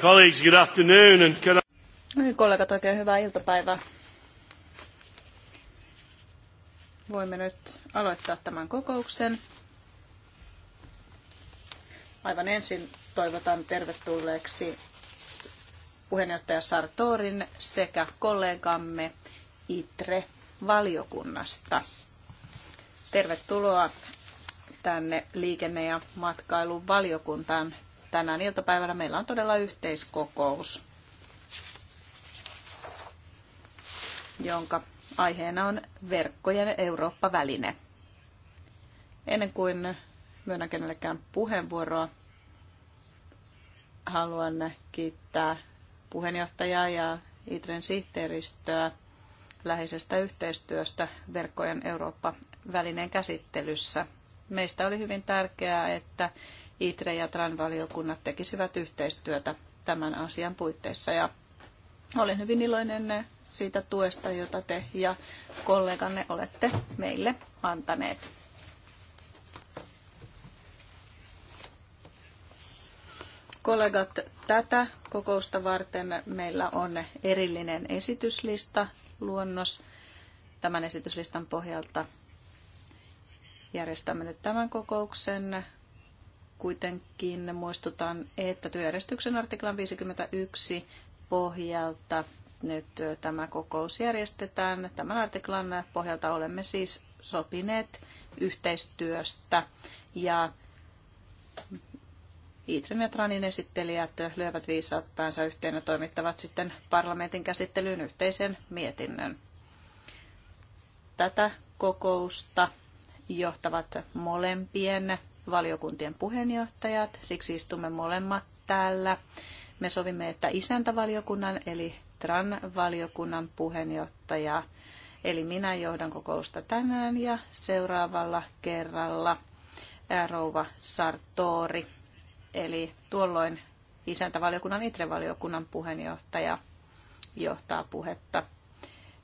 Colleagues, good afternoon and good... No niin, kollegat, oikein hyvää iltapäivää. Voimme nyt aloittaa tämän kokouksen. Aivan ensin toivotan tervetulleeksi puheenjohtaja Sartorin sekä kollegamme ITRE-valiokunnasta. Tervetuloa tänne liikenne- ja matkailuvaliokuntaan tänään iltapäivällä meillä on todella yhteiskokous, jonka aiheena on verkkojen Eurooppa-väline. Ennen kuin myönnän kenellekään puheenvuoroa, haluan kiittää puheenjohtajaa ja ITREN sihteeristöä läheisestä yhteistyöstä verkkojen Eurooppa-välineen käsittelyssä. Meistä oli hyvin tärkeää, että ITRE ja TRAN valiokunnat tekisivät yhteistyötä tämän asian puitteissa. Ja olen hyvin iloinen siitä tuesta, jota te ja kolleganne olette meille antaneet. Kollegat, tätä kokousta varten meillä on erillinen esityslista, luonnos. Tämän esityslistan pohjalta järjestämme nyt tämän kokouksen kuitenkin muistutan, että työjärjestyksen artiklan 51 pohjalta nyt tämä kokous järjestetään. Tämän artiklan pohjalta olemme siis sopineet yhteistyöstä ja Itrin ja Tranin esittelijät lyövät viisaat päänsä yhteen ja toimittavat sitten parlamentin käsittelyyn yhteisen mietinnön. Tätä kokousta johtavat molempien valiokuntien puheenjohtajat, siksi istumme molemmat täällä. Me sovimme, että isäntävaliokunnan eli TRAN-valiokunnan puheenjohtaja, eli minä johdan kokousta tänään ja seuraavalla kerralla rouva Sartori, eli tuolloin isäntävaliokunnan itrevaliokunnan valiokunnan puheenjohtaja johtaa puhetta.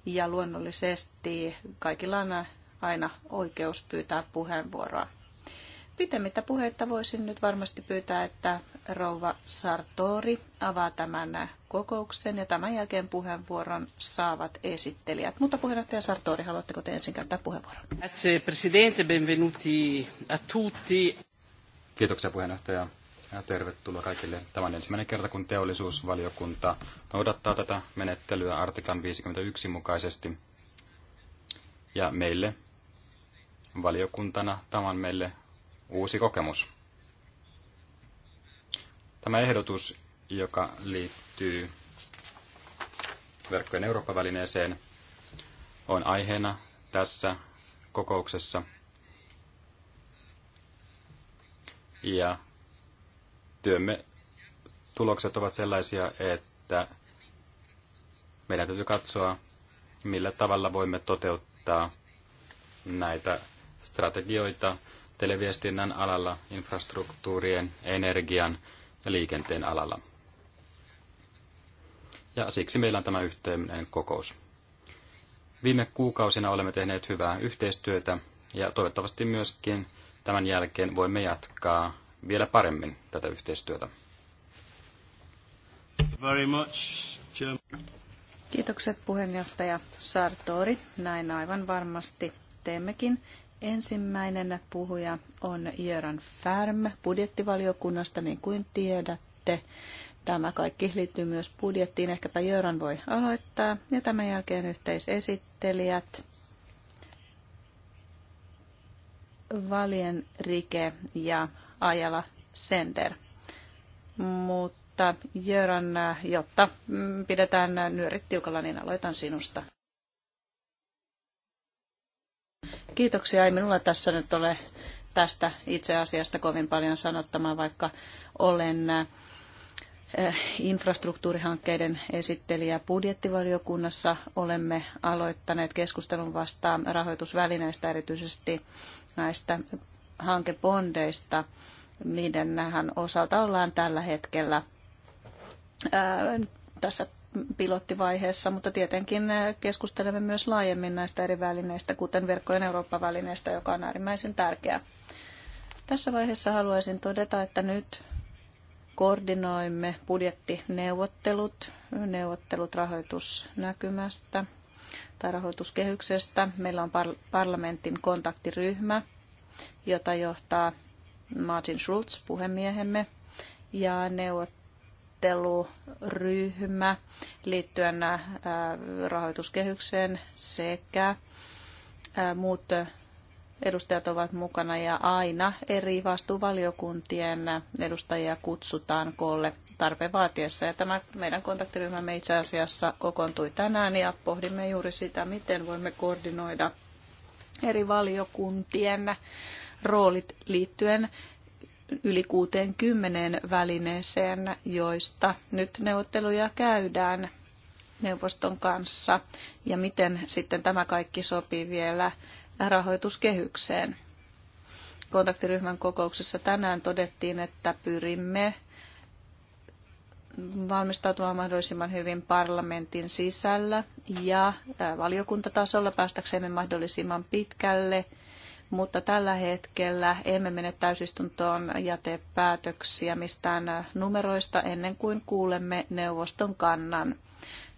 Ja luonnollisesti kaikilla on aina oikeus pyytää puheenvuoroa. Pitemmittä puheitta voisin nyt varmasti pyytää, että rouva Sartori avaa tämän kokouksen ja tämän jälkeen puheenvuoron saavat esittelijät. Mutta puheenjohtaja Sartori, haluatteko te ensin käyttää puheenvuoron? presidente, benvenuti a tutti. Kiitoksia puheenjohtaja ja tervetuloa kaikille. Tämä on ensimmäinen kerta, kun teollisuusvaliokunta noudattaa tätä menettelyä artiklan 51 mukaisesti. Ja meille valiokuntana tämä on meille uusi kokemus. Tämä ehdotus, joka liittyy verkkojen Eurooppa-välineeseen, on aiheena tässä kokouksessa. Ja työmme tulokset ovat sellaisia, että meidän täytyy katsoa, millä tavalla voimme toteuttaa näitä strategioita televiestinnän alalla, infrastruktuurien, energian ja liikenteen alalla. Ja siksi meillä on tämä yhteinen kokous. Viime kuukausina olemme tehneet hyvää yhteistyötä ja toivottavasti myöskin tämän jälkeen voimme jatkaa vielä paremmin tätä yhteistyötä. Very much, Kiitokset puheenjohtaja Sartori. Näin aivan varmasti teemmekin. Ensimmäinen puhuja on Jöran Färm budjettivaliokunnasta, niin kuin tiedätte. Tämä kaikki liittyy myös budjettiin. Ehkäpä Jöran voi aloittaa. Ja tämän jälkeen yhteisesittelijät. Valien Rike ja Ajala Sender. Mutta Jöran, jotta pidetään nyörit tiukalla, niin aloitan sinusta. Kiitoksia. Ei minulla tässä nyt ole tästä itse asiasta kovin paljon sanottamaan, vaikka olen eh, infrastruktuurihankkeiden esittelijä budjettivaliokunnassa. Olemme aloittaneet keskustelun vastaan rahoitusvälineistä, erityisesti näistä hankebondeista. Niiden osalta ollaan tällä hetkellä eh, tässä pilottivaiheessa, mutta tietenkin eh, keskustelemme myös laajemmin näistä eri välineistä, kuten verkkojen Eurooppa-välineistä, joka on äärimmäisen tärkeä. Tässä vaiheessa haluaisin todeta, että nyt koordinoimme budjettineuvottelut, neuvottelut rahoitusnäkymästä tai rahoituskehyksestä. Meillä on parlamentin kontaktiryhmä, jota johtaa Martin Schulz, puhemiehemme, ja neuvottelut neuvotteluryhmä liittyen äh, rahoituskehykseen sekä äh, muut edustajat ovat mukana ja aina eri vastuuvaliokuntien edustajia kutsutaan koolle tarpeen vaatiessa. Ja tämä meidän kontaktiryhmämme itse asiassa kokoontui tänään ja pohdimme juuri sitä, miten voimme koordinoida eri valiokuntien roolit liittyen yli 60 välineeseen, joista nyt neuvotteluja käydään neuvoston kanssa ja miten sitten tämä kaikki sopii vielä rahoituskehykseen. Kontaktiryhmän kokouksessa tänään todettiin, että pyrimme valmistautumaan mahdollisimman hyvin parlamentin sisällä ja valiokuntatasolla päästäksemme mahdollisimman pitkälle – mutta tällä hetkellä emme mene täysistuntoon ja tee päätöksiä mistään numeroista ennen kuin kuulemme neuvoston kannan.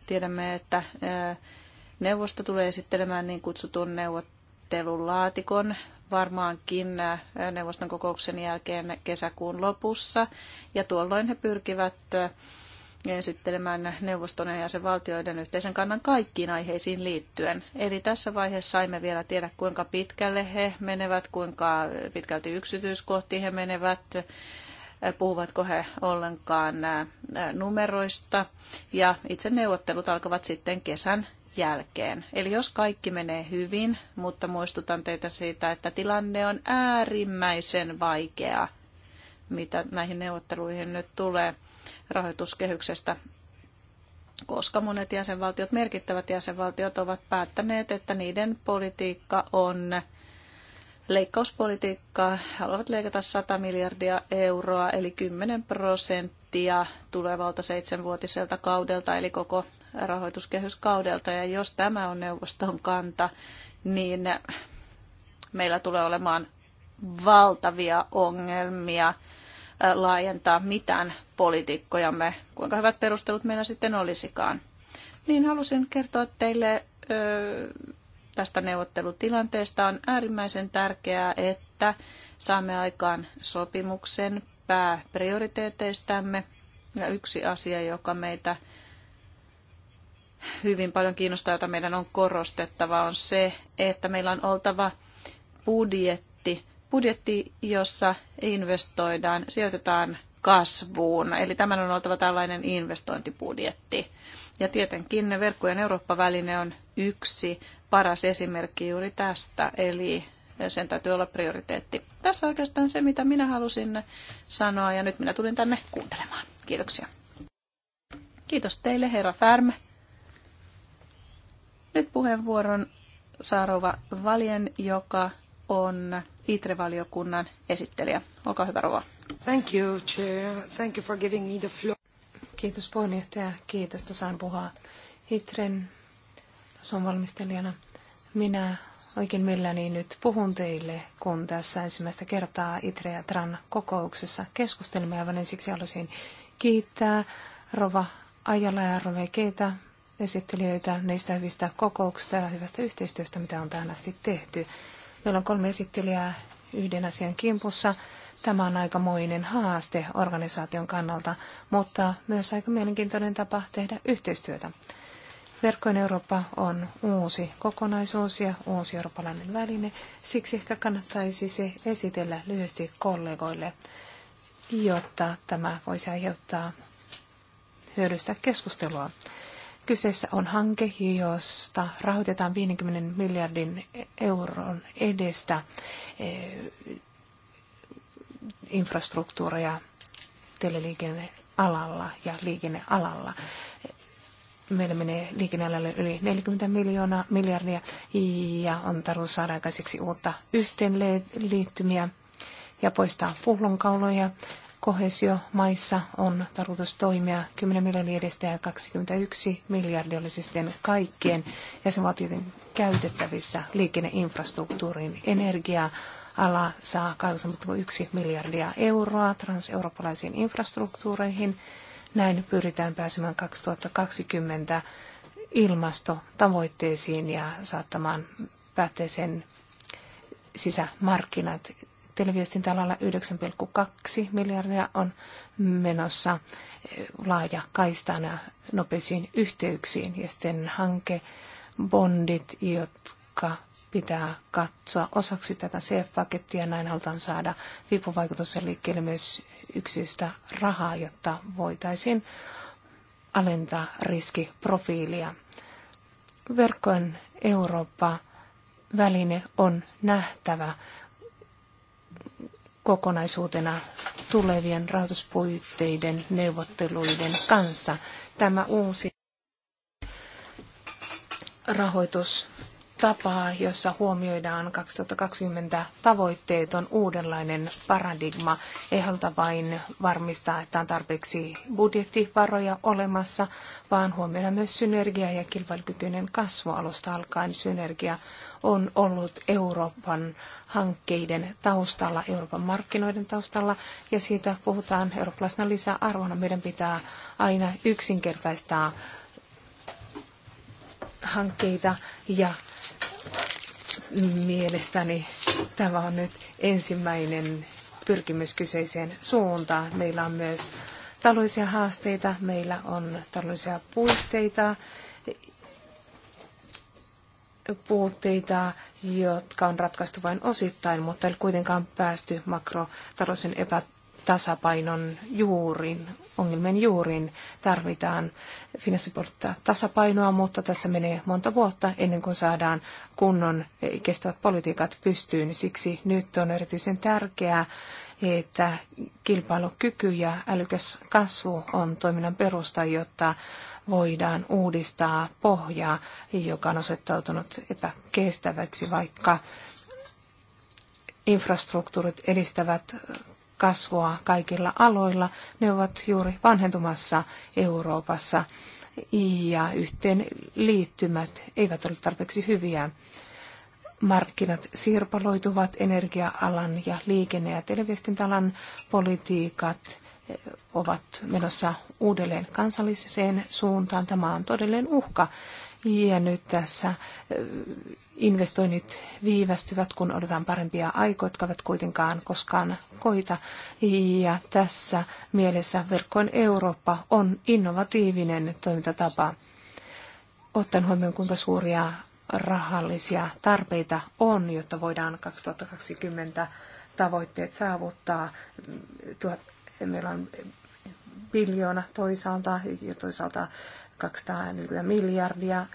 Tiedämme, että neuvosto tulee esittelemään niin kutsutun laatikon varmaankin neuvoston kokouksen jälkeen kesäkuun lopussa, ja tuolloin he pyrkivät esittelemään neuvoston ja sen valtioiden yhteisen kannan kaikkiin aiheisiin liittyen. Eli tässä vaiheessa saimme vielä tiedä, kuinka pitkälle he menevät, kuinka pitkälti yksityiskohtiin he menevät, puhuvatko he ollenkaan numeroista. Ja itse neuvottelut alkavat sitten kesän jälkeen. Eli jos kaikki menee hyvin, mutta muistutan teitä siitä, että tilanne on äärimmäisen vaikea, mitä näihin neuvotteluihin nyt tulee rahoituskehyksestä, koska monet jäsenvaltiot, merkittävät jäsenvaltiot ovat päättäneet, että niiden politiikka on leikkauspolitiikkaa. Haluavat leikata 100 miljardia euroa, eli 10 prosenttia tulevalta seitsemänvuotiselta kaudelta, eli koko rahoituskehyskaudelta. Ja jos tämä on neuvoston kanta, niin meillä tulee olemaan valtavia ongelmia Äh, laajentaa mitään poliitikkojamme, kuinka hyvät perustelut meillä sitten olisikaan. Niin halusin kertoa teille tästä neuvottelutilanteesta. On äärimmäisen tärkeää, että saamme aikaan sopimuksen pääprioriteeteistämme. Ja yksi asia, joka meitä hyvin paljon kiinnostaa, jota meidän on korostettava, on se, että meillä on oltava budjetti, budjetti, jossa investoidaan, sijoitetaan kasvuun. Eli tämän on oltava tällainen investointibudjetti. Ja tietenkin verkkojen Eurooppa-väline on yksi paras esimerkki juuri tästä, eli sen täytyy olla prioriteetti. Tässä oikeastaan se, mitä minä halusin sanoa, ja nyt minä tulin tänne kuuntelemaan. Kiitoksia. Kiitos teille, herra Färme. Nyt puheenvuoron Saarova Valien, joka on ITRE-valiokunnan esittelijä. Olkaa hyvä, Rova. Thank you, Chair. Thank you for giving me the floor. Kiitos puheenjohtaja. Kiitos, että saan puhua ITREn sun valmistelijana. Minä oikein mielelläni nyt puhun teille, kun tässä ensimmäistä kertaa ITRE ja TRAN kokouksessa keskustelimme. Aivan ensiksi haluaisin kiittää Rova Ajala ja Rove Keita esittelijöitä niistä hyvistä kokouksista ja hyvästä yhteistyöstä, mitä on tähän asti tehty. Meillä on kolme esittelijää yhden asian kimpussa. Tämä on aikamoinen haaste organisaation kannalta, mutta myös aika mielenkiintoinen tapa tehdä yhteistyötä. Verkkojen Eurooppa on uusi kokonaisuus ja uusi eurooppalainen väline, siksi ehkä kannattaisi se esitellä lyhyesti kollegoille, jotta tämä voisi aiheuttaa hyödystä keskustelua. Kyseessä on hanke, josta rahoitetaan 50 miljardin euron edestä eh, infrastruktuuria teleliikennealalla ja liikennealalla. Meillä menee liikennealalle yli 40 miljoonaa miljardia ja on tarkoitus saada aikaiseksi uutta yhteenliittymiä ja poistaa pullonkauloja kohesiomaissa on tarkoitus toimia 10 miljardista edestä ja 21 miljardia olisi sitten kaikkien jäsenvaltioiden käytettävissä liikenneinfrastruktuurin energiaa. Ala saa 8,1 miljardia euroa transeurooppalaisiin infrastruktuureihin. Näin pyritään pääsemään 2020 ilmastotavoitteisiin ja saattamaan päätteeseen sisämarkkinat televiestintäalalla 9,2 miljardia on menossa eh, laaja kaistana nopeisiin yhteyksiin ja sitten hankebondit, jotka pitää katsoa osaksi tätä CF-pakettia. Näin halutaan saada vipuvaikutussa liikkeelle myös yksityistä rahaa, jotta voitaisiin alentaa riskiprofiilia. Verkkojen Eurooppa-väline on nähtävä kokonaisuutena tulevien rahoituspuitteiden neuvotteluiden kanssa. Tämä uusi rahoitustapa, jossa huomioidaan 2020 tavoitteet, on uudenlainen paradigma. Ei haluta vain varmistaa, että on tarpeeksi budjettivaroja olemassa, vaan huomioida myös synergia ja kilpailukykyinen kasvu alusta alkaen. Synergia on ollut Euroopan hankkeiden taustalla, Euroopan markkinoiden taustalla, ja siitä puhutaan eurooppalaisena lisäarvona. Meidän pitää aina yksinkertaistaa hankkeita ja mielestäni tämä on nyt ensimmäinen pyrkimys kyseiseen suuntaan. Meillä on myös taloudellisia haasteita, meillä on taloudellisia puitteita, puutteita, jotka on ratkaistu vain osittain, mutta ei kuitenkaan päästy makrotalouden epätasapainon juurin, ongelmien juurin. Tarvitaan finanssipuolta tasapainoa, mutta tässä menee monta vuotta ennen kuin saadaan kunnon kestävät politiikat pystyyn. Siksi nyt on erityisen tärkeää, että kilpailukyky ja älykäs kasvu on toiminnan perusta, jotta voidaan uudistaa pohjaa, joka on osoittautunut epäkestäväksi, vaikka infrastruktuurit edistävät kasvua kaikilla aloilla. Ne ovat juuri vanhentumassa Euroopassa ja yhteen liittymät eivät ole tarpeeksi hyviä. Markkinat sirpaloituvat, energia-alan ja liikenne- ja televiestintäalan politiikat ovat menossa uudelleen kansalliseen suuntaan. Tämä on todellinen uhka. Ja nyt tässä eh, investoinnit viivästyvät, kun odotetaan parempia aikoja, jotka eivät kuitenkaan koskaan koita. Ja tässä mielessä verkkojen Eurooppa on innovatiivinen toimintatapa. Ottaen huomioon, kuinka suuria rahallisia tarpeita on, jotta voidaan 2020 tavoitteet saavuttaa Meillä on biljoona toisaalta ja toisaalta 200 miljardia,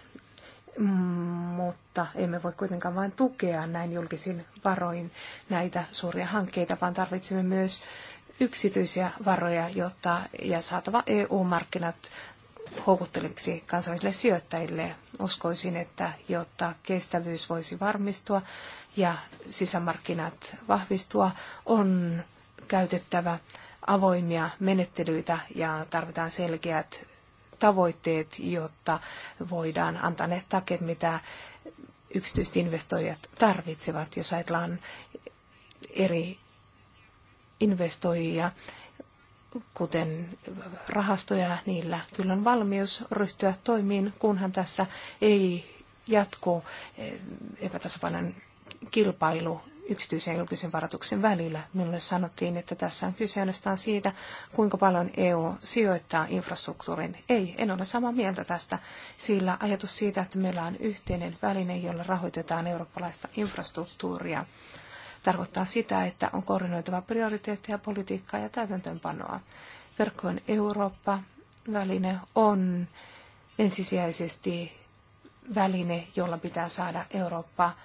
mutta emme voi kuitenkaan vain tukea näin julkisin varoin näitä suuria hankkeita, vaan tarvitsemme myös yksityisiä varoja, jotta ja saatava EU-markkinat houkutteleviksi kansallisille sijoittajille. Uskoisin, että jotta kestävyys voisi varmistua ja sisämarkkinat vahvistua, on käytettävä avoimia menettelyitä ja tarvitaan selkeät tavoitteet, jotta voidaan antaa ne takeet, mitä yksityiset investoijat tarvitsevat, jos ajatellaan eri investoijia, kuten rahastoja, niillä kyllä on valmius ryhtyä toimiin, kunhan tässä ei jatku eh, epätasapainon kilpailu yksityisen ja julkisen varoituksen välillä. Minulle sanottiin, että tässä on kyse ainoastaan siitä, kuinka paljon EU sijoittaa infrastruktuurin. Ei, en ole samaa mieltä tästä, sillä ajatus siitä, että meillä on yhteinen väline, jolla rahoitetaan eurooppalaista infrastruktuuria, tarkoittaa sitä, että on koordinoitava prioriteetteja, politiikkaa ja täytäntöönpanoa. Verkkojen Eurooppa-väline on ensisijaisesti väline, jolla pitää saada Eurooppaa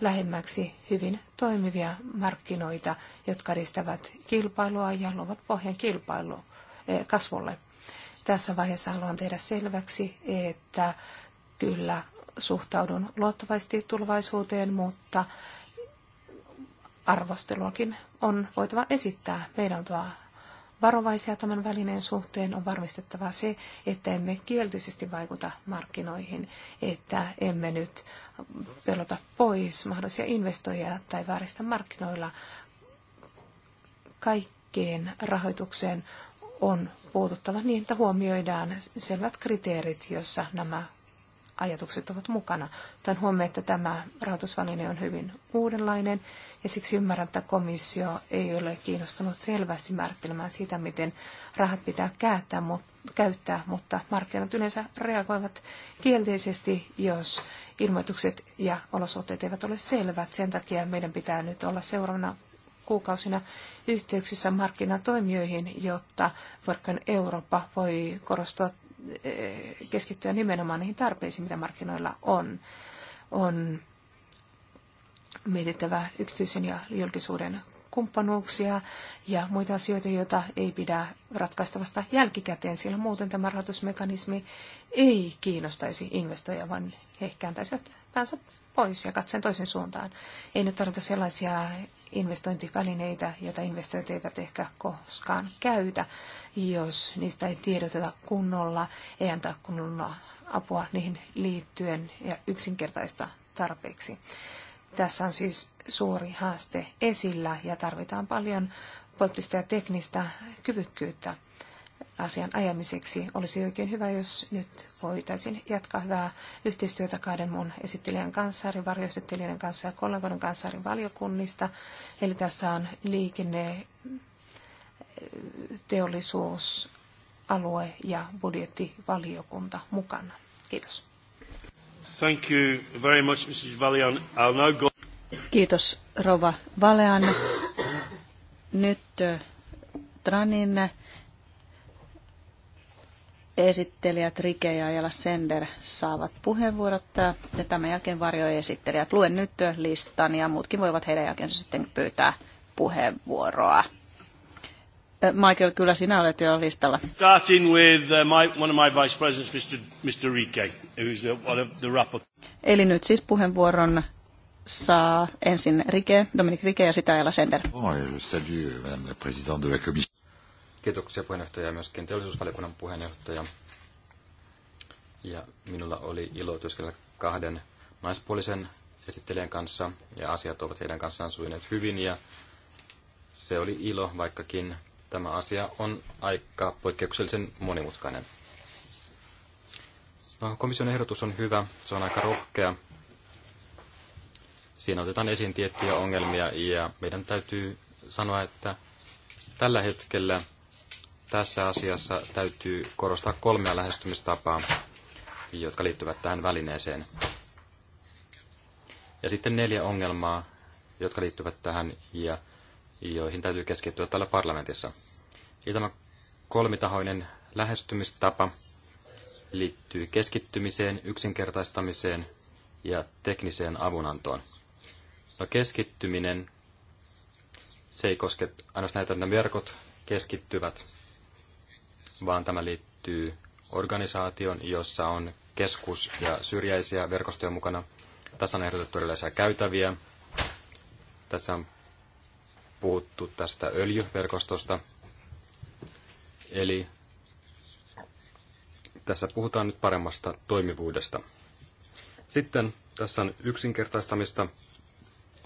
lähemmäksi hyvin toimivia markkinoita, jotka edistävät kilpailua ja luovat pohjan kilpailu eh, kasvulle. Tässä vaiheessa haluan tehdä selväksi, että kyllä suhtaudun luottavasti tulevaisuuteen, mutta arvosteluakin on voitava esittää. Meidän on tuo varovaisia tämän välineen suhteen. On varmistettava se, että emme kielteisesti vaikuta markkinoihin, että emme nyt pelota pois mahdollisia investoijia tai vääristä markkinoilla. Kaikkeen rahoitukseen on puututtava niin, että huomioidaan selvät kriteerit, joissa nämä ajatukset ovat mukana. Tämän huomioon, että tämä rahoitusväline on hyvin uudenlainen ja siksi ymmärrän, että komissio ei ole kiinnostunut selvästi määrittelemään sitä, miten rahat pitää käyttää, käyttää mutta markkinat yleensä reagoivat kielteisesti, jos ilmoitukset ja olosuhteet eivät ole selvät. Sen takia meidän pitää nyt olla seuraavana kuukausina yhteyksissä markkinatoimijoihin, jotta Workon Eurooppa voi korostua keskittyä nimenomaan niihin tarpeisiin, mitä markkinoilla on. On mietittävä yksityisen ja julkisuuden kumppanuuksia ja muita asioita, joita ei pidä ratkaista vasta jälkikäteen, sillä muuten tämä rahoitusmekanismi ei kiinnostaisi investoijia, vaan he kääntäisivät päänsä pois ja katseen toisen suuntaan. Ei nyt tarvita sellaisia investointivälineitä, joita investoijat eivät ehkä koskaan käytä, jos niistä ei tiedoteta kunnolla, ei antaa kunnolla apua niihin liittyen ja yksinkertaista tarpeeksi. Tässä on siis suuri haaste esillä ja tarvitaan paljon poliittista ja teknistä kyvykkyyttä asian ajamiseksi. Olisi oikein hyvä, jos nyt voitaisiin jatkaa hyvää yhteistyötä kahden mun esittelijän kanssa, eri varjoesittelijöiden kanssa ja kollegoiden kanssa eri valiokunnista. Eli tässä on liikenne, teollisuus, alue ja budjettivaliokunta mukana. Kiitos. Thank you very much, Mrs. Valian. I'll now go... Kiitos, Rova Valean. Nyt eh, Tranin esittelijät Rike ja Ajala Sender saavat puheenvuorot ja tämän jälkeen varjoesittelijät. Luen nyt listan ja muutkin voivat heidän jälkeensä sitten pyytää puheenvuoroa. Michael, kyllä sinä olet jo listalla. Starting with uh, my, one of my vice presidents, Mr. Mr. Rike, who's uh, one of the rapport. Eli nyt siis puheenvuoron saa ensin Rike, Dominik Rike ja sitä Ajala Sender. Oh, salut, madame la présidente de la commission. Kiitoksia puheenjohtaja ja myöskin teollisuusvaliokunnan puheenjohtaja. Ja minulla oli ilo työskennellä kahden naispuolisen esittelijän kanssa ja asiat ovat heidän kanssaan sujuneet hyvin ja se oli ilo, vaikkakin tämä asia on aika poikkeuksellisen monimutkainen. No, komission ehdotus on hyvä, se on aika rohkea. Siinä otetaan esiin tiettyjä ongelmia ja meidän täytyy sanoa, että tällä hetkellä tässä asiassa täytyy korostaa kolmea lähestymistapaa, jotka liittyvät tähän välineeseen. Ja sitten neljä ongelmaa, jotka liittyvät tähän ja joihin täytyy keskittyä täällä parlamentissa. Ja tämä kolmitahoinen lähestymistapa liittyy keskittymiseen, yksinkertaistamiseen ja tekniseen avunantoon. No keskittyminen, se ei koske ainoastaan näitä, että verkot keskittyvät, vaan tämä liittyy organisaation, jossa on keskus ja syrjäisiä verkostoja mukana. Tässä on ehdotettu erilaisia käytäviä. Tässä on puhuttu tästä öljyverkostosta. Eli tässä puhutaan nyt paremmasta toimivuudesta. Sitten tässä on yksinkertaistamista.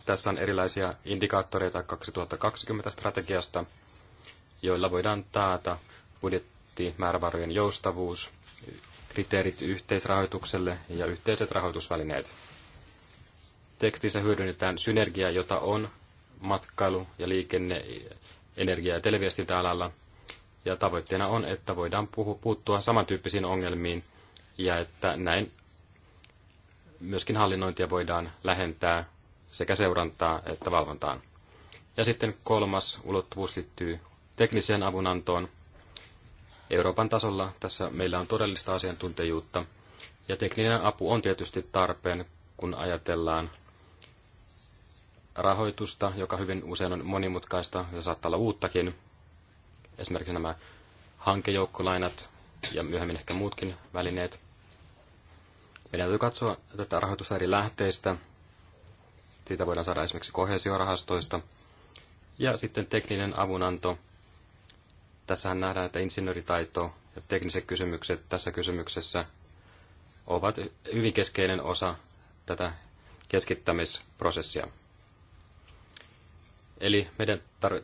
Tässä on erilaisia indikaattoreita 2020 strategiasta, joilla voidaan taata budjetti paketti, määrävarojen joustavuus, kriteerit yhteisrahoitukselle ja yhteiset rahoitusvälineet. Tekstissä hyödynnetään synergiaa, jota on matkailu- ja liikenne-, energia- ja televiestintäalalla, ja tavoitteena on, että voidaan puhu, puuttua samantyyppisiin ongelmiin ja että näin myöskin hallinnointia voidaan lähentää sekä seurantaa että valvontaan. Ja sitten kolmas ulottuvuus liittyy tekniseen avunantoon, Euroopan tasolla tässä meillä on todellista asiantuntijuutta, ja tekninen apu on tietysti tarpeen, kun ajatellaan rahoitusta, joka hyvin usein on monimutkaista ja saattaa olla uuttakin. Esimerkiksi nämä hankejoukkolainat ja myöhemmin ehkä muutkin välineet. Meidän täytyy katsoa tätä rahoitusta eri lähteistä. Siitä voidaan saada esimerkiksi kohesiorahastoista. Ja sitten tekninen avunanto Tässähän nähdään, että insinööritaito ja tekniset kysymykset tässä kysymyksessä ovat hyvin keskeinen osa tätä keskittämisprosessia. Eli meidän, tar-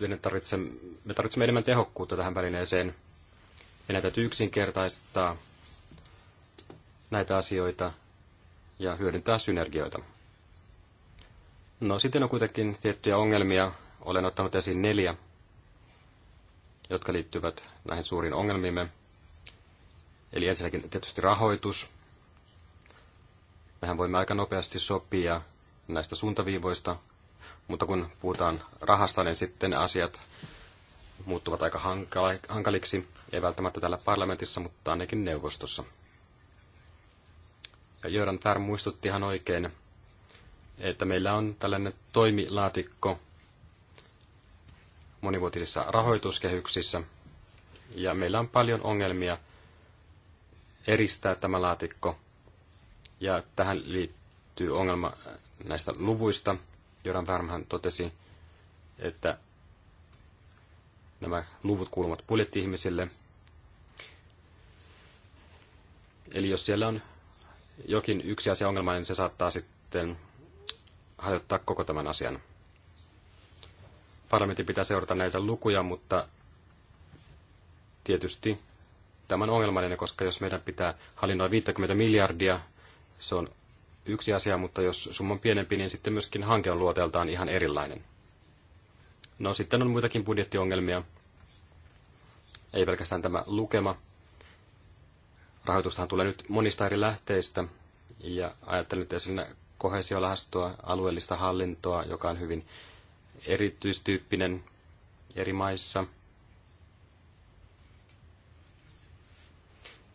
meidän tarvitsemme, me tarvitsemme enemmän tehokkuutta tähän välineeseen. Meidän täytyy yksinkertaistaa näitä asioita ja hyödyntää synergioita. No sitten on kuitenkin tiettyjä ongelmia. Olen ottanut esiin neljä jotka liittyvät näihin suuriin ongelmiimme. Eli ensinnäkin tietysti rahoitus. Mehän voimme aika nopeasti sopia näistä suuntaviivoista, mutta kun puhutaan rahasta, niin sitten asiat muuttuvat aika hankaliksi, ei välttämättä täällä parlamentissa, mutta ainakin neuvostossa. Ja Jöran Färm muistutti ihan oikein, että meillä on tällainen toimilaatikko, monivuotisissa rahoituskehyksissä. Ja meillä on paljon ongelmia eristää tämä laatikko. Ja tähän liittyy ongelma näistä luvuista. Joran Värmähän totesi, että nämä luvut kuuluvat budjetti-ihmisille. Eli jos siellä on jokin yksi asia ongelma, niin se saattaa sitten hajottaa koko tämän asian parlamentin pitää seurata näitä lukuja, mutta tietysti tämän ongelmallinen, koska jos meidän pitää hallinnoida 50 miljardia, se on yksi asia, mutta jos summa on pienempi, niin sitten myöskin hanke on luoteltaan ihan erilainen. No sitten on muitakin budjettiongelmia. Ei pelkästään tämä lukema. Rahoitustahan tulee nyt monista eri lähteistä, ja ajattelen nyt esimerkiksi kohesiorahastoa, alueellista hallintoa, joka on hyvin erityistyyppinen eri maissa.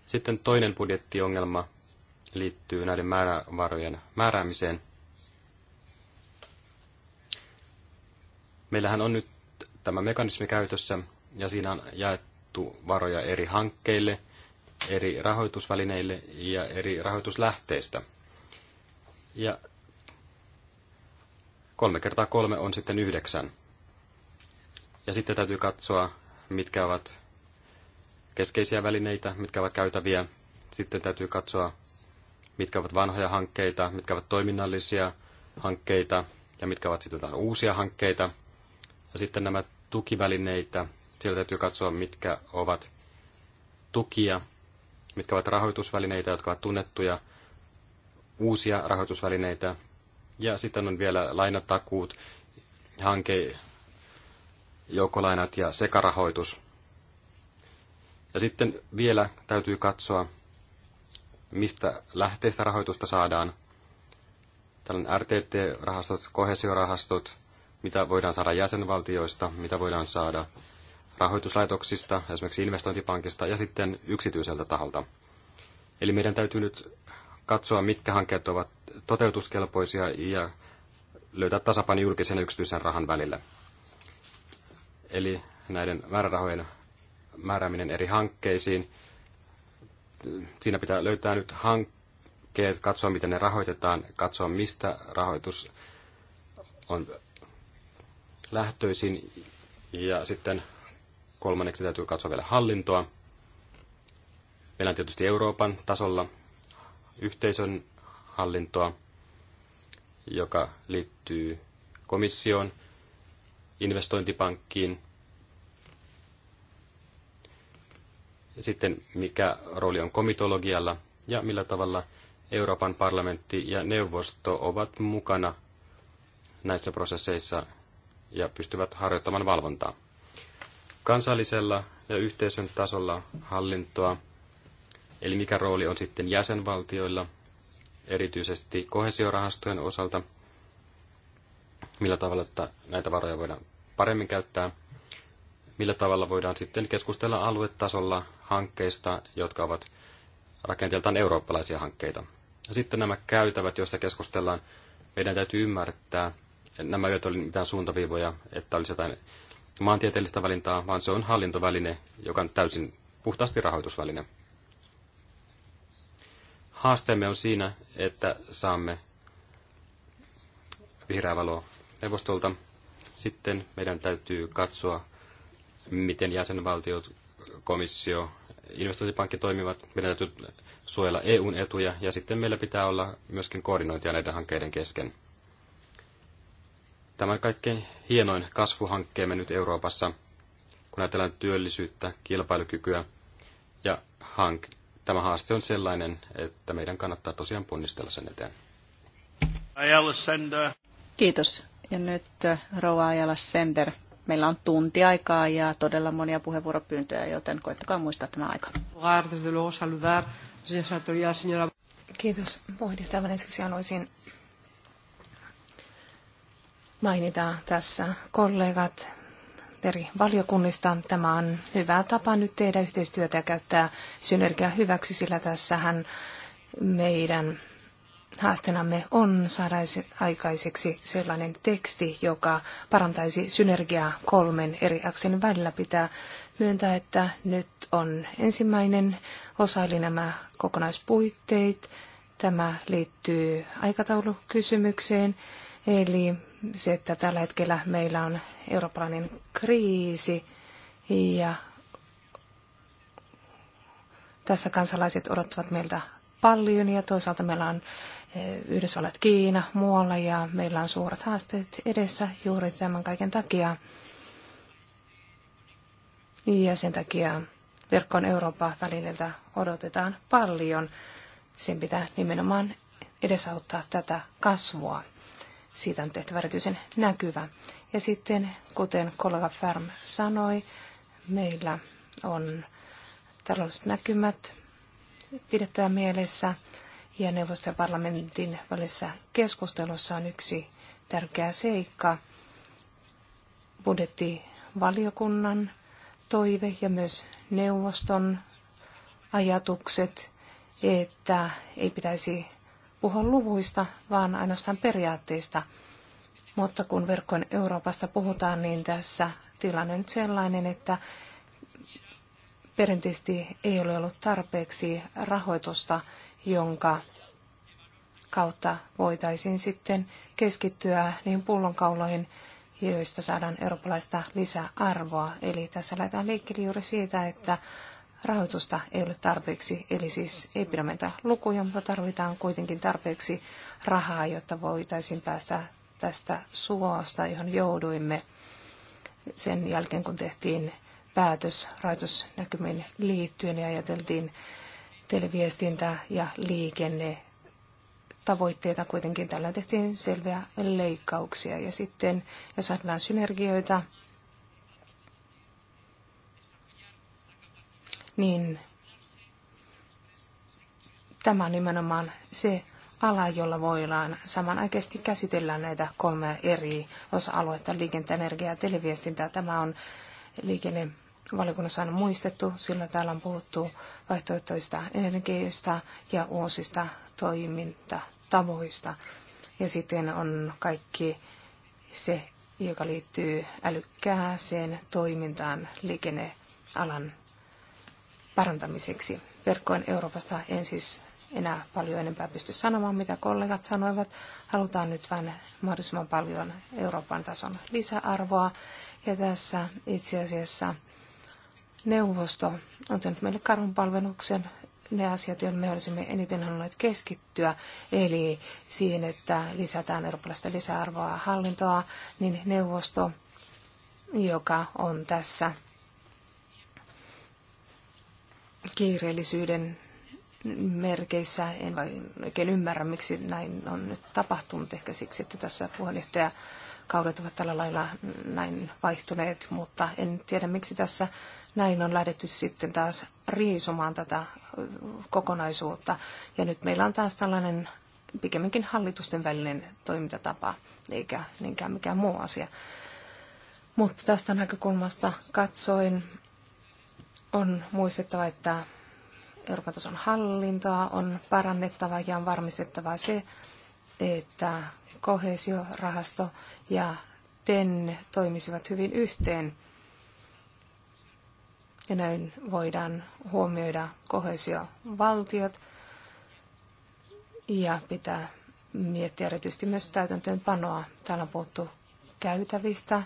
Sitten toinen budjettiongelma liittyy näiden määrävarojen määräämiseen. Meillähän on nyt tämä mekanismi käytössä ja siinä on jaettu varoja eri hankkeille, eri rahoitusvälineille ja eri rahoituslähteistä. Ja Kolme kertaa kolme on sitten yhdeksän. Ja sitten täytyy katsoa, mitkä ovat keskeisiä välineitä, mitkä ovat käytäviä. Sitten täytyy katsoa, mitkä ovat vanhoja hankkeita, mitkä ovat toiminnallisia hankkeita ja mitkä ovat sitten uusia hankkeita. Ja sitten nämä tukivälineitä, siellä täytyy katsoa, mitkä ovat tukia, mitkä ovat rahoitusvälineitä, jotka ovat tunnettuja, uusia rahoitusvälineitä, ja sitten on vielä lainatakuut, hanke, joukkolainat ja sekarahoitus. Ja sitten vielä täytyy katsoa, mistä lähteistä rahoitusta saadaan. Tällainen RTT-rahastot, kohesiorahastot, mitä voidaan saada jäsenvaltioista, mitä voidaan saada rahoituslaitoksista, esimerkiksi investointipankista ja sitten yksityiseltä taholta. Eli meidän täytyy nyt katsoa, mitkä hankkeet ovat toteutuskelpoisia ja löytää tasapaino julkisen ja yksityisen rahan välillä. Eli näiden määrärahojen määrääminen eri hankkeisiin. Siinä pitää löytää nyt hankkeet, katsoa miten ne rahoitetaan, katsoa mistä rahoitus on lähtöisin. Ja sitten kolmanneksi täytyy katsoa vielä hallintoa. Meillä on tietysti Euroopan tasolla yhteisön hallintoa, joka liittyy komissioon, investointipankkiin. Sitten mikä rooli on komitologialla ja millä tavalla Euroopan parlamentti ja neuvosto ovat mukana näissä prosesseissa ja pystyvät harjoittamaan valvontaa. Kansallisella ja yhteisön tasolla hallintoa Eli mikä rooli on sitten jäsenvaltioilla, erityisesti kohesiorahastojen osalta, millä tavalla näitä varoja voidaan paremmin käyttää, millä tavalla voidaan sitten keskustella aluetasolla hankkeista, jotka ovat rakenteeltaan eurooppalaisia hankkeita. Ja sitten nämä käytävät, joista keskustellaan, meidän täytyy ymmärtää, että nämä eivät ole mitään suuntaviivoja, että olisi jotain maantieteellistä valintaa, vaan se on hallintoväline, joka on täysin puhtaasti rahoitusväline haasteemme on siinä, että saamme vihreää valoa neuvostolta. Sitten meidän täytyy katsoa, miten jäsenvaltiot, komissio, investointipankki toimivat. Meidän täytyy suojella EUn etuja ja sitten meillä pitää olla myöskin koordinointia näiden hankkeiden kesken. Tämä on kaikkein hienoin kasvuhankkeemme nyt Euroopassa, kun ajatellaan työllisyyttä, kilpailukykyä ja hank- tämä haaste on sellainen, että meidän kannattaa tosiaan ponnistella sen eteen. Kiitos. Ja nyt äh, Rova Ajala Sender. Meillä on tunti aikaa ja todella monia puheenvuoropyyntöjä, joten koettakaa muistaa tämä aika. Kiitos puheenjohtaja. Ensiksi haluaisin mainita tässä kollegat eri valiokunnista. Tämä on hyvä tapa nyt tehdä yhteistyötä ja käyttää synergiaa hyväksi, sillä tässähän meidän haasteenamme on saada aikaiseksi sellainen teksti, joka parantaisi synergiaa kolmen eri akselin välillä. Pitää myöntää, että nyt on ensimmäinen osa, eli nämä kokonaispuitteet. Tämä liittyy aikataulukysymykseen, eli se, että tällä hetkellä meillä on eurooppalainen kriisi ja tässä kansalaiset odottavat meiltä paljon ja toisaalta meillä on eh, Yhdysvallat, Kiina, muualla ja meillä on suuret haasteet edessä juuri tämän kaiken takia. Ja sen takia verkkoon Eurooppa välineltä odotetaan paljon. Sen pitää nimenomaan edesauttaa tätä kasvua siitä on tehtävä erityisen näkyvä. Ja sitten, kuten kollega Färm sanoi, meillä on taloudelliset näkymät pidettävä mielessä ja neuvoston parlamentin välisessä keskustelussa on yksi tärkeä seikka, budjettivaliokunnan toive ja myös neuvoston ajatukset, että ei pitäisi puhua luvuista, vaan ainoastaan periaatteista. Mutta kun verkkojen Euroopasta puhutaan, niin tässä tilanne on nyt sellainen, että perinteisesti ei ole ollut tarpeeksi rahoitusta, jonka kautta voitaisiin sitten keskittyä niin pullonkauloihin, joista saadaan eurooppalaista lisäarvoa. Eli tässä laitetaan liikkeelle juuri siitä, että rahoitusta ei ole tarpeeksi, eli siis ei pidä mennä lukuja, mutta tarvitaan kuitenkin tarpeeksi rahaa, jotta voitaisiin päästä tästä suosta, johon jouduimme sen jälkeen, kun tehtiin päätös rahoitusnäkymiin liittyen ja ajateltiin televiestintä ja liikenne tavoitteita kuitenkin. Tällä tehtiin selviä leikkauksia ja sitten, jos ajatellaan synergioita, niin tämä on nimenomaan se ala, jolla voidaan samanaikaisesti käsitellä näitä kolmea eri osa-aluetta, liikennettä, energiaa ja televiestintää. Tämä on liikenne valiokunnassa on muistettu, sillä täällä on puhuttu vaihtoehtoista energioista ja uusista toimintatavoista. Ja sitten on kaikki se, joka liittyy älykkääseen toimintaan liikennealan parantamiseksi. Verkkojen Euroopasta en siis enää paljon enempää pysty sanomaan, mitä kollegat sanoivat. Halutaan nyt vain mahdollisimman paljon Euroopan tason lisäarvoa. Ja tässä itse asiassa neuvosto on tehnyt meille palveluksen. ne asiat, joihin me olisimme eniten halunneet keskittyä, eli siihen, että lisätään eurooppalaista lisäarvoa hallintoa, niin neuvosto, joka on tässä kiireellisyyden merkeissä. En oikein ymmärrä, miksi näin on nyt tapahtunut. Ehkä siksi, että tässä puheenjohtaja kaudet ovat tällä lailla näin vaihtuneet, mutta en tiedä, miksi tässä näin on lähdetty sitten taas riisumaan tätä kokonaisuutta. Ja nyt meillä on taas tällainen pikemminkin hallitusten välinen toimintatapa, eikä niinkään mikään muu asia. Mutta tästä näkökulmasta katsoin on muistettava, että Euroopan tason hallintaa on parannettava ja on varmistettava se, että kohesiorahasto ja TEN toimisivat hyvin yhteen. Ja näin voidaan huomioida kohesiovaltiot ja pitää miettiä erityisesti myös täytäntöönpanoa. Täällä on puhuttu käytävistä,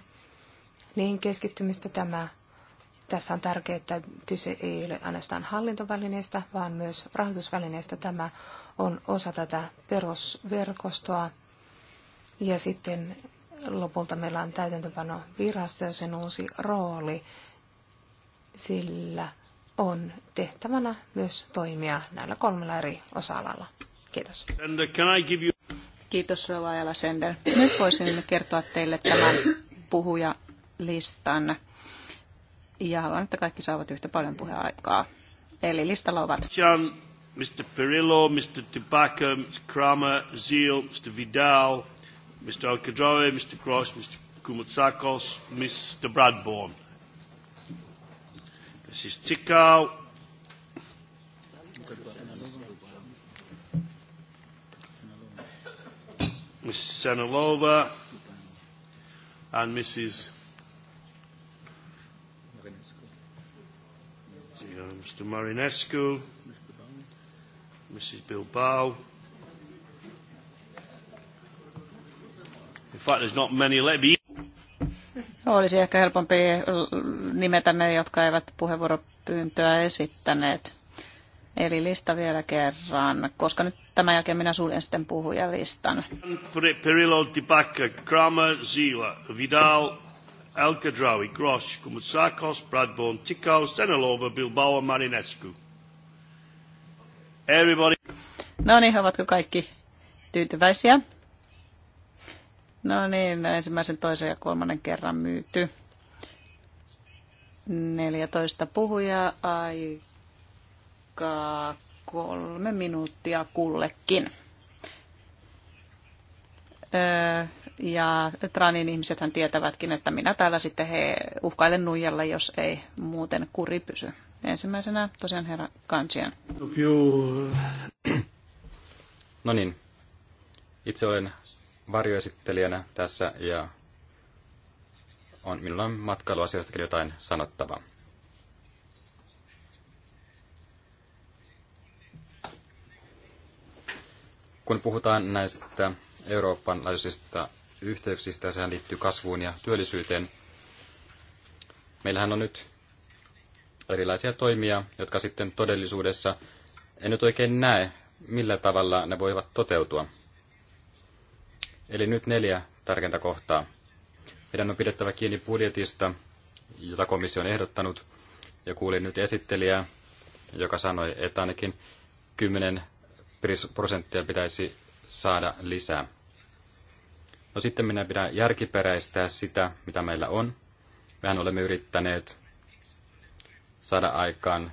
niin keskittymistä tämä tässä on tärkeää, että kyse ei ole ainoastaan hallintovälineistä, vaan myös rahoitusvälineistä. Tämä on osa tätä perusverkostoa. Ja sitten lopulta meillä on täytäntöpano virasto ja sen uusi rooli. Sillä on tehtävänä myös toimia näillä kolmella eri osa-alalla. Kiitos. Kiitos Rova Sender. Nyt voisin kertoa teille tämän puhujalistan ja haluan, että kaikki saavat yhtä paljon puheaikaa. Eli listalla ovat... John, Mr. Perillo, Mr. Tobacco, Mr. Kramer, Zeal, Mr. Vidal, Mr. Alcadroe, Mr. Gross, Mr. Kumutsakos, Mr. Bradbourne. Mrs. Tikau. Mrs. Senilova and Mrs. Mr. Marinescu, Mrs. Bilbao. In fact, there's not many left. Olisi ehkä helpompi äh, nimetä ne, jotka eivät puheenvuoropyyntöä esittäneet. Eli lista vielä kerran, koska nyt tämän jälkeen minä suljen sitten puhujalistan. Perillo, Tibacca, Kramer, Zila, Vidal, El Khadraoui, Grosh, Koumoutsakos, Bradbourne, Tikau, Senelova, Bilbao, Marinescu. Everybody. No niin, ovatko kaikki tyytyväisiä? No niin, ensimmäisen, toisen ja kolmannen kerran myyty. 14 puhujaa, aikaa kolme minuuttia kullekin. Öö, ja Tranin ihmisethän tietävätkin, että minä täällä sitten he uhkailen nuijalla, jos ei muuten kuri pysy. Ensimmäisenä tosiaan herra Kansian. No niin. Itse olen varjoesittelijänä tässä ja on, minulla on matkailuasioista jotain sanottavaa. Kun puhutaan näistä eurooppalaisista yhteyksistä ja sehän liittyy kasvuun ja työllisyyteen. Meillähän on nyt erilaisia toimia, jotka sitten todellisuudessa en nyt oikein näe, millä tavalla ne voivat toteutua. Eli nyt neljä tärkeintä kohtaa. Meidän on pidettävä kiinni budjetista, jota komissio on ehdottanut, ja kuulin nyt esittelijää, joka sanoi, että ainakin 10 prosenttia pitäisi saada lisää. No sitten minä pidän järkiperäistää sitä, mitä meillä on. Mehän olemme yrittäneet saada aikaan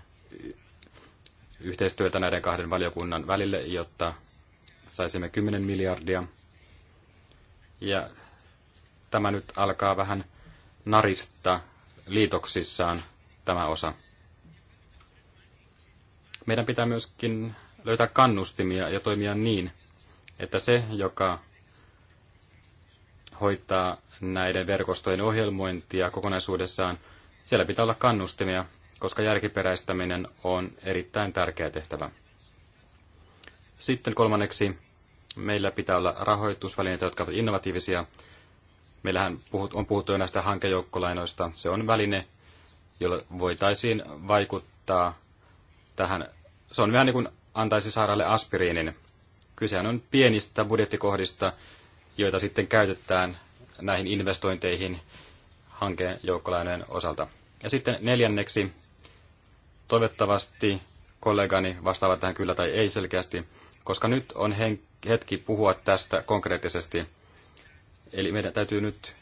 yhteistyötä näiden kahden valiokunnan välille, jotta saisimme 10 miljardia. Ja tämä nyt alkaa vähän narista liitoksissaan tämä osa. Meidän pitää myöskin löytää kannustimia ja toimia niin, että se, joka hoitaa näiden verkostojen ohjelmointia kokonaisuudessaan, siellä pitää olla kannustimia, koska järkiperäistäminen on erittäin tärkeä tehtävä. Sitten kolmanneksi, meillä pitää olla rahoitusvälineitä, jotka ovat innovatiivisia. Meillähän on puhuttu jo näistä hankejoukkolainoista. Se on väline, jolla voitaisiin vaikuttaa tähän. Se on vähän niin kuin antaisi saaralle aspiriinin. Kysehän on pienistä budjettikohdista, joita sitten käytetään näihin investointeihin hankkeen joukkolainojen osalta. Ja sitten neljänneksi, toivottavasti kollegani vastaavat tähän kyllä tai ei selkeästi, koska nyt on hetki puhua tästä konkreettisesti. Eli meidän täytyy nyt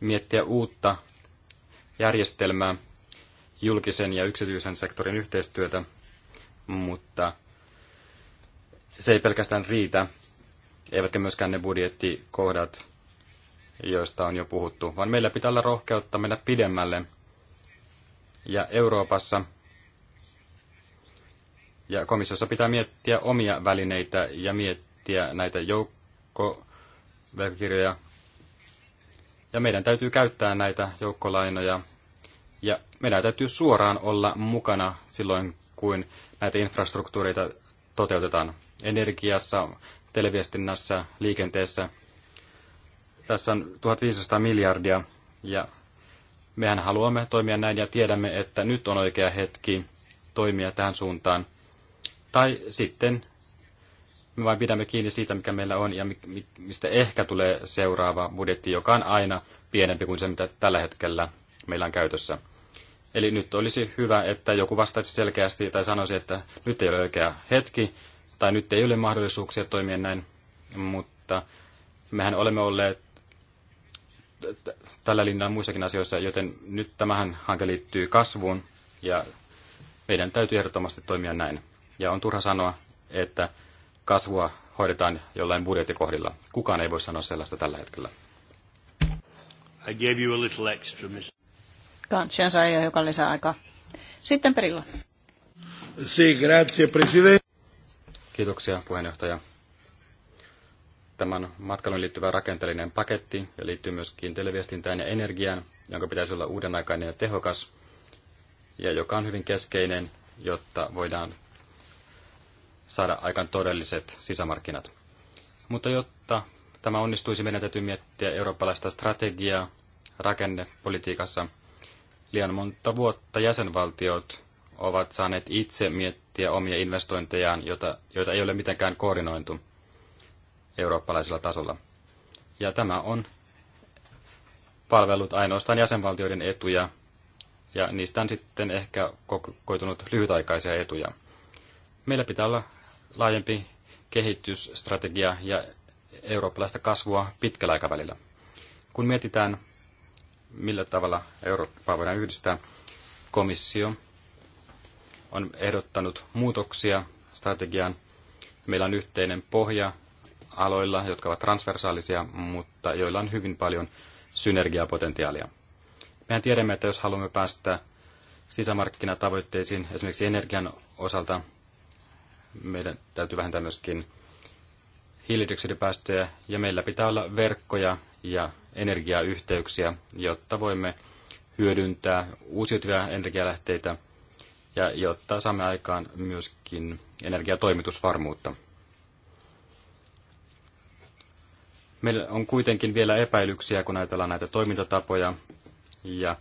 miettiä uutta järjestelmää, julkisen ja yksityisen sektorin yhteistyötä, mutta se ei pelkästään riitä, eivätkä myöskään ne budjettikohdat, joista on jo puhuttu, vaan meillä pitää olla rohkeutta mennä pidemmälle. Ja Euroopassa ja komissiossa pitää miettiä omia välineitä ja miettiä näitä joukkovelkakirjoja. Ja meidän täytyy käyttää näitä joukkolainoja. Ja meidän täytyy suoraan olla mukana silloin, kun näitä infrastruktuureita toteutetaan energiassa, televiestinnässä, liikenteessä. Tässä on 1500 miljardia ja mehän haluamme toimia näin ja tiedämme, että nyt on oikea hetki toimia tähän suuntaan. Tai sitten me vain pidämme kiinni siitä, mikä meillä on ja mistä ehkä tulee seuraava budjetti, joka on aina pienempi kuin se, mitä tällä hetkellä meillä on käytössä. Eli nyt olisi hyvä, että joku vastaisi selkeästi tai sanoisi, että nyt ei ole oikea hetki, tai nyt ei ole mahdollisuuksia toimia näin, mutta mehän olemme olleet tällä linjalla muissakin asioissa, joten nyt tämähän hanke liittyy kasvuun ja meidän täytyy ehdottomasti toimia näin. Ja on turha sanoa, että kasvua hoidetaan jollain budjettikohdilla. Kukaan ei voi sanoa sellaista tällä hetkellä. I gave you a little extra, miss. Kansian sai jo hiukan lisää aikaa. Sitten perillä. Sì, grazie, presidente. Kiitoksia puheenjohtaja. Tämän matkailun liittyvä rakenteellinen paketti ja liittyy myöskin televiestintään ja energiaan, jonka pitäisi olla uudenaikainen ja tehokas, ja joka on hyvin keskeinen, jotta voidaan saada aikaan todelliset sisämarkkinat. Mutta jotta tämä onnistuisi, meidän täytyy miettiä eurooppalaista strategiaa rakennepolitiikassa. Liian monta vuotta jäsenvaltiot ovat saaneet itse miettiä omia investointejaan, joita, joita ei ole mitenkään koordinointu eurooppalaisella tasolla. Ja tämä on palvellut ainoastaan jäsenvaltioiden etuja, ja niistä on sitten ehkä koitunut lyhytaikaisia etuja. Meillä pitää olla laajempi kehitysstrategia ja eurooppalaista kasvua pitkällä aikavälillä. Kun mietitään, millä tavalla Eurooppaa voidaan yhdistää, komissio on ehdottanut muutoksia strategiaan. Meillä on yhteinen pohja aloilla, jotka ovat transversaalisia, mutta joilla on hyvin paljon synergiapotentiaalia. Mehän tiedämme, että jos haluamme päästä sisämarkkinatavoitteisiin, esimerkiksi energian osalta, meidän täytyy vähentää myöskin hiilidioksidipäästöjä, ja meillä pitää olla verkkoja ja energiayhteyksiä, jotta voimme hyödyntää uusiutuvia energialähteitä ja jotta saamme aikaan myöskin energiatoimitusvarmuutta. Meillä on kuitenkin vielä epäilyksiä, kun ajatellaan näitä toimintatapoja ja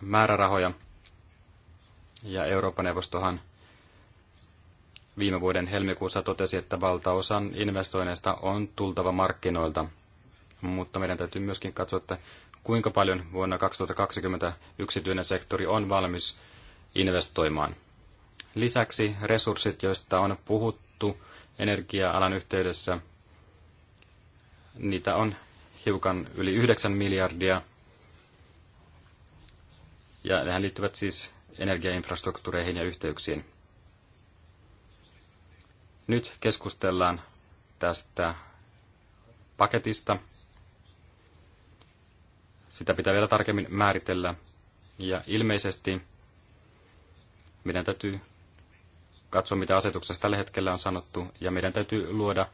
määrärahoja. Ja Euroopan neuvostohan viime vuoden helmikuussa totesi, että valtaosan investoinneista on tultava markkinoilta. Mutta meidän täytyy myöskin katsoa, että kuinka paljon vuonna 2020 yksityinen sektori on valmis investoimaan. Lisäksi resurssit, joista on puhuttu energia-alan yhteydessä, niitä on hiukan yli 9 miljardia. Ja nehän liittyvät siis energiainfrastruktuureihin ja yhteyksiin. Nyt keskustellaan tästä paketista. Sitä pitää vielä tarkemmin määritellä. Ja ilmeisesti meidän täytyy katsoa, mitä asetuksessa tällä hetkellä on sanottu, ja meidän täytyy luoda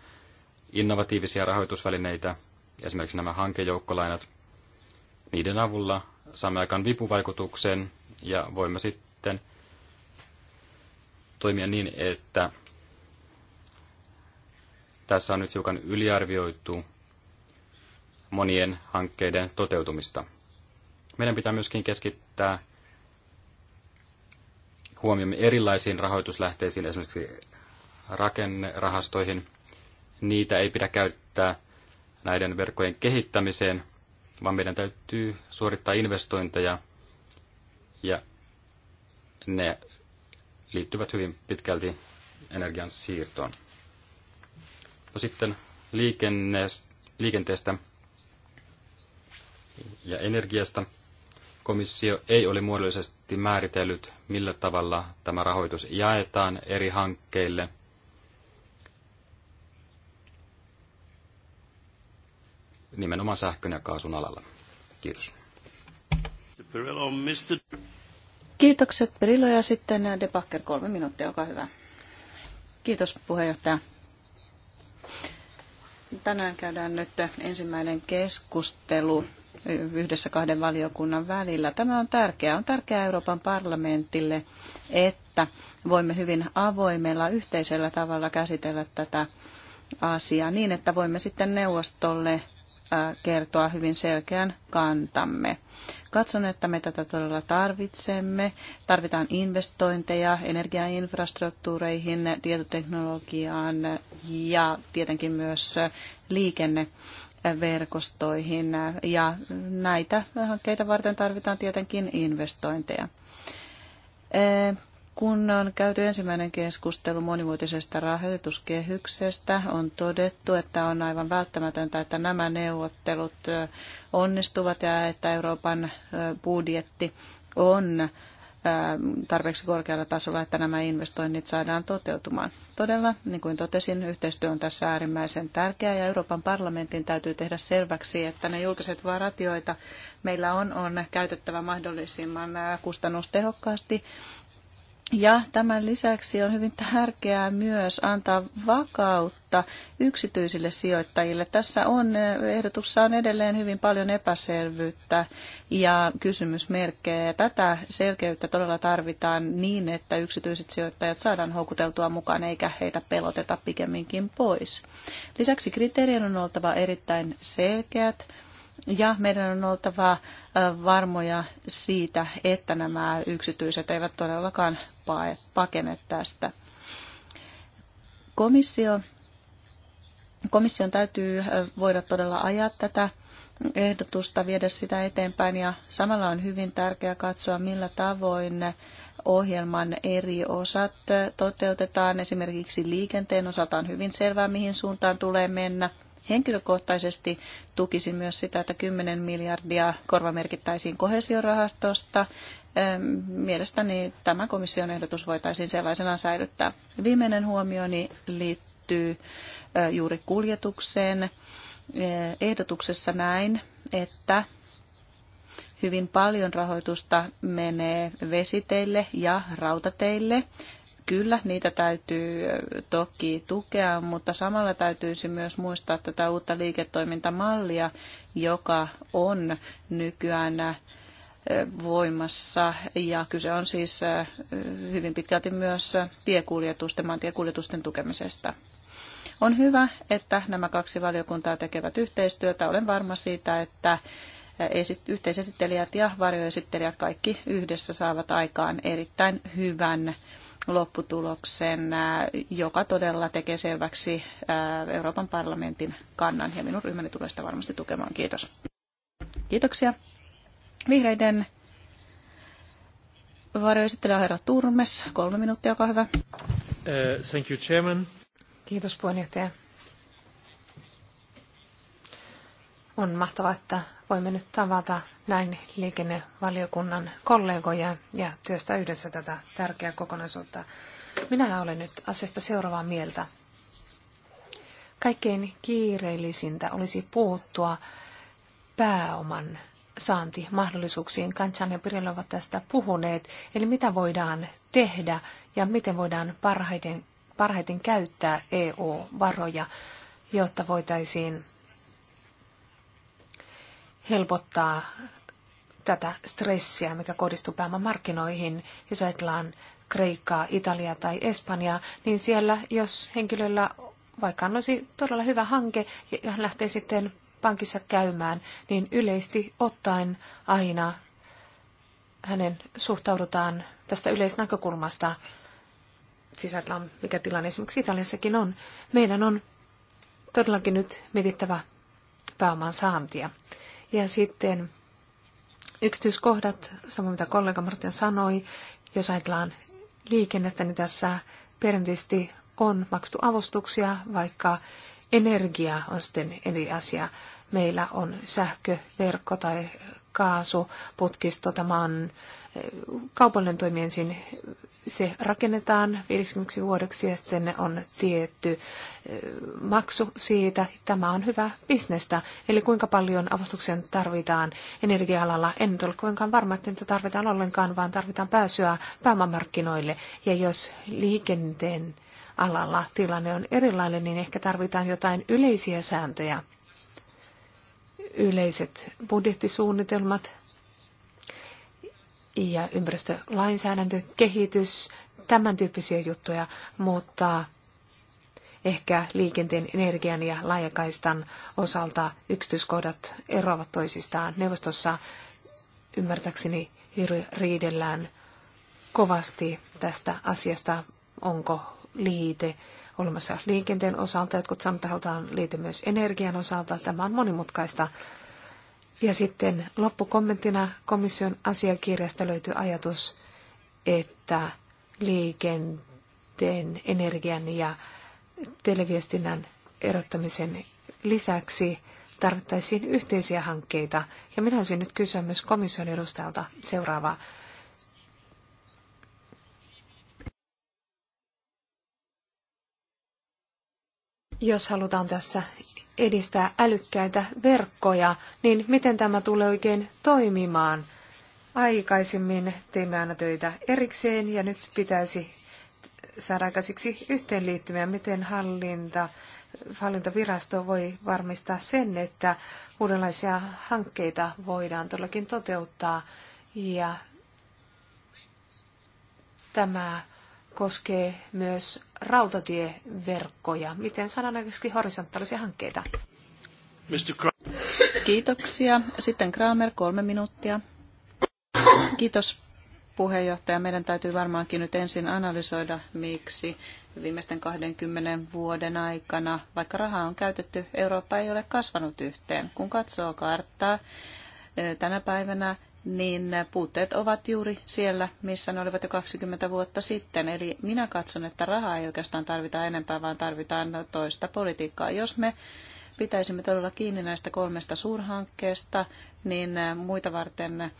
innovatiivisia rahoitusvälineitä, esimerkiksi nämä hankejoukkolainat. Niiden avulla saamme aikaan vipuvaikutuksen ja voimme sitten toimia niin, että tässä on nyt hiukan yliarvioitu monien hankkeiden toteutumista. Meidän pitää myöskin keskittää huomiomme erilaisiin rahoituslähteisiin, esimerkiksi rakennerahastoihin. Niitä ei pidä käyttää näiden verkkojen kehittämiseen, vaan meidän täytyy suorittaa investointeja ja ne liittyvät hyvin pitkälti energian siirtoon. No sitten liikenteestä ja energiasta komissio ei ole muodollisesti määritellyt, millä tavalla tämä rahoitus jaetaan eri hankkeille. nimenomaan sähkön ja kaasun alalla. Kiitos. Kiitokset Perillo ja sitten De Backer, kolme minuuttia, olkaa hyvä. Kiitos puheenjohtaja. Tänään käydään nyt ensimmäinen keskustelu yhdessä kahden valiokunnan välillä. Tämä on tärkeää. On tärkeää Euroopan parlamentille, että voimme hyvin avoimella yhteisellä tavalla käsitellä tätä asiaa niin, että voimme sitten neuvostolle kertoa hyvin selkeän kantamme. Katson, että me tätä todella tarvitsemme. Tarvitaan investointeja energiainfrastruktuureihin, tietoteknologiaan ja tietenkin myös liikenne verkostoihin ja näitä hankkeita varten tarvitaan tietenkin investointeja. Kun on käyty ensimmäinen keskustelu monivuotisesta rahoituskehyksestä, on todettu, että on aivan välttämätöntä, että nämä neuvottelut onnistuvat ja että Euroopan budjetti on tarpeeksi korkealla tasolla, että nämä investoinnit saadaan toteutumaan. Todella, niin kuin totesin, yhteistyö on tässä äärimmäisen tärkeää ja Euroopan parlamentin täytyy tehdä selväksi, että ne julkiset varat, joita meillä on, on käytettävä mahdollisimman kustannustehokkaasti ja tämän lisäksi on hyvin tärkeää myös antaa vakautta yksityisille sijoittajille. Tässä on, ehdotuksessa on edelleen hyvin paljon epäselvyyttä ja kysymysmerkkejä. Tätä selkeyttä todella tarvitaan niin, että yksityiset sijoittajat saadaan houkuteltua mukaan eikä heitä peloteta pikemminkin pois. Lisäksi kriteerien on oltava erittäin selkeät. Ja meidän on oltava varmoja siitä, että nämä yksityiset eivät todellakaan pakene tästä. Komissio, komission täytyy voida todella ajaa tätä ehdotusta, viedä sitä eteenpäin ja samalla on hyvin tärkeää katsoa, millä tavoin ohjelman eri osat toteutetaan. Esimerkiksi liikenteen osalta on hyvin selvää, mihin suuntaan tulee mennä – Henkilökohtaisesti tukisin myös sitä, että 10 miljardia korvamerkittäisiin kohesiorahastosta. Mielestäni tämä komission ehdotus voitaisiin sellaisena säilyttää. Viimeinen huomioni liittyy juuri kuljetukseen. Ehdotuksessa näin, että hyvin paljon rahoitusta menee vesiteille ja rautateille Kyllä, niitä täytyy toki tukea, mutta samalla täytyisi myös muistaa tätä uutta liiketoimintamallia, joka on nykyään voimassa. Ja kyse on siis hyvin pitkälti myös tiekuljetusten, maantiekuljetusten tukemisesta. On hyvä, että nämä kaksi valiokuntaa tekevät yhteistyötä. Olen varma siitä, että yhteisesittelijät ja varjoesittelijät kaikki yhdessä saavat aikaan erittäin hyvän lopputuloksen, äh, joka todella tekee selväksi äh, Euroopan parlamentin kannan ja minun ryhmäni tulee sitä varmasti tukemaan. Kiitos. Kiitoksia. Vihreiden varjoesittelijä herra Turmes, kolme minuuttia, olkaa hyvä. Uh, thank you, chairman. Kiitos puheenjohtaja. On mahtavaa, että voimme nyt tavata näin liikennevaliokunnan kollegoja ja työstä yhdessä tätä tärkeää kokonaisuutta. Minä olen nyt asiasta seuraavaa mieltä. Kaikkein kiireellisintä olisi puuttua pääoman saantimahdollisuuksiin. Kansan ja Pirjalla ovat tästä puhuneet. Eli mitä voidaan tehdä ja miten voidaan parhaiten, parhaiten käyttää EU-varoja, jotta voitaisiin helpottaa tätä stressiä, mikä kohdistuu pääomamarkkinoihin, jos ajatellaan Kreikkaa, Italiaa tai Espanjaa, niin siellä, jos henkilöllä vaikka olisi todella hyvä hanke ja hän lähtee sitten pankissa käymään, niin yleisesti ottaen aina hänen suhtaudutaan tästä yleisnäkökulmasta, siis ajatellaan, mikä tilanne esimerkiksi Italiassakin on. Meidän on todellakin nyt mietittävä pääoman saantia. Ja sitten yksityiskohdat, samoin mitä kollega Martin sanoi, jos ajatellaan liikennettä, niin tässä perinteisesti on maksettu avustuksia, vaikka energia on sitten eri asia. Meillä on sähköverkko tai kaasuputkisto, tämä on eh, kaupallinen toimi ensin se rakennetaan 50 vuodeksi ja sitten on tietty eh, maksu siitä. Tämä on hyvä bisnestä. Eli kuinka paljon avustuksen tarvitaan energia-alalla? En nyt ole kuinkaan varma, että niitä tarvitaan ollenkaan, vaan tarvitaan pääsyä pääomamarkkinoille. Ja jos liikenteen alalla tilanne on erilainen, niin ehkä tarvitaan jotain yleisiä sääntöjä. Yleiset budjettisuunnitelmat, ja ympäristölainsäädäntö, kehitys, tämän tyyppisiä juttuja, mutta ehkä liikenteen, energian ja laajakaistan osalta yksityiskohdat eroavat toisistaan. Neuvostossa ymmärtäkseni riidellään kovasti tästä asiasta, onko liite olemassa liikenteen osalta. Jotkut sanovat, että liite myös energian osalta. Tämä on monimutkaista ja sitten loppukommenttina komission asiakirjasta löytyy ajatus, että liikenteen, energian ja televiestinnän erottamisen lisäksi tarvittaisiin yhteisiä hankkeita. Ja minä olisin nyt kysyä myös komission edustajalta seuraavaa. Jos halutaan tässä edistää älykkäitä verkkoja, niin miten tämä tulee oikein toimimaan? Aikaisemmin teimme aina töitä erikseen ja nyt pitäisi saada aikaisiksi yhteenliittymiä, miten hallinta, hallintovirasto voi varmistaa sen, että uudenlaisia hankkeita voidaan todellakin toteuttaa ja tämä koskee myös rautatieverkkoja. Miten sananäköisesti horisontaalisia hankkeita? Kiitoksia. Sitten Kramer, kolme minuuttia. Kiitos puheenjohtaja. Meidän täytyy varmaankin nyt ensin analysoida, miksi viimeisten 20 vuoden aikana, vaikka rahaa on käytetty, Eurooppa ei ole kasvanut yhteen. Kun katsoo karttaa eh, tänä päivänä, niin puutteet ovat juuri siellä, missä ne olivat jo 20 vuotta sitten. Eli minä katson, että rahaa ei oikeastaan tarvita enempää, vaan tarvitaan toista politiikkaa. Jos me pitäisimme todella kiinni näistä kolmesta suurhankkeesta, niin muita varten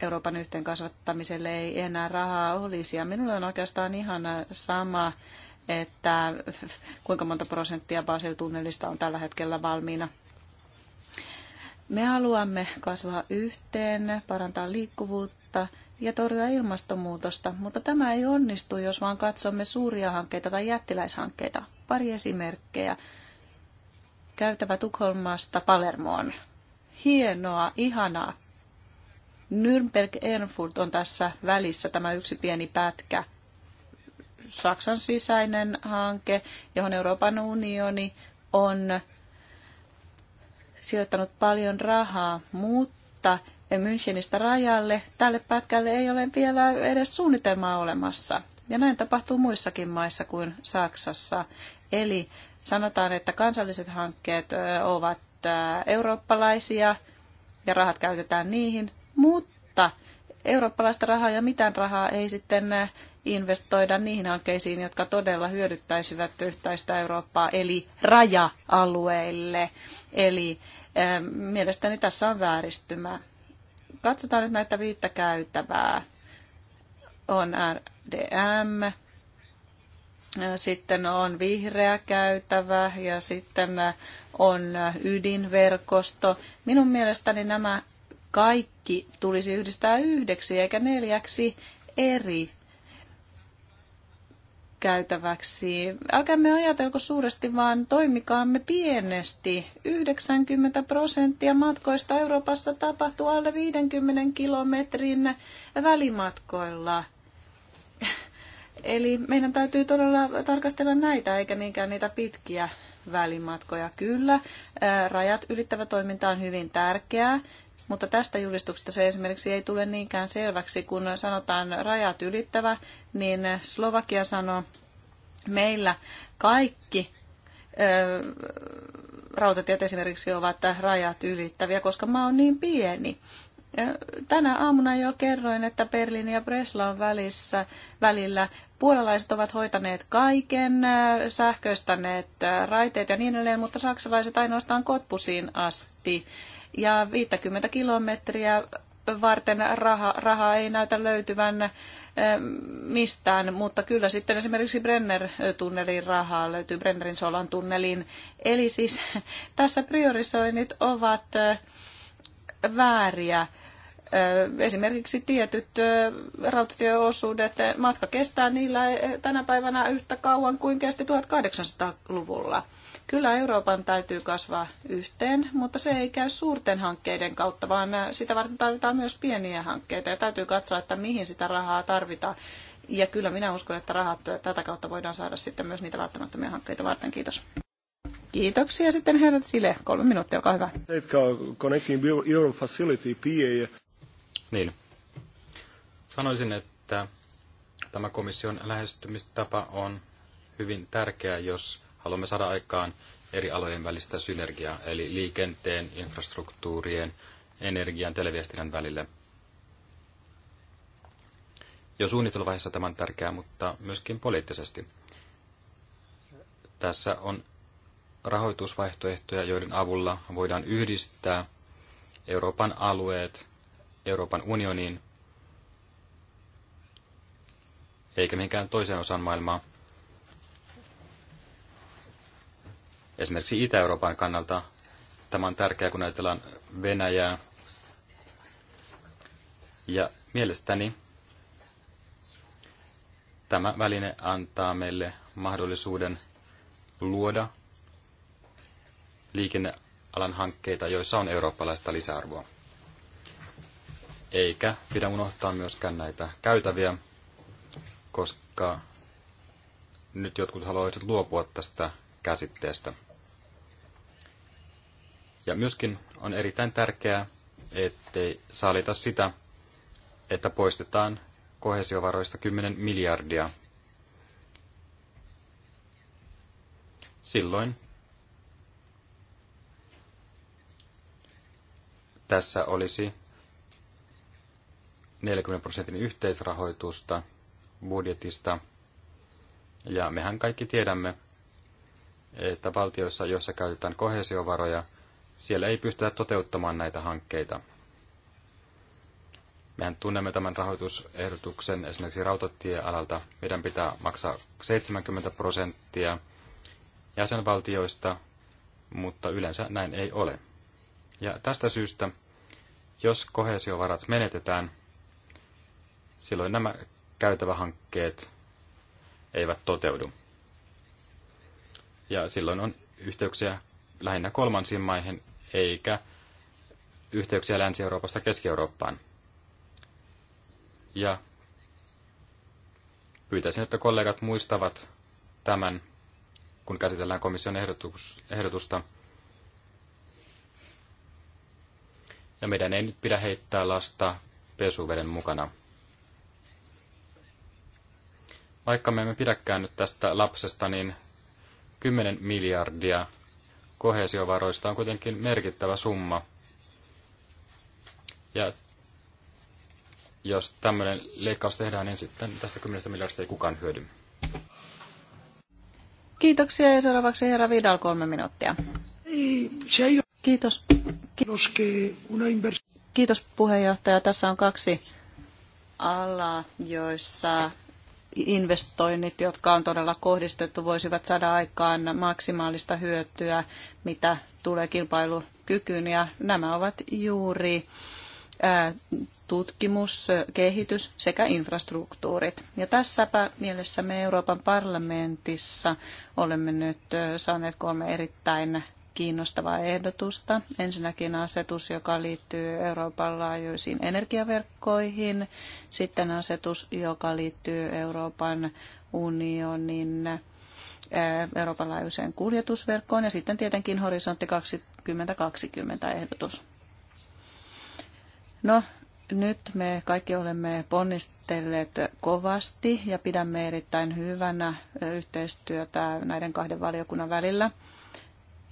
Euroopan yhteen kasvattamiselle ei enää rahaa olisi. Ja minulle on oikeastaan ihan sama, että kuinka monta prosenttia Basel-tunnelista on tällä hetkellä valmiina me haluamme kasvaa yhteen, parantaa liikkuvuutta ja torjua ilmastonmuutosta, mutta tämä ei onnistu, jos vaan katsomme suuria hankkeita tai jättiläishankkeita. Pari esimerkkejä. Käytävä Tukholmasta Palermoon. Hienoa, ihanaa. Nürnberg Erfurt on tässä välissä tämä yksi pieni pätkä. Saksan sisäinen hanke, johon Euroopan unioni on sijoittanut paljon rahaa, mutta Münchenistä rajalle tälle pätkälle ei ole vielä edes suunnitelmaa olemassa. Ja näin tapahtuu muissakin maissa kuin Saksassa. Eli sanotaan, että kansalliset hankkeet ovat eurooppalaisia ja rahat käytetään niihin, mutta eurooppalaista rahaa ja mitään rahaa ei sitten investoida niihin hankkeisiin, jotka todella hyödyttäisivät yhtäistä Eurooppaa, eli raja-alueille. Eli Mielestäni tässä on vääristymä. Katsotaan nyt näitä viittä käytävää. On RDM, sitten on vihreä käytävä ja sitten on ydinverkosto. Minun mielestäni nämä kaikki tulisi yhdistää yhdeksi eikä neljäksi eri käytäväksi. Älkäämme ajatelko suuresti, vaan toimikaamme pienesti. 90 prosenttia matkoista Euroopassa tapahtuu alle 50 kilometrin välimatkoilla. Eli meidän täytyy todella tarkastella näitä, eikä niinkään niitä pitkiä välimatkoja. Kyllä, rajat ylittävä toiminta on hyvin tärkeää. Mutta tästä julistuksesta se esimerkiksi ei tule niinkään selväksi, kun sanotaan rajat ylittävä, niin Slovakia sanoo, meillä kaikki ö, rautatiet esimerkiksi ovat rajat ylittäviä, koska maa on niin pieni. Tänä aamuna jo kerroin, että Berliin ja Breslan välissä, välillä puolalaiset ovat hoitaneet kaiken, sähköistäneet raiteet ja niin edelleen, mutta saksalaiset ainoastaan Kotpusiin asti ja 50 kilometriä varten raha, rahaa ei näytä löytyvän eh, mistään, mutta kyllä sitten esimerkiksi Brenner-tunnelin eh, rahaa löytyy Brennerin solan tunnelin. Eli siis tässä priorisoinnit ovat eh, vääriä. Esimerkiksi tietyt rautatieosuudet, matka kestää niillä e, tänä päivänä yhtä kauan kuin kesti 1800-luvulla. Kyllä Euroopan täytyy kasvaa yhteen, mutta se ei käy suurten hankkeiden kautta, vaan sitä varten tarvitaan myös pieniä hankkeita ja täytyy katsoa, että mihin sitä rahaa tarvitaan. Ja kyllä minä uskon, että rahat tätä kautta voidaan saada sitten myös niitä välttämättömiä hankkeita varten. Kiitos. Kiitoksia sitten herrat Sile. Kolme minuuttia, olkaa hyvä. Connecting Europe Facility, PA. Niin. Sanoisin, että tämä komission lähestymistapa on hyvin tärkeä, jos haluamme saada aikaan eri alojen välistä synergiaa, eli liikenteen, infrastruktuurien, energian, televiestinnän välille. Jo suunnitteluvaiheessa tämä on tärkeää, mutta myöskin poliittisesti. Tässä on rahoitusvaihtoehtoja, joiden avulla voidaan yhdistää Euroopan alueet Euroopan unioniin, eikä mihinkään toiseen osaan maailmaa. Esimerkiksi Itä-Euroopan kannalta tämä on tärkeää, kun ajatellaan Venäjää. Ja mielestäni tämä väline antaa meille mahdollisuuden luoda liikennealan hankkeita, joissa on eurooppalaista lisäarvoa. Eikä pidä unohtaa myöskään näitä käytäviä, koska nyt jotkut haluaisivat luopua tästä käsitteestä. Ja myöskin on erittäin tärkeää, ettei salita sitä, että poistetaan kohesiovaroista 10 miljardia. Silloin tässä olisi 40 prosentin yhteisrahoitusta budjetista. Ja mehän kaikki tiedämme, että valtioissa, joissa käytetään kohesiovaroja, siellä ei pystytä toteuttamaan näitä hankkeita. Mehän tunnemme tämän rahoitusehdotuksen esimerkiksi rautatiealalta. Meidän pitää maksaa 70 prosenttia jäsenvaltioista, mutta yleensä näin ei ole. Ja tästä syystä, jos kohesiovarat menetetään, silloin nämä käytävähankkeet eivät toteudu. Ja silloin on yhteyksiä lähinnä kolmansiin maihin, eikä yhteyksiä Länsi-Euroopasta Keski-Eurooppaan. Ja pyytäisin, että kollegat muistavat tämän, kun käsitellään komission ehdotus, ehdotusta. Ja meidän ei nyt pidä heittää lasta pesuveden mukana. Vaikka me emme pidäkään nyt tästä lapsesta, niin 10 miljardia kohesiovaroista on kuitenkin merkittävä summa. Ja jos tämmöinen leikkaus tehdään, niin sitten tästä 10 miljardista ei kukaan hyödy. Kiitoksia ja seuraavaksi herra Vidal kolme minuuttia. Kiitos. Kiitos puheenjohtaja. Tässä on kaksi alaa, joissa investoinnit, jotka on todella kohdistettu, voisivat saada aikaan maksimaalista hyötyä, mitä tulee kilpailukykyyn. Ja nämä ovat juuri tutkimus, kehitys sekä infrastruktuurit. Ja tässäpä mielessä me Euroopan parlamentissa olemme nyt saaneet kolme erittäin kiinnostavaa ehdotusta. Ensinnäkin asetus, joka liittyy Euroopan laajuisiin energiaverkkoihin. Sitten asetus, joka liittyy Euroopan unionin eh, Euroopan laajuiseen kuljetusverkkoon ja sitten tietenkin horisontti 2020 ehdotus. No, nyt me kaikki olemme ponnistelleet kovasti ja pidämme erittäin hyvänä yhteistyötä näiden kahden valiokunnan välillä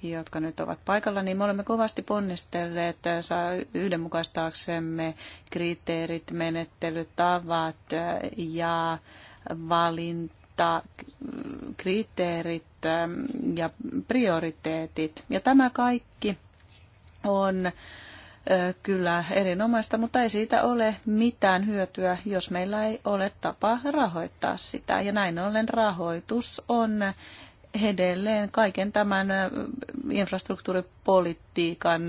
jotka nyt ovat paikalla, niin me olemme kovasti ponnistelleet äh, saa yhdenmukaistaaksemme kriteerit, menettelyt, tavat äh, ja valintakriteerit ähm, ja prioriteetit. Ja tämä kaikki on äh, kyllä erinomaista, mutta ei siitä ole mitään hyötyä, jos meillä ei ole tapa rahoittaa sitä. Ja näin ollen rahoitus on edelleen kaiken tämän infrastruktuuripolitiikan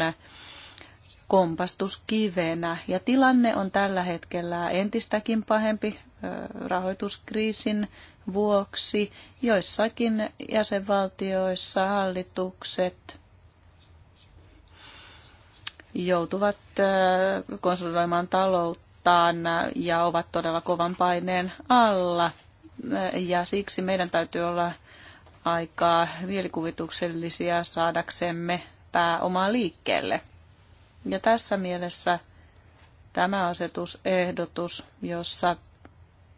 kompastuskivenä. Ja tilanne on tällä hetkellä entistäkin pahempi rahoituskriisin vuoksi. Joissakin jäsenvaltioissa hallitukset joutuvat konsolidoimaan talouttaan ja ovat todella kovan paineen alla. Ja siksi meidän täytyy olla aikaa mielikuvituksellisia saadaksemme pääomaa liikkeelle. Ja tässä mielessä tämä asetusehdotus, jossa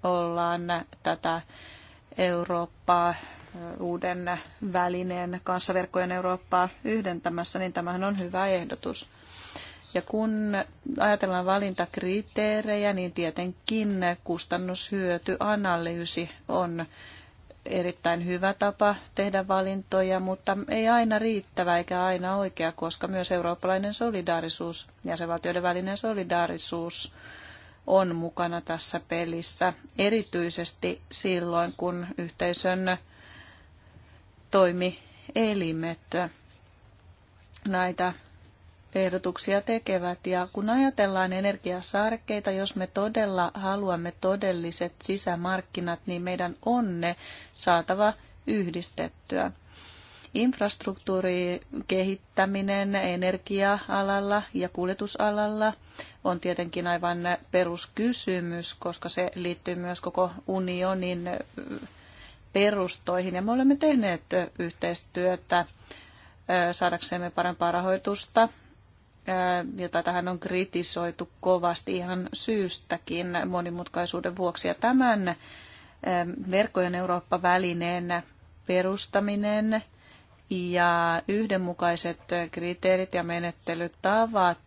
ollaan tätä Eurooppaa uuden välineen kanssa verkkojen Eurooppaa yhdentämässä, niin tämähän on hyvä ehdotus. Ja kun ajatellaan valintakriteerejä, niin tietenkin kustannushyötyanalyysi on erittäin hyvä tapa tehdä valintoja, mutta ei aina riittävä eikä aina oikea, koska myös eurooppalainen solidaarisuus, jäsenvaltioiden välinen solidaarisuus on mukana tässä pelissä, erityisesti silloin, kun yhteisön toimielimet näitä ehdotuksia tekevät. Ja kun ajatellaan energiasaarekkeita, jos me todella haluamme todelliset sisämarkkinat, niin meidän on ne saatava yhdistettyä. kehittäminen energia-alalla ja kuljetusalalla on tietenkin aivan peruskysymys, koska se liittyy myös koko unionin perustoihin. Ja me olemme tehneet yhteistyötä saadaksemme parempaa rahoitusta jota tähän on kritisoitu kovasti ihan syystäkin monimutkaisuuden vuoksi. Ja tämän verkkojen Eurooppa-välineen perustaminen ja yhdenmukaiset kriteerit ja menettelytavat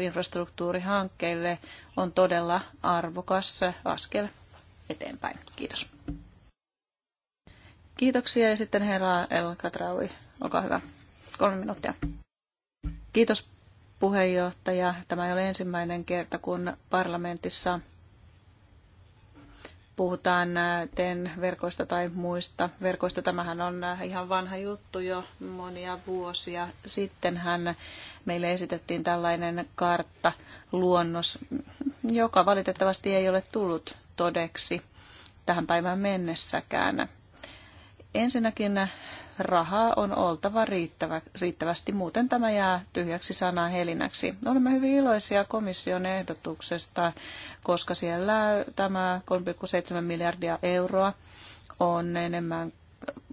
infrastruktuurihankkeille on todella arvokas askel eteenpäin. Kiitos. Kiitoksia ja sitten herra El Katraui, olkaa hyvä. Kolme minuuttia. Kiitos puheenjohtaja. Tämä ei ole ensimmäinen kerta, kun parlamentissa puhutaan TEN-verkoista tai muista verkoista. Tämähän on ihan vanha juttu jo monia vuosia. Sittenhän meille esitettiin tällainen kartta, luonnos, joka valitettavasti ei ole tullut todeksi tähän päivään mennessäkään. Ensinnäkin rahaa on oltava riittävä, riittävästi, muuten tämä jää tyhjäksi sanaa helinäksi. Olemme hyvin iloisia komission ehdotuksesta, koska siellä tämä 3,7 miljardia euroa on enemmän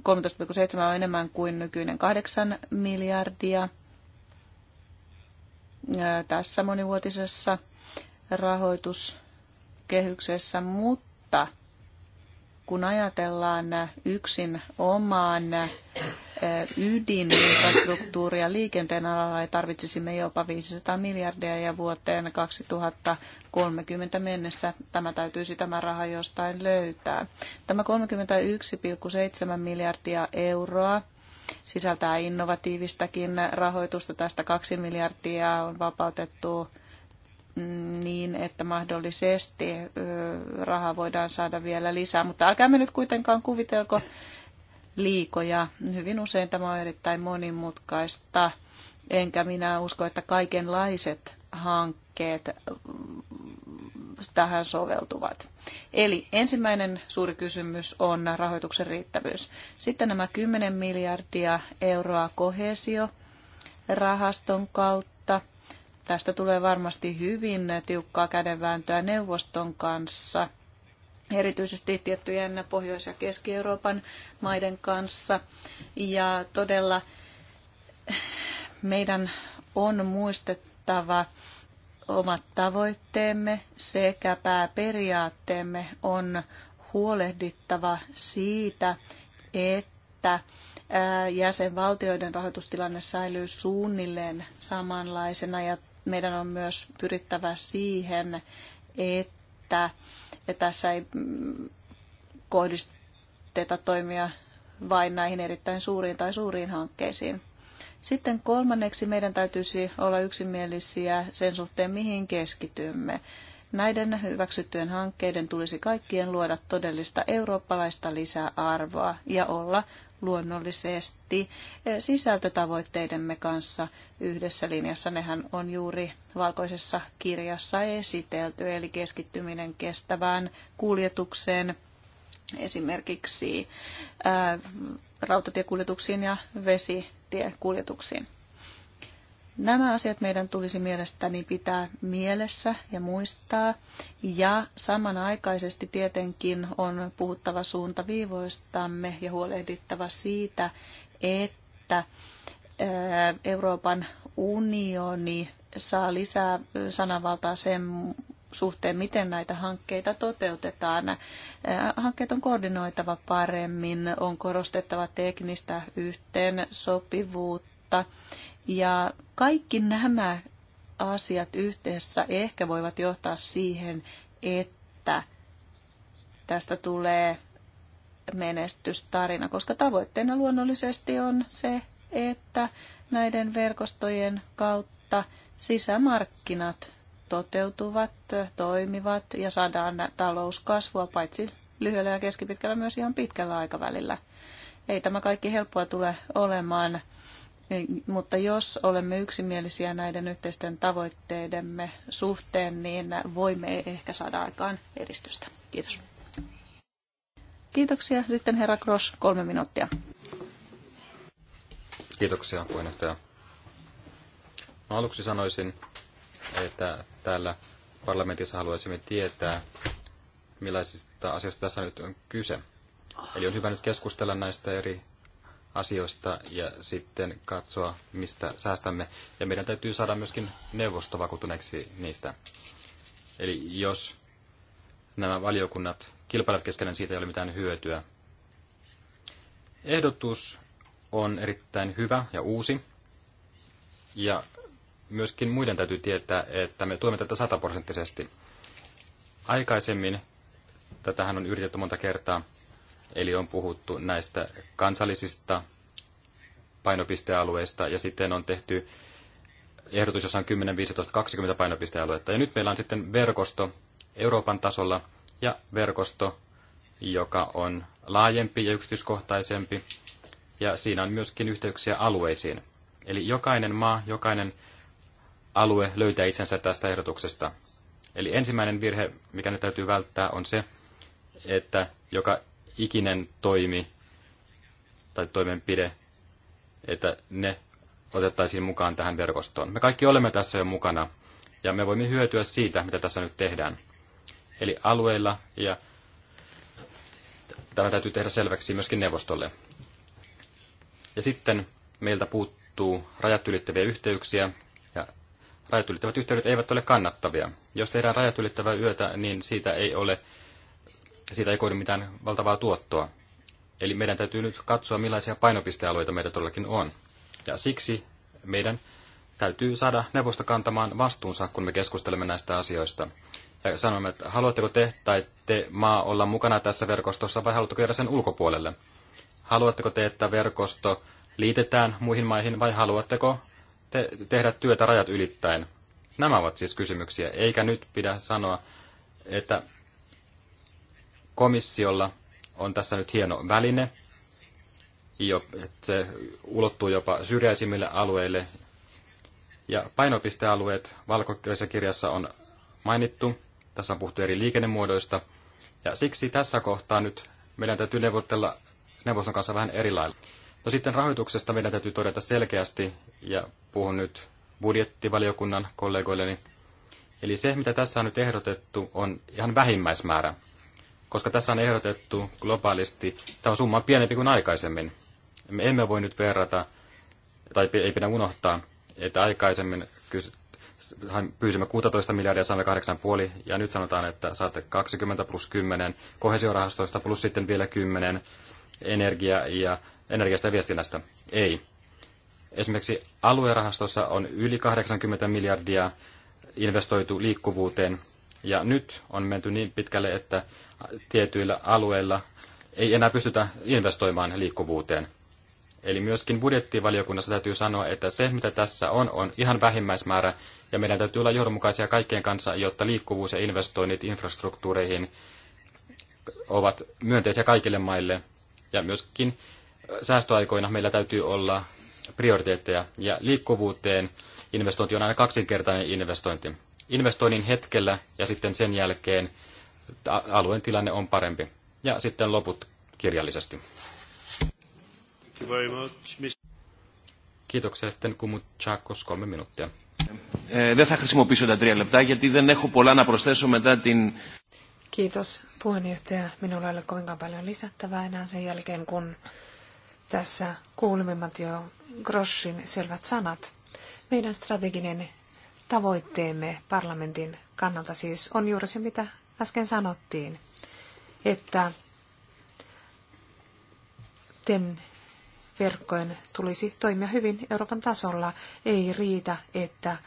13,7 on enemmän kuin nykyinen 8 miljardia tässä monivuotisessa rahoituskehyksessä, mutta – kun ajatellaan yksin omaan ydininfrastruktuuria liikenteen alalla, tarvitsisimme jopa 500 miljardia ja vuoteen 2030 mennessä tämä täytyisi tämä raha jostain löytää. Tämä 31,7 miljardia euroa sisältää innovatiivistakin rahoitusta. Tästä 2 miljardia on vapautettu niin, että mahdollisesti rahaa voidaan saada vielä lisää. Mutta me nyt kuitenkaan kuvitelko liikoja. Hyvin usein tämä on erittäin monimutkaista, enkä minä usko, että kaikenlaiset hankkeet tähän soveltuvat. Eli ensimmäinen suuri kysymys on rahoituksen riittävyys. Sitten nämä 10 miljardia euroa kohesio rahaston kautta Tästä tulee varmasti hyvin tiukkaa kädenvääntöä neuvoston kanssa, erityisesti tiettyjen Pohjois- ja Keski-Euroopan maiden kanssa. Ja todella meidän on muistettava omat tavoitteemme sekä pääperiaatteemme on huolehdittava siitä, että jäsenvaltioiden rahoitustilanne säilyy suunnilleen samanlaisena ja meidän on myös pyrittävä siihen, että tässä ei mm, kohdisteta toimia vain näihin erittäin suuriin tai suuriin hankkeisiin. Sitten kolmanneksi meidän täytyisi olla yksimielisiä sen suhteen, mihin keskitymme. Näiden hyväksyttyjen hankkeiden tulisi kaikkien luoda todellista eurooppalaista lisäarvoa ja olla luonnollisesti sisältötavoitteidemme kanssa yhdessä linjassa. Nehän on juuri valkoisessa kirjassa esitelty, eli keskittyminen kestävään kuljetukseen, esimerkiksi ää, rautatiekuljetuksiin ja vesitiekuljetuksiin. Nämä asiat meidän tulisi mielestäni pitää mielessä ja muistaa. Ja samanaikaisesti tietenkin on puhuttava suuntaviivoistamme ja huolehdittava siitä, että eh, Euroopan unioni saa lisää sananvaltaa sen suhteen, miten näitä hankkeita toteutetaan. Eh, hankkeet on koordinoitava paremmin, on korostettava teknistä yhteensopivuutta ja kaikki nämä asiat yhteensä ehkä voivat johtaa siihen, että tästä tulee menestystarina, koska tavoitteena luonnollisesti on se, että näiden verkostojen kautta sisämarkkinat toteutuvat, toimivat ja saadaan talouskasvua paitsi lyhyellä ja keskipitkällä myös ihan pitkällä aikavälillä. Ei tämä kaikki helppoa tule olemaan niin, mutta jos olemme yksimielisiä näiden yhteisten tavoitteidemme suhteen, niin voimme ehkä saada aikaan edistystä. Kiitos. Kiitoksia. Sitten herra Gross, kolme minuuttia. Kiitoksia puheenjohtaja. No, aluksi sanoisin, että täällä parlamentissa haluaisimme tietää, millaisista asioista tässä nyt on kyse. Eli on hyvä nyt keskustella näistä eri asioista ja sitten katsoa, mistä säästämme. Ja meidän täytyy saada myöskin neuvosto vakuutuneeksi niistä. Eli jos nämä valiokunnat kilpailevat keskenään, siitä ei ole mitään hyötyä. Ehdotus on erittäin hyvä ja uusi. Ja myöskin muiden täytyy tietää, että me tuemme tätä sataprosenttisesti. Aikaisemmin, tätähän on yritetty monta kertaa, Eli on puhuttu näistä kansallisista painopistealueista ja sitten on tehty ehdotus, jossa on 10, 15, 20 painopistealuetta. Ja nyt meillä on sitten verkosto Euroopan tasolla ja verkosto, joka on laajempi ja yksityiskohtaisempi. Ja siinä on myöskin yhteyksiä alueisiin. Eli jokainen maa, jokainen alue löytää itsensä tästä ehdotuksesta. Eli ensimmäinen virhe, mikä nyt täytyy välttää, on se, että joka ikinen toimi tai toimenpide, että ne otettaisiin mukaan tähän verkostoon. Me kaikki olemme tässä jo mukana ja me voimme hyötyä siitä, mitä tässä nyt tehdään. Eli alueilla ja tämä täytyy tehdä selväksi myöskin neuvostolle. Ja sitten meiltä puuttuu rajat ylittäviä yhteyksiä ja rajat ylittävät yhteydet eivät ole kannattavia. Jos tehdään rajat ylittävää yötä, niin siitä ei ole siitä ei koidu mitään valtavaa tuottoa. Eli meidän täytyy nyt katsoa, millaisia painopistealueita meillä todellakin on. Ja siksi meidän täytyy saada neuvosto kantamaan vastuunsa, kun me keskustelemme näistä asioista. Ja sanomme, että haluatteko te tai te maa olla mukana tässä verkostossa vai haluatteko jäädä sen ulkopuolelle? Haluatteko te, että verkosto liitetään muihin maihin vai haluatteko te tehdä työtä rajat ylittäen? Nämä ovat siis kysymyksiä, eikä nyt pidä sanoa, että komissiolla on tässä nyt hieno väline, että se ulottuu jopa syrjäisimmille alueille. Ja painopistealueet valkoisessa kirjassa on mainittu. Tässä on puhuttu eri liikennemuodoista. Ja siksi tässä kohtaa nyt meidän täytyy neuvotella neuvoston kanssa vähän eri lailla. No sitten rahoituksesta meidän täytyy todeta selkeästi, ja puhun nyt budjettivaliokunnan kollegoilleni. Eli se, mitä tässä on nyt ehdotettu, on ihan vähimmäismäärä koska tässä on ehdotettu globaalisti, tämä on summa pienempi kuin aikaisemmin. Me emme voi nyt verrata, tai ei pidä unohtaa, että aikaisemmin pyysimme 16 miljardia, saamme 8,5, ja nyt sanotaan, että saatte 20 plus 10, kohesiorahastoista plus sitten vielä 10, energia ja, energiasta ja viestinnästä. Ei. Esimerkiksi aluerahastossa on yli 80 miljardia investoitu liikkuvuuteen, ja nyt on menty niin pitkälle, että tietyillä alueilla ei enää pystytä investoimaan liikkuvuuteen. Eli myöskin budjettivaliokunnassa täytyy sanoa, että se mitä tässä on, on ihan vähimmäismäärä, ja meidän täytyy olla johdonmukaisia kaikkien kanssa, jotta liikkuvuus ja investoinnit infrastruktuureihin ovat myönteisiä kaikille maille. Ja myöskin säästöaikoina meillä täytyy olla prioriteetteja, ja liikkuvuuteen investointi on aina kaksinkertainen investointi investoinnin hetkellä ja sitten sen jälkeen alueen tilanne on parempi. Ja sitten loput kirjallisesti. Kiitoksia sitten Kumu Τσάκος, kolme minuuttia. Ε, δεν θα χρησιμοποιήσω τα τρία λεπτά γιατί δεν έχω πολλά να προσθέσω μετά την... Kiitos puheenjohtaja. Minulla ei ole kovinkaan paljon lisättävää enää sen jälkeen, kun tässä kuulimme jo Groschin selvät sanat. Meidän strateginen tavoitteemme parlamentin kannalta siis on juuri se, mitä äsken sanottiin, että ten verkkojen tulisi toimia hyvin Euroopan tasolla. Ei riitä, että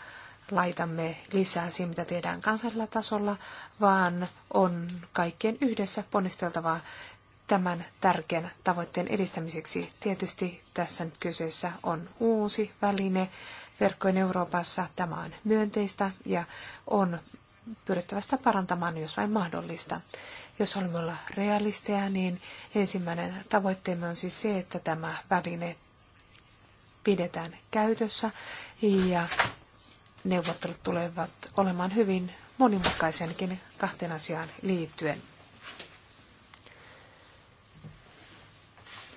laitamme lisää siihen, mitä tehdään kansallisella tasolla, vaan on kaikkien yhdessä ponnisteltavaa tämän tärkeän tavoitteen edistämiseksi. Tietysti tässä nyt kyseessä on uusi väline, verkkojen Euroopassa. Tämä on myönteistä ja on pyrittävästä parantamaan, jos vain mahdollista. Jos olemme olla realisteja, niin ensimmäinen tavoitteemme on siis se, että tämä väline pidetään käytössä ja neuvottelut tulevat olemaan hyvin monimutkaisenkin kahteen asiaan liittyen.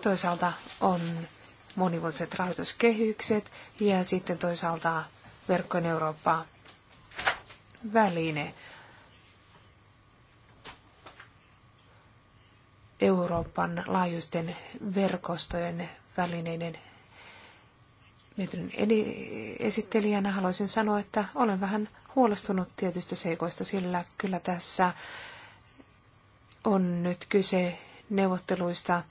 Toisaalta on monivuotiset rahoituskehykset ja sitten toisaalta verkkojen Eurooppaa väline. Euroopan laajuisten verkostojen välineiden mietinnön esittelijänä haluaisin sanoa, että olen vähän huolestunut tietystä seikoista, sillä kyllä tässä on nyt kyse neuvotteluista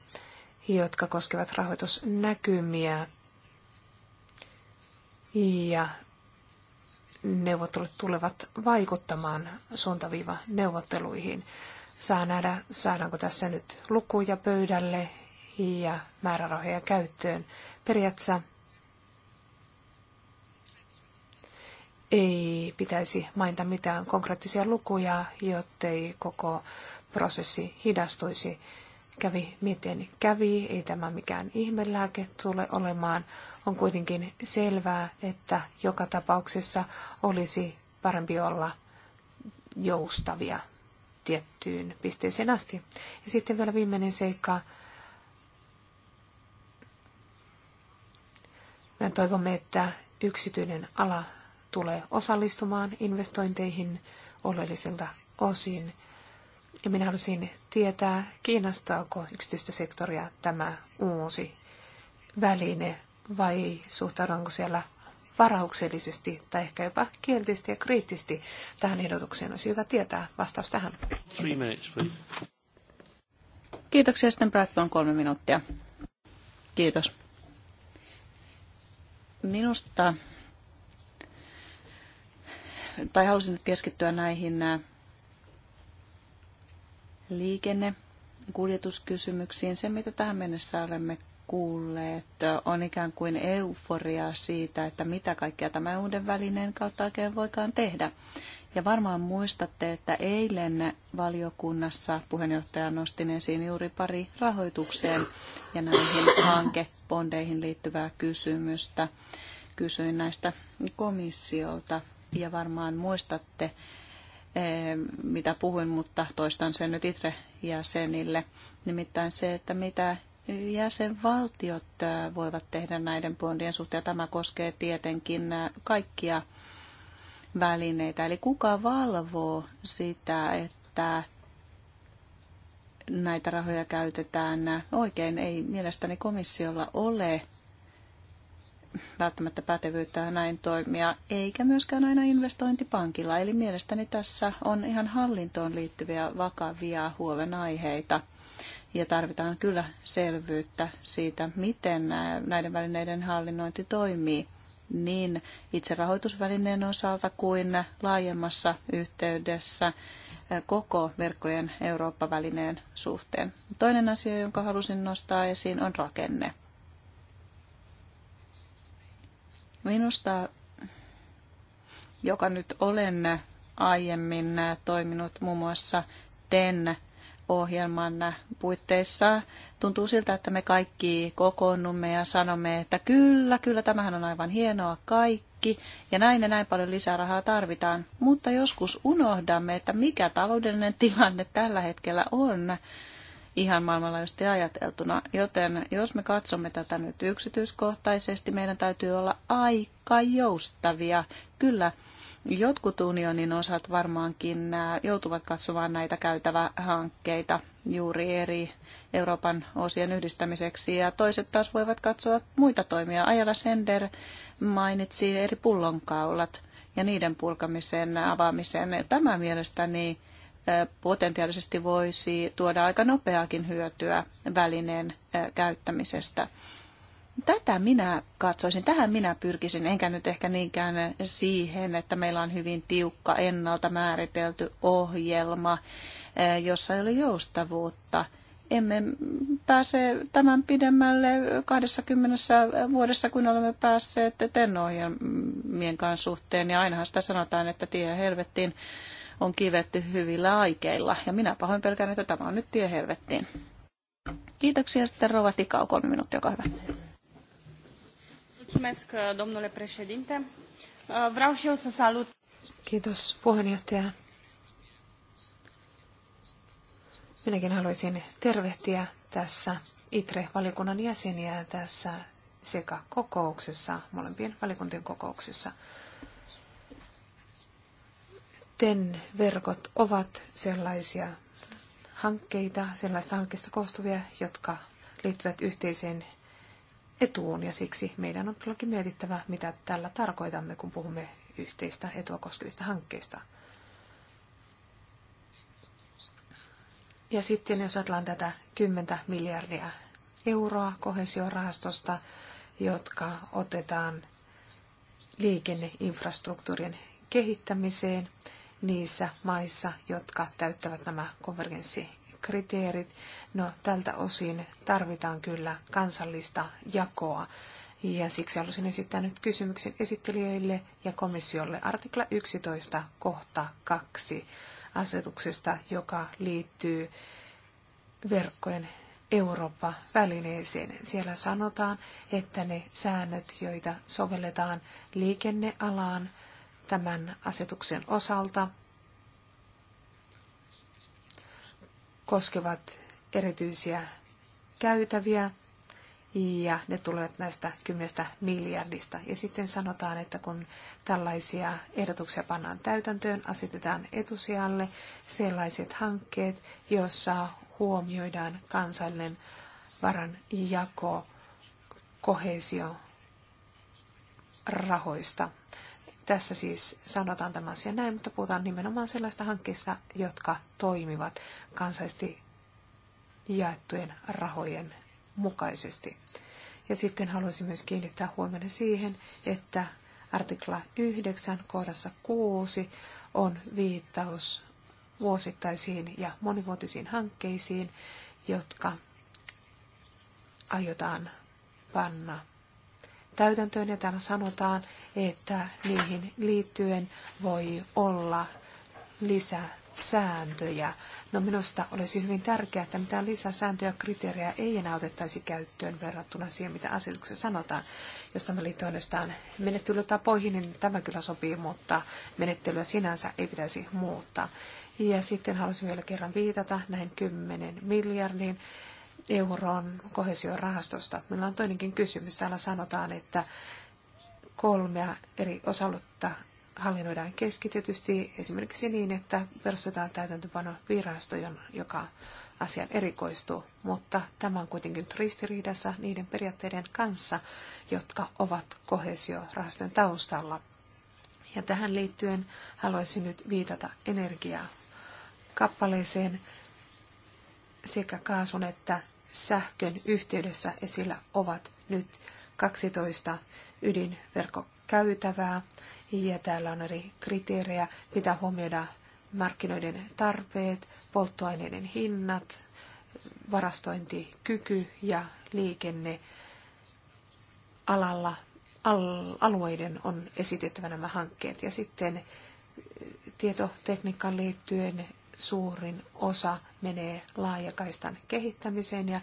jotka koskevat rahoitusnäkymiä. Ja neuvottelut tulevat vaikuttamaan suuntaviiva neuvotteluihin. Saa nähdä, saadaanko tässä nyt lukuja pöydälle ja määrärahoja käyttöön. Periaatteessa ei pitäisi mainita mitään konkreettisia lukuja, jottei koko prosessi hidastuisi kävi miten kävi, ei tämä mikään ihmelääke tule olemaan. On kuitenkin selvää, että joka tapauksessa olisi parempi olla joustavia tiettyyn pisteeseen asti. Ja sitten vielä viimeinen seikka. Me toivomme, että yksityinen ala tulee osallistumaan investointeihin oleellisilta osin. Ja minä halusin tietää, kiinnostaako yksityistä sektoria tämä uusi väline vai suhtaudunko siellä varauksellisesti tai ehkä jopa kielteisesti ja kriittisesti tähän ehdotukseen. Olisi hyvä tietää vastaus tähän. Three minutes, Kiitoksia. Sitten on kolme minuuttia. Kiitos. Minusta, tai halusin nyt keskittyä näihin äh, liikenne- ja kuljetuskysymyksiin. Se, mitä tähän mennessä olemme kuulleet, on ikään kuin euforiaa siitä, että mitä kaikkea tämä uuden välineen kautta oikein voikaan tehdä. Ja varmaan muistatte, että eilen valiokunnassa puheenjohtaja nostin esiin juuri pari rahoitukseen ja näihin hankebondeihin liittyvää kysymystä. Kysyin näistä komissiolta ja varmaan muistatte, Eh, mitä puhuin, mutta toistan sen nyt itse jäsenille. Nimittäin se, että mitä jäsenvaltiot eh, voivat tehdä näiden bondien suhteen. Tämä koskee tietenkin eh, kaikkia välineitä. Eli kuka valvoo sitä, että näitä rahoja käytetään oikein? Ei mielestäni komissiolla ole välttämättä pätevyyttä näin toimia, eikä myöskään aina investointipankilla. Eli mielestäni tässä on ihan hallintoon liittyviä vakavia huolenaiheita. Ja tarvitaan kyllä selvyyttä siitä, miten näiden välineiden hallinnointi toimii niin itse rahoitusvälineen osalta kuin laajemmassa yhteydessä koko verkkojen Eurooppa-välineen suhteen. Toinen asia, jonka halusin nostaa esiin, on rakenne. Minusta, joka nyt olen aiemmin toiminut muun muassa TEN ohjelman puitteissa. Tuntuu siltä, että me kaikki kokoonnumme ja sanomme, että kyllä, kyllä, tämähän on aivan hienoa kaikki, ja näin ja näin paljon lisää rahaa tarvitaan. Mutta joskus unohdamme, että mikä taloudellinen tilanne tällä hetkellä on ihan maailmanlaajuisesti ajateltuna. Joten jos me katsomme tätä nyt yksityiskohtaisesti, meidän täytyy olla aika joustavia. Kyllä, jotkut unionin osat varmaankin joutuvat katsomaan näitä käytävähankkeita juuri eri Euroopan osien yhdistämiseksi, ja toiset taas voivat katsoa muita toimia. Ajala Sender mainitsi eri pullonkaulat ja niiden purkamisen avaamisen. Tämä mielestäni potentiaalisesti voisi tuoda aika nopeakin hyötyä välineen käyttämisestä. Tätä minä katsoisin, tähän minä pyrkisin, enkä nyt ehkä niinkään siihen, että meillä on hyvin tiukka ennalta määritelty ohjelma, jossa ei ole joustavuutta. Emme pääse tämän pidemmälle 20 vuodessa, kun olemme päässeet TEN-ohjelmien kanssa suhteen. Ja ainahan sitä sanotaan, että tie helvettiin on kivetty hyvillä aikeilla. Ja minä pahoin pelkään, että tämä on nyt tie helvettiin. Kiitoksia sitten Rova Tikau, kolme minuuttia, olkaa hyvä. salut. Kiitos, puheenjohtaja. Minäkin haluaisin tervehtiä tässä ITRE-valikunnan jäseniä tässä sekä kokouksessa, molempien valikuntien kokouksessa. TEN-verkot ovat sellaisia hankkeita, sellaista hankkeista koostuvia, jotka liittyvät yhteiseen etuun ja siksi meidän on todellakin mietittävä, mitä tällä tarkoitamme, kun puhumme yhteistä etua koskevista hankkeista. Ja sitten jos ajatellaan tätä 10 miljardia euroa kohesiorahastosta, jotka otetaan liikenneinfrastruktuurin kehittämiseen, niissä maissa, jotka täyttävät nämä konvergenssikriteerit. No, tältä osin tarvitaan kyllä kansallista jakoa. Ja siksi halusin esittää nyt kysymyksen esittelijöille ja komissiolle artikla 11 kohta 2 asetuksesta, joka liittyy verkkojen Eurooppa-välineeseen. Siellä sanotaan, että ne säännöt, joita sovelletaan liikennealaan, tämän asetuksen osalta koskevat erityisiä käytäviä ja ne tulevat näistä 10 miljardista. Ja sitten sanotaan, että kun tällaisia ehdotuksia pannaan täytäntöön, asetetaan etusijalle sellaiset hankkeet, joissa huomioidaan kansallinen jako kohesio rahoista. Tässä siis sanotaan tämä asia näin, mutta puhutaan nimenomaan sellaista hankkeista, jotka toimivat kansallisesti jaettujen rahojen mukaisesti. Ja sitten haluaisin myös kiinnittää huomioon siihen, että artikla 9 kohdassa 6 on viittaus vuosittaisiin ja monivuotisiin hankkeisiin, jotka aiotaan panna täytäntöön. Ja täällä sanotaan, että niihin liittyen voi olla lisää sääntöjä. No minusta olisi hyvin tärkeää, että mitään lisäsääntöjä ja kriteerejä ei enää otettaisi käyttöön verrattuna siihen, mitä asetuksessa sanotaan. Jos tämä liittyy ainoastaan menettelytapoihin, niin tämä kyllä sopii, mutta menettelyä sinänsä ei pitäisi muuttaa. Ja sitten haluaisin vielä kerran viitata näin 10 miljardin euron kohesiorahastosta. Meillä on toinenkin kysymys. Täällä sanotaan, että kolmea eri osallutta hallinnoidaan keskitetysti esimerkiksi niin, että perustetaan virasto, joka asian erikoistuu, mutta tämä on kuitenkin ristiriidassa niiden periaatteiden kanssa, jotka ovat kohesiorahastojen taustalla. Ja tähän liittyen haluaisin nyt viitata energiaa kappaleeseen sekä kaasun että sähkön yhteydessä esillä ovat nyt 12 ydinverkkokäytävää ja täällä on eri kriteerejä. Pitää huomioida markkinoiden tarpeet, polttoaineiden hinnat, varastointikyky ja liikenne alalla al- alueiden on esitettävä nämä hankkeet. Ja sitten tietotekniikkaan liittyen suurin osa menee laajakaistan kehittämiseen ja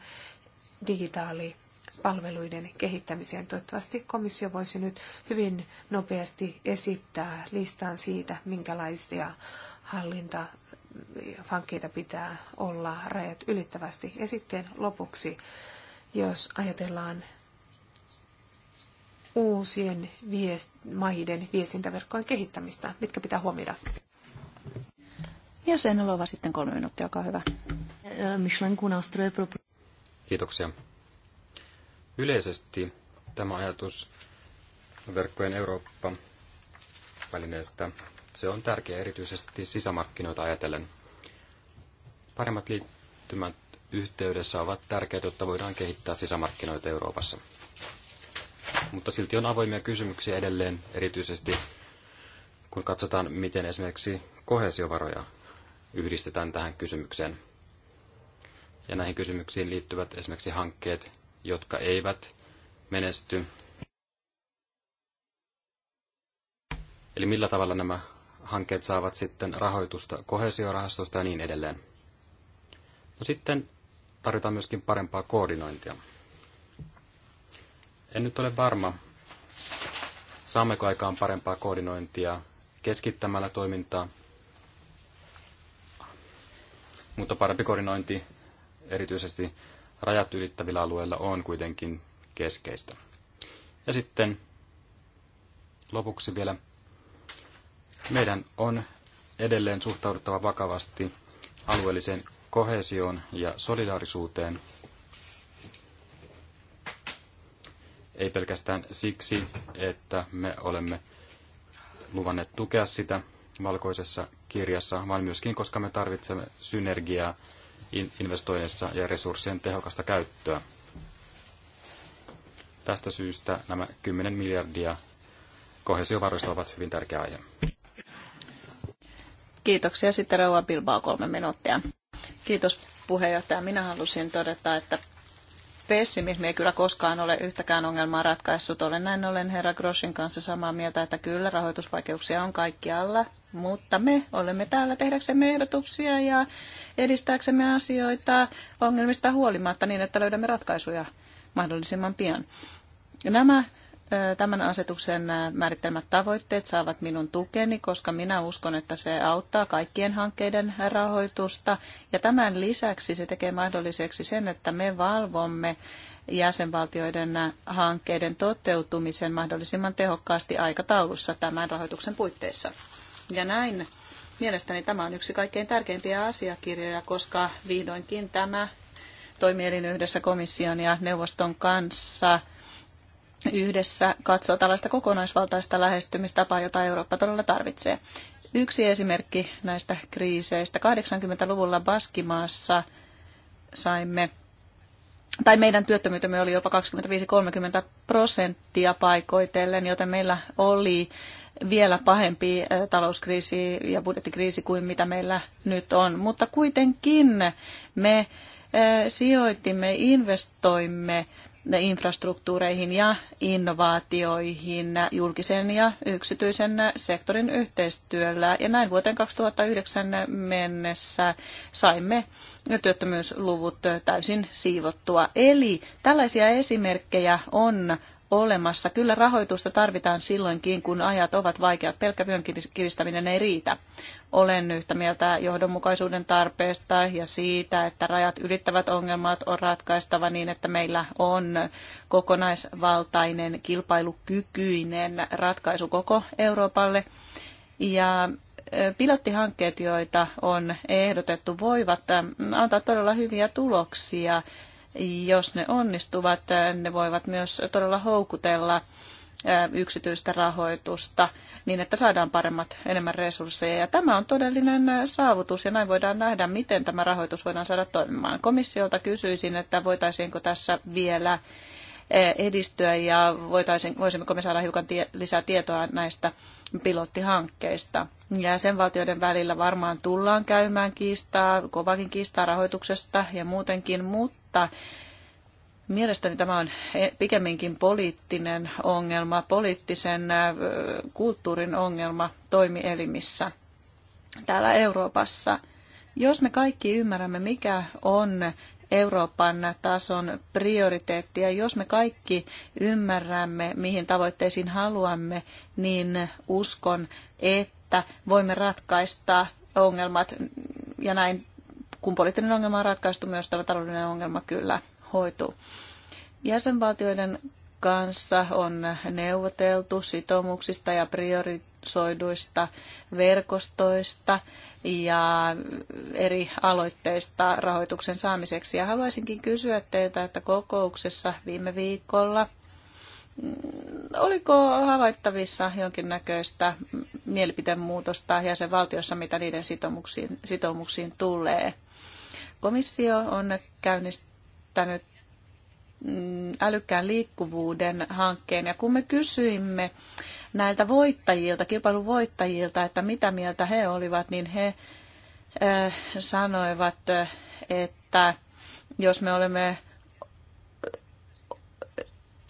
digitaali palveluiden kehittämiseen. Toivottavasti komissio voisi nyt hyvin nopeasti esittää listan siitä, minkälaisia hallinta hankkeita pitää olla rajat ylittävästi. Ja sitten lopuksi, jos ajatellaan uusien viest- maiden viestintäverkkojen kehittämistä, mitkä pitää huomioida? Ja sen olova sitten kolme minuuttia, olkaa hyvä. Kiitoksia. Yleisesti tämä ajatus verkkojen Eurooppa-välineestä se on tärkeä erityisesti sisämarkkinoita ajatellen. Paremmat liittymät yhteydessä ovat tärkeitä, jotta voidaan kehittää sisämarkkinoita Euroopassa. Mutta silti on avoimia kysymyksiä edelleen, erityisesti kun katsotaan, miten esimerkiksi kohesiovaroja yhdistetään tähän kysymykseen. Ja näihin kysymyksiin liittyvät esimerkiksi hankkeet, jotka eivät menesty. Eli millä tavalla nämä hankkeet saavat sitten rahoitusta kohesiorahastosta ja niin edelleen. No sitten tarvitaan myöskin parempaa koordinointia. En nyt ole varma, saammeko aikaan parempaa koordinointia keskittämällä toimintaa, mutta parempi koordinointi erityisesti rajat ylittävillä alueilla on kuitenkin keskeistä. Ja sitten lopuksi vielä meidän on edelleen suhtauduttava vakavasti alueelliseen kohesioon ja solidaarisuuteen. Ei pelkästään siksi, että me olemme luvanneet tukea sitä valkoisessa kirjassa, vaan myöskin koska me tarvitsemme synergiaa investoinnissa ja resurssien tehokasta käyttöä. Tästä syystä nämä 10 miljardia kohesiovaroista ovat hyvin tärkeä aihe. Kiitoksia. Sitten Rauha Bilbao kolme minuuttia. Kiitos puheenjohtaja. Minä halusin todeta, että pessimismi ei kyllä koskaan ole yhtäkään ongelmaa ratkaissut. Olen näin ollen herra Groshin kanssa samaa mieltä, että kyllä rahoitusvaikeuksia on kaikkialla, mutta me olemme täällä tehdäksemme ehdotuksia ja edistääksemme asioita ongelmista huolimatta niin, että löydämme ratkaisuja mahdollisimman pian. Nämä tämän asetuksen määrittelemät tavoitteet saavat minun tukeni, koska minä uskon, että se auttaa kaikkien hankkeiden rahoitusta. Ja tämän lisäksi se tekee mahdolliseksi sen, että me valvomme jäsenvaltioiden hankkeiden toteutumisen mahdollisimman tehokkaasti aikataulussa tämän rahoituksen puitteissa. Ja näin mielestäni tämä on yksi kaikkein tärkeimpiä asiakirjoja, koska vihdoinkin tämä toimielin yhdessä komission ja neuvoston kanssa – yhdessä katsoo tällaista kokonaisvaltaista lähestymistapaa, jota Eurooppa todella tarvitsee. Yksi esimerkki näistä kriiseistä. 80-luvulla Baskimaassa saimme, tai meidän työttömyytemme oli jopa 25-30 prosenttia paikoitellen, joten meillä oli vielä pahempi talouskriisi ja budjettikriisi kuin mitä meillä nyt on. Mutta kuitenkin me sijoitimme, investoimme infrastruktuureihin ja innovaatioihin julkisen ja yksityisen sektorin yhteistyöllä. Ja näin vuoteen 2009 mennessä saimme työttömyysluvut täysin siivottua. Eli tällaisia esimerkkejä on olemassa. Kyllä rahoitusta tarvitaan silloinkin, kun ajat ovat vaikeat. Pelkkä vyön kiristäminen ei riitä. Olen yhtä mieltä johdonmukaisuuden tarpeesta ja siitä, että rajat ylittävät ongelmat on ratkaistava niin, että meillä on kokonaisvaltainen, kilpailukykyinen ratkaisu koko Euroopalle. Ja pilottihankkeet, joita on ehdotettu, voivat antaa todella hyviä tuloksia jos ne onnistuvat, eh, ne voivat myös todella houkutella eh, yksityistä rahoitusta niin, että saadaan paremmat, enemmän resursseja. Ja tämä on todellinen eh, saavutus ja näin voidaan nähdä, miten tämä rahoitus voidaan saada toimimaan. Komissiolta kysyisin, että voitaisiinko tässä vielä edistyä ja voisimmeko me saada hiukan tie, lisää tietoa näistä pilottihankkeista jäsenvaltioiden välillä varmaan tullaan käymään kiistaa, kovakin kiistaa rahoituksesta ja muutenkin, mutta Mielestäni tämä on e- pikemminkin poliittinen ongelma, poliittisen kulttuurin ongelma toimielimissä täällä Euroopassa. Jos me kaikki ymmärrämme, mikä on Euroopan tason prioriteettia. jos me kaikki ymmärrämme, mihin tavoitteisiin haluamme, niin uskon, että että voimme ratkaista ongelmat ja näin, kun poliittinen ongelma on ratkaistu, myös tämä taloudellinen ongelma kyllä hoituu. Jäsenvaltioiden kanssa on neuvoteltu sitoumuksista ja priorisoiduista verkostoista ja eri aloitteista rahoituksen saamiseksi. Ja haluaisinkin kysyä teiltä, että kokouksessa viime viikolla – Oliko havaittavissa jonkinnäköistä mielipiteen muutosta jäsenvaltiossa, mitä niiden sitoumuksiin, sitoumuksiin tulee? Komissio on käynnistänyt mm, älykkään liikkuvuuden hankkeen. Ja kun me kysyimme näiltä voittajilta, kilpailun voittajilta, että mitä mieltä he olivat, niin he eh, sanoivat, eh, että jos me olemme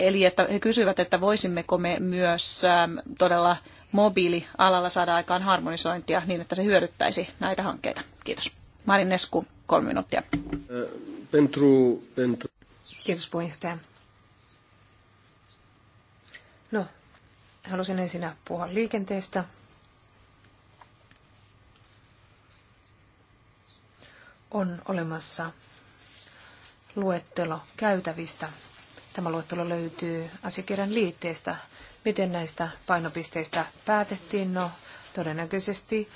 Eli että he kysyvät, että voisimmeko me myös ähm, todella mobiilialalla saada aikaan harmonisointia niin, että se hyödyttäisi näitä hankkeita. Kiitos. Marin Nesku, kolme minuuttia. Äh, pentru, pentru. Kiitos puheenjohtaja. No, halusin ensin puhua liikenteestä. On olemassa luettelo käytävistä, Tämä luettelo löytyy asiakirjan liitteestä. Miten näistä painopisteistä päätettiin? No, todennäköisesti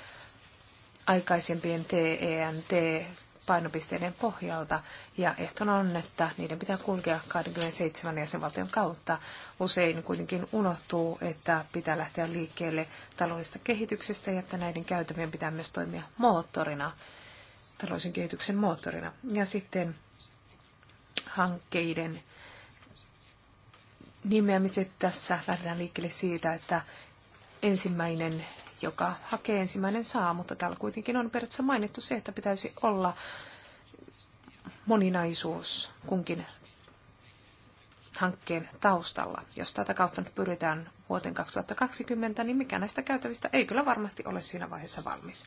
aikaisempien TENT e painopisteiden pohjalta ja ehtona on, että niiden pitää kulkea 27 jäsenvaltion kautta. Usein kuitenkin unohtuu, että pitää lähteä liikkeelle taloudellisesta kehityksestä ja että näiden käytävien pitää myös toimia moottorina, taloudellisen kehityksen moottorina. Ja sitten hankkeiden nimeämiset tässä lähdetään liikkeelle siitä, että ensimmäinen, joka hakee, ensimmäinen saa, mutta täällä kuitenkin on periaatteessa mainittu se, että pitäisi olla moninaisuus kunkin hankkeen taustalla. Jos tätä kautta nyt pyritään vuoteen 2020, niin mikä näistä käytävistä ei kyllä varmasti ole siinä vaiheessa valmis.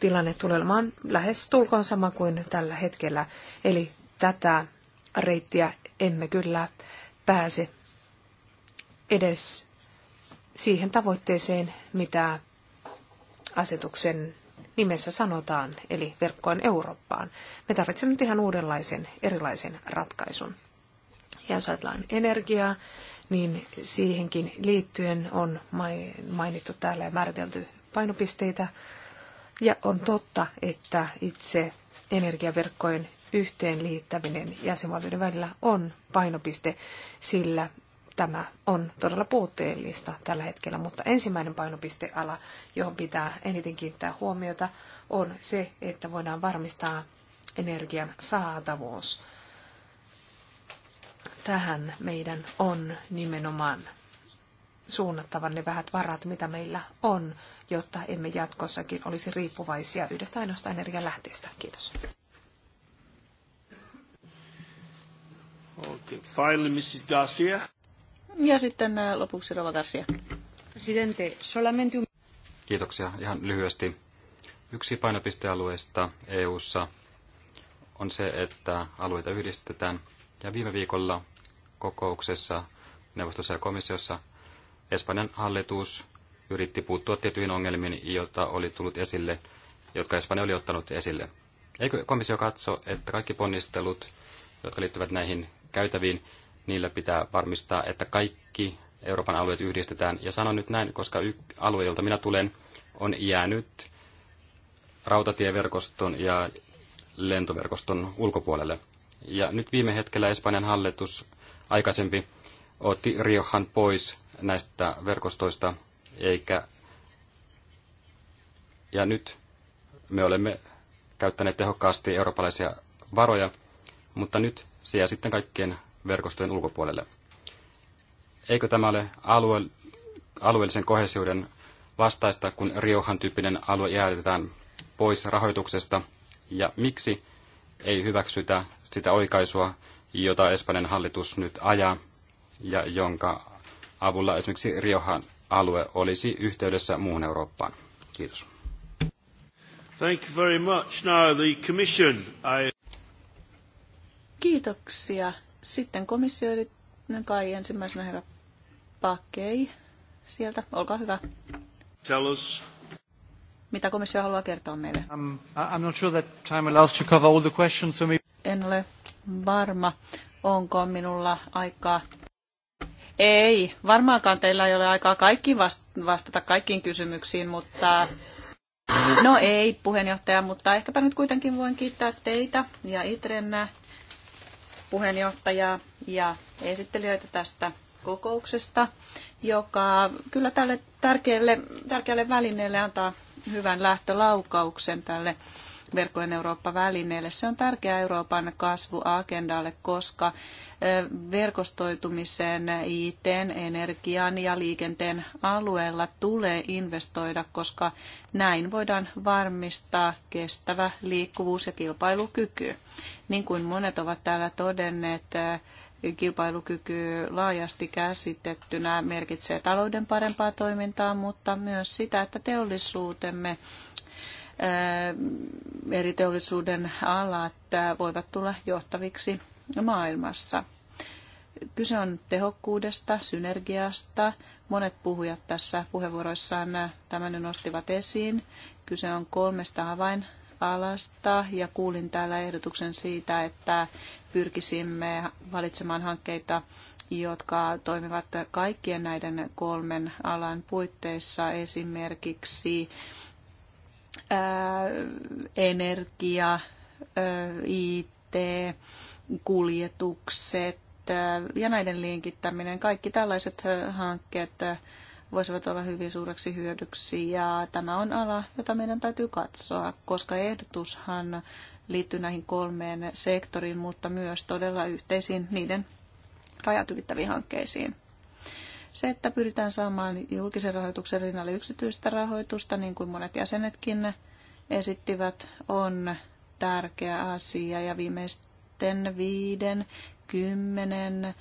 Tilanne tulee olemaan lähes tulkoon sama kuin tällä hetkellä, eli tätä reittiä emme kyllä pääse edes siihen tavoitteeseen, mitä asetuksen nimessä sanotaan, eli verkkoon Eurooppaan. Me tarvitsemme nyt ihan uudenlaisen, erilaisen ratkaisun. Ja jos ajatellaan energiaa, niin siihenkin liittyen on mainittu täällä ja määritelty painopisteitä. Ja on totta, että itse energiaverkkojen yhteenliittäminen jäsenvaltioiden välillä on painopiste, sillä tämä on todella puutteellista tällä hetkellä, mutta ensimmäinen painopisteala, johon pitää eniten kiinnittää huomiota, on se, että voidaan varmistaa energian saatavuus. Tähän meidän on nimenomaan suunnattavan ne vähät varat, mitä meillä on, jotta emme jatkossakin olisi riippuvaisia yhdestä ainoasta energialähteestä. Kiitos. Okay. Finally, Mrs. Garcia. Ja sitten äh, lopuksi Rova Garcia. Presidente, solamente un... Kiitoksia. Ihan lyhyesti. Yksi painopistealueista EU:ssa on se, että alueita yhdistetään. Ja viime viikolla kokouksessa neuvostossa ja komissiossa Espanjan hallitus yritti puuttua tiettyihin ongelmiin, joita oli tullut esille, jotka Espanja oli ottanut esille. Eikö komissio katso, että kaikki ponnistelut, jotka liittyvät näihin käytäviin, niillä pitää varmistaa, että kaikki Euroopan alueet yhdistetään. Ja sanon nyt näin, koska y- alue, jolta minä tulen, on jäänyt rautatieverkoston ja lentoverkoston ulkopuolelle. Ja nyt viime hetkellä Espanjan hallitus aikaisempi otti Riohan pois näistä verkostoista, eikä... Ja nyt me olemme käyttäneet tehokkaasti eurooppalaisia varoja, mutta nyt se jää sitten kaikkien verkostojen ulkopuolelle. Eikö tämä ole alue, alueellisen kohesiuden vastaista, kun Riohan tyyppinen alue jäädetään pois rahoituksesta, ja miksi ei hyväksytä sitä oikaisua, jota Espanjan hallitus nyt ajaa, ja jonka avulla esimerkiksi Riohan alue olisi yhteydessä muuhun Eurooppaan. Kiitos. Thank you very much. Now the commission. I... Kiitoksia. Sitten komissio kai ensimmäisenä herra Pakei sieltä. Olkaa hyvä. Tell us. Mitä komissio haluaa kertoa meille? Um, en ole varma, onko minulla aikaa. Ei, varmaankaan teillä ei ole aikaa kaikki vastata kaikkiin kysymyksiin, mutta No ei, puheenjohtaja, mutta ehkäpä nyt kuitenkin voin kiittää teitä ja Itrennä puheenjohtajaa ja esittelijöitä tästä kokouksesta, joka kyllä tälle tärkeälle, tärkeälle välineelle antaa hyvän lähtölaukauksen tälle verkkojen Eurooppa-välineelle. Se on tärkeää Euroopan kasvuagendalle, koska verkostoitumisen, IT, energian ja liikenteen alueella tulee investoida, koska näin voidaan varmistaa kestävä liikkuvuus ja kilpailukyky. Niin kuin monet ovat täällä todenneet, kilpailukyky laajasti käsitettynä merkitsee talouden parempaa toimintaa, mutta myös sitä, että teollisuutemme eri teollisuuden alat voivat tulla johtaviksi maailmassa. Kyse on tehokkuudesta, synergiasta. Monet puhujat tässä puheenvuoroissaan tämän nostivat esiin. Kyse on kolmesta avainalasta alasta ja kuulin täällä ehdotuksen siitä, että pyrkisimme valitsemaan hankkeita, jotka toimivat kaikkien näiden kolmen alan puitteissa esimerkiksi energia, IT, kuljetukset ja näiden linkittäminen. Kaikki tällaiset hankkeet voisivat olla hyvin suureksi hyödyksi ja tämä on ala, jota meidän täytyy katsoa, koska ehdotushan liittyy näihin kolmeen sektoriin, mutta myös todella yhteisiin niiden rajat ylittäviin hankkeisiin. Se, että pyritään saamaan julkisen rahoituksen rinnalle yksityistä rahoitusta, niin kuin monet jäsenetkin esittivät, on tärkeä asia ja viimeisten viiden, kymmenen eh,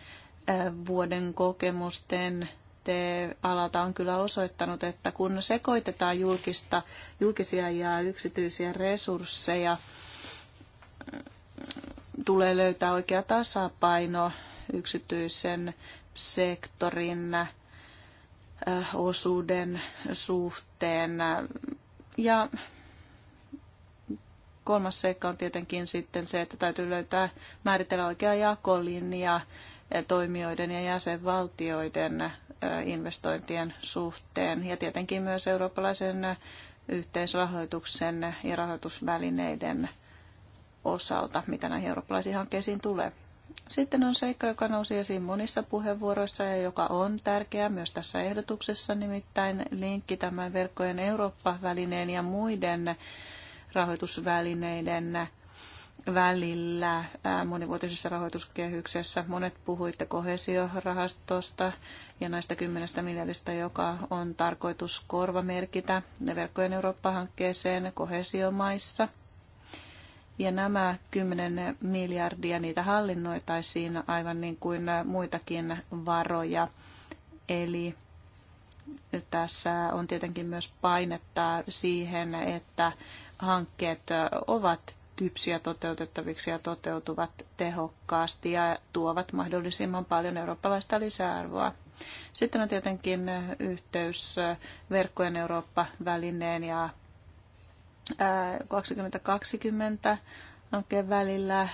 vuoden kokemusten IT-alalta on kyllä osoittanut, että kun sekoitetaan julkista, julkisia ja yksityisiä resursseja, tulee löytää oikea tasapaino yksityisen sektorin osuuden suhteen. Ja kolmas seikka on tietenkin sitten se, että täytyy löytää määritellä oikea jakolinja toimijoiden ja jäsenvaltioiden investointien suhteen ja tietenkin myös eurooppalaisen yhteisrahoituksen ja rahoitusvälineiden osalta, mitä näihin eurooppalaisiin hankkeisiin tulee. Sitten on seikka, joka nousi esiin monissa puheenvuoroissa ja joka on tärkeä myös tässä ehdotuksessa, nimittäin linkki tämän verkkojen Eurooppa-välineen ja muiden rahoitusvälineiden välillä monivuotisessa rahoituskehyksessä. Monet puhuitte kohesiorahastosta ja näistä kymmenestä miljardista, joka on tarkoitus korvamerkitä verkkojen Eurooppa-hankkeeseen kohesiomaissa – ja nämä 10 miljardia, niitä hallinnoitaisiin aivan niin kuin muitakin varoja. Eli tässä on tietenkin myös painetta siihen, että hankkeet ovat kypsiä toteutettaviksi ja toteutuvat tehokkaasti ja tuovat mahdollisimman paljon eurooppalaista lisäarvoa. Sitten on tietenkin yhteys verkkojen Eurooppa-välineen ja 2020 hankkeen välillä,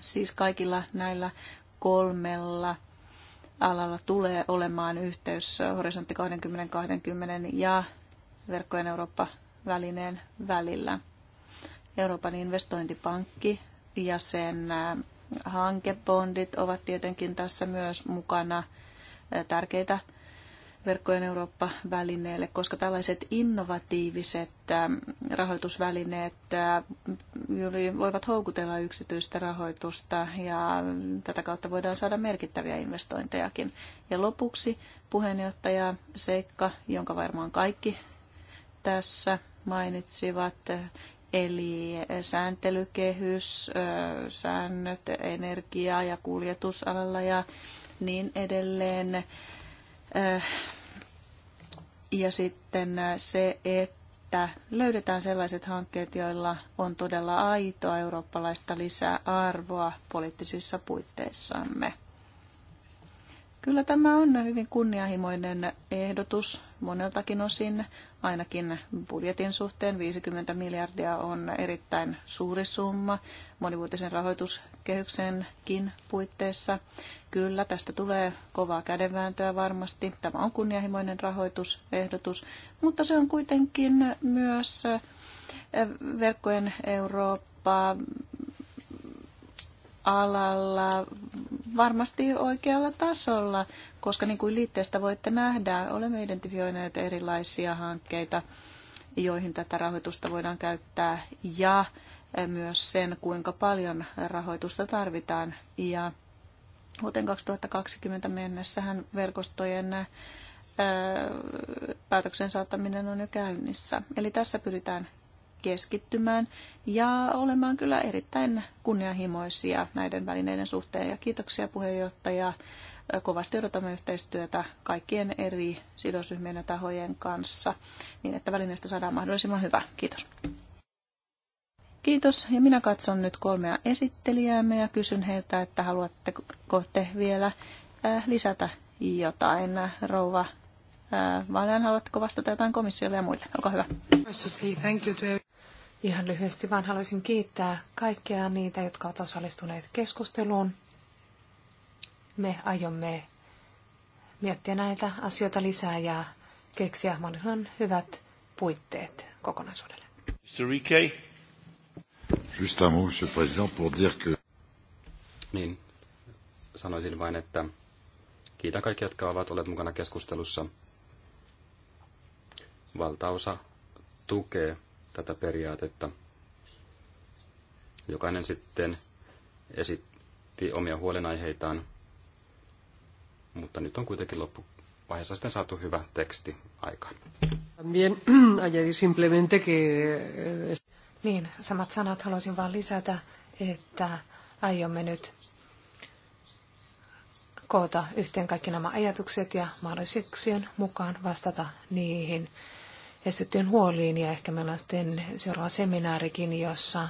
siis kaikilla näillä kolmella alalla tulee olemaan yhteys Horisontti 2020 ja Verkkojen Eurooppa-välineen välillä. Euroopan investointipankki ja sen hankebondit ovat tietenkin tässä myös mukana tärkeitä verkkojen Eurooppa-välineelle, koska tällaiset innovatiiviset ähm, rahoitusvälineet äh, voivat houkutella yksityistä rahoitusta ja tätä kautta voidaan saada merkittäviä investointejakin. Ja lopuksi puheenjohtaja Seikka, jonka varmaan kaikki tässä mainitsivat, eli sääntelykehys, äh, säännöt energia- ja kuljetusalalla ja niin edelleen äh, ja sitten äh, se, että löydetään sellaiset hankkeet, joilla on todella aitoa eurooppalaista lisäarvoa poliittisissa puitteissamme. Kyllä tämä on hyvin kunnianhimoinen ehdotus moneltakin osin ainakin budjetin suhteen. 50 miljardia on erittäin suuri summa monivuotisen rahoituskehyksenkin puitteissa. Kyllä, tästä tulee kovaa kädenvääntöä varmasti. Tämä on kunnianhimoinen rahoitusehdotus, mutta se on kuitenkin myös eh, verkkojen Eurooppaa alalla varmasti oikealla tasolla, koska niin kuin liitteestä voitte nähdä, olemme identifioineet erilaisia hankkeita, joihin tätä rahoitusta voidaan käyttää ja myös sen, kuinka paljon rahoitusta tarvitaan. Ja vuoteen 2020 mennessähän verkostojen päätöksen saattaminen on jo käynnissä. Eli tässä pyritään keskittymään ja olemaan kyllä erittäin kunnianhimoisia näiden välineiden suhteen. Ja kiitoksia puheenjohtaja. Kovasti odotamme yhteistyötä kaikkien eri sidosryhmien ja tahojen kanssa niin, että välineestä saadaan mahdollisimman hyvä. Kiitos. Kiitos. Ja minä katson nyt kolmea esittelijäämme ja kysyn heiltä, että haluatteko te vielä äh, lisätä jotain. Rouva äh, Valen, haluatteko vastata jotain komissiolle ja muille? Olkaa hyvä. Ihan lyhyesti vaan haluaisin kiittää kaikkia niitä, jotka ovat osallistuneet keskusteluun. Me aiomme miettiä näitä asioita lisää ja keksiä mahdollisimman hyvät puitteet kokonaisuudelle. juste un mot, monsieur le président, pour dire que... Niin, sanoisin vain, että kiitän kaikkia, jotka ovat olleet mukana keskustelussa. Valtaosa tukee tätä periaatetta. Jokainen sitten esitti omia huolenaiheitaan, mutta nyt on kuitenkin loppuvaiheessa sitten saatu hyvä teksti aikaan. También añadir simplemente que... Eh, niin, samat sanat haluaisin vain lisätä, että aiomme nyt koota yhteen kaikki nämä ajatukset ja mahdollisuuksien mukaan vastata niihin esitettyyn huoliin ja ehkä meillä on sitten seuraava seminaarikin, jossa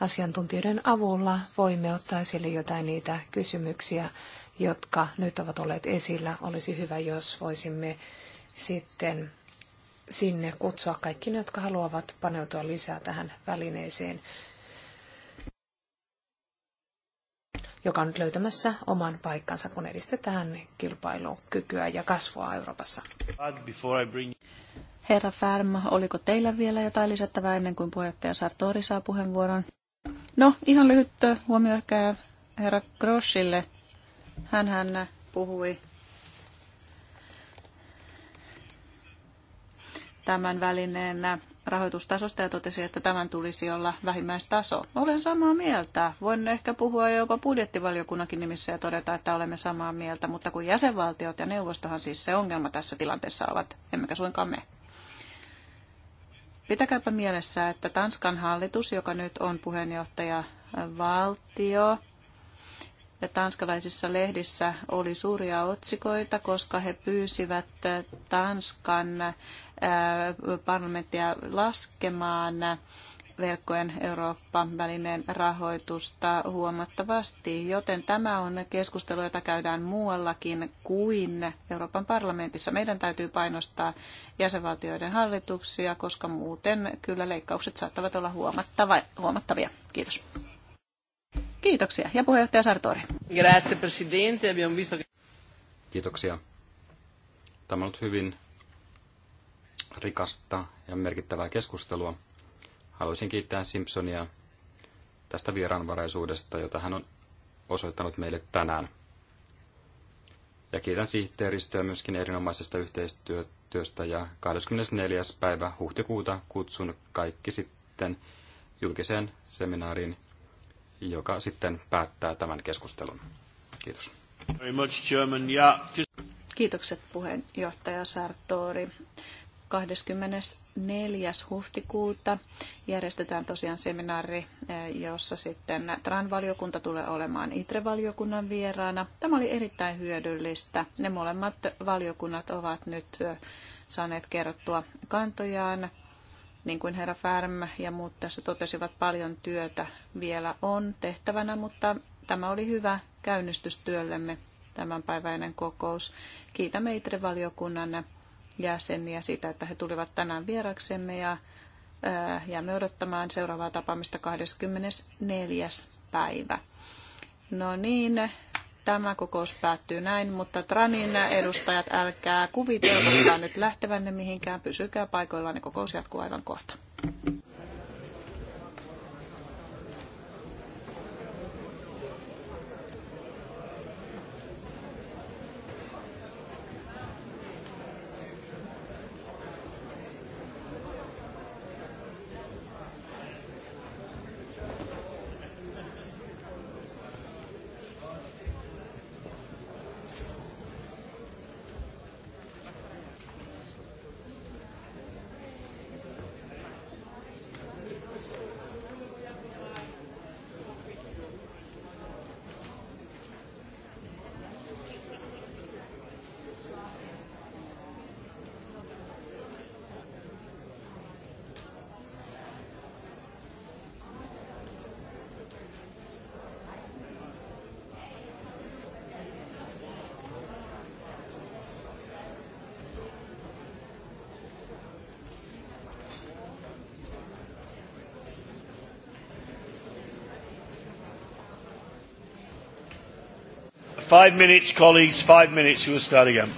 asiantuntijoiden avulla voimme ottaa esille jotain niitä kysymyksiä, jotka nyt ovat olleet esillä. Olisi hyvä, jos voisimme sitten sinne kutsua kaikki ne, jotka haluavat paneutua lisää tähän välineeseen, joka on nyt löytämässä oman paikkansa, kun edistetään kilpailukykyä ja kasvua Euroopassa. Herra Färm, oliko teillä vielä jotain lisättävää ennen kuin puheenjohtaja Sartori saa puheenvuoron? No, ihan lyhyt huomio ehkä herra Grossille. hän puhui tämän välineen rahoitustasosta ja totesi, että tämän tulisi olla vähimmäistaso. Olen samaa mieltä. Voin ehkä puhua jopa budjettivaliokunnankin nimissä ja todeta, että olemme samaa mieltä, mutta kun jäsenvaltiot ja neuvostohan siis se ongelma tässä tilanteessa ovat, emmekä suinkaan me. Pitäkääpä mielessä, että Tanskan hallitus, joka nyt on puheenjohtaja valtio, ja tanskalaisissa lehdissä oli suuria otsikoita, koska he pyysivät Tanskan parlamenttia laskemaan verkkojen Euroopan välineen rahoitusta huomattavasti, joten tämä on keskustelu, jota käydään muuallakin kuin Euroopan parlamentissa. Meidän täytyy painostaa jäsenvaltioiden hallituksia, koska muuten kyllä leikkaukset saattavat olla huomattavia. Kiitos. Kiitoksia. Ja puheenjohtaja Sartori. Grazie, presidente. Abbiamo visto... Kiitoksia. Tämä on ollut hyvin rikasta ja merkittävää keskustelua. Haluaisin kiittää Simpsonia tästä vieraanvaraisuudesta, jota hän on osoittanut meille tänään. Ja kiitän sihteeristöä myöskin erinomaisesta yhteistyöstä ja 24. päivä huhtikuuta kutsun kaikki sitten julkiseen seminaariin, joka sitten päättää tämän keskustelun. Kiitos. Kiitokset puheenjohtaja Sartori. 24. huhtikuuta järjestetään tosiaan seminaari, eh, jossa sitten TRAN-valiokunta tulee olemaan ITRE-valiokunnan vieraana. Tämä oli erittäin hyödyllistä. Ne molemmat valiokunnat ovat nyt eh, saaneet kerrottua kantojaan. Niin kuin herra Färm ja muut tässä totesivat, paljon työtä vielä on tehtävänä, mutta tämä oli hyvä käynnistystyöllemme tämänpäiväinen kokous. Kiitämme ITRE-valiokunnan jäseniä siitä, että he tulivat tänään vieraksemme ja jäämme odottamaan seuraavaa tapaamista 24. päivä. No niin, tämä kokous päättyy näin, mutta Tranin edustajat, älkää kuvitelkokaan nyt lähtevänne mihinkään, pysykää paikoillaan, niin kokous jatkuu aivan kohta. Five minutes, colleagues, five minutes. We'll start again.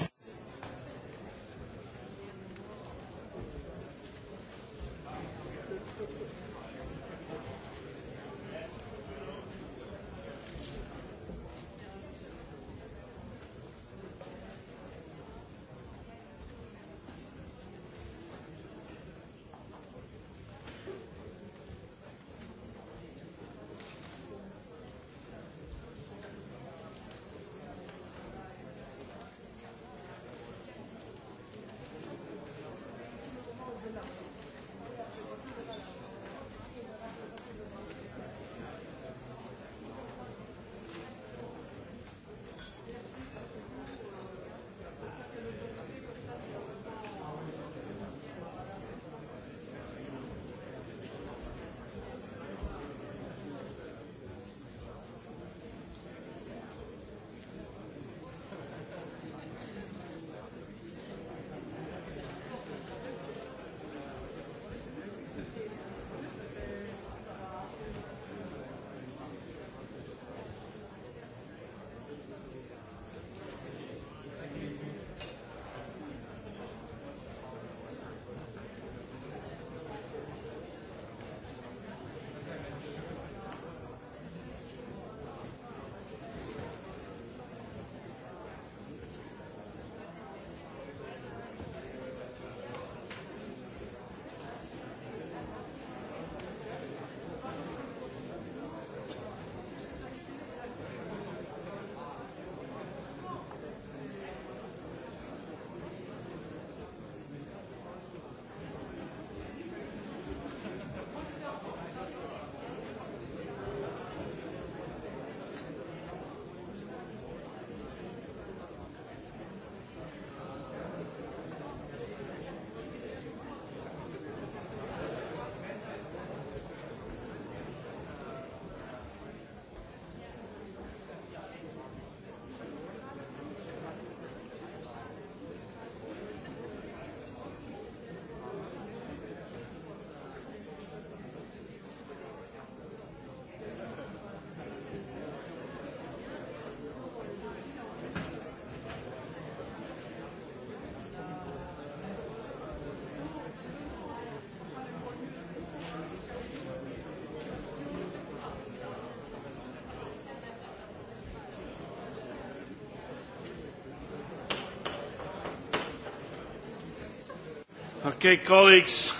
Okay, colleagues.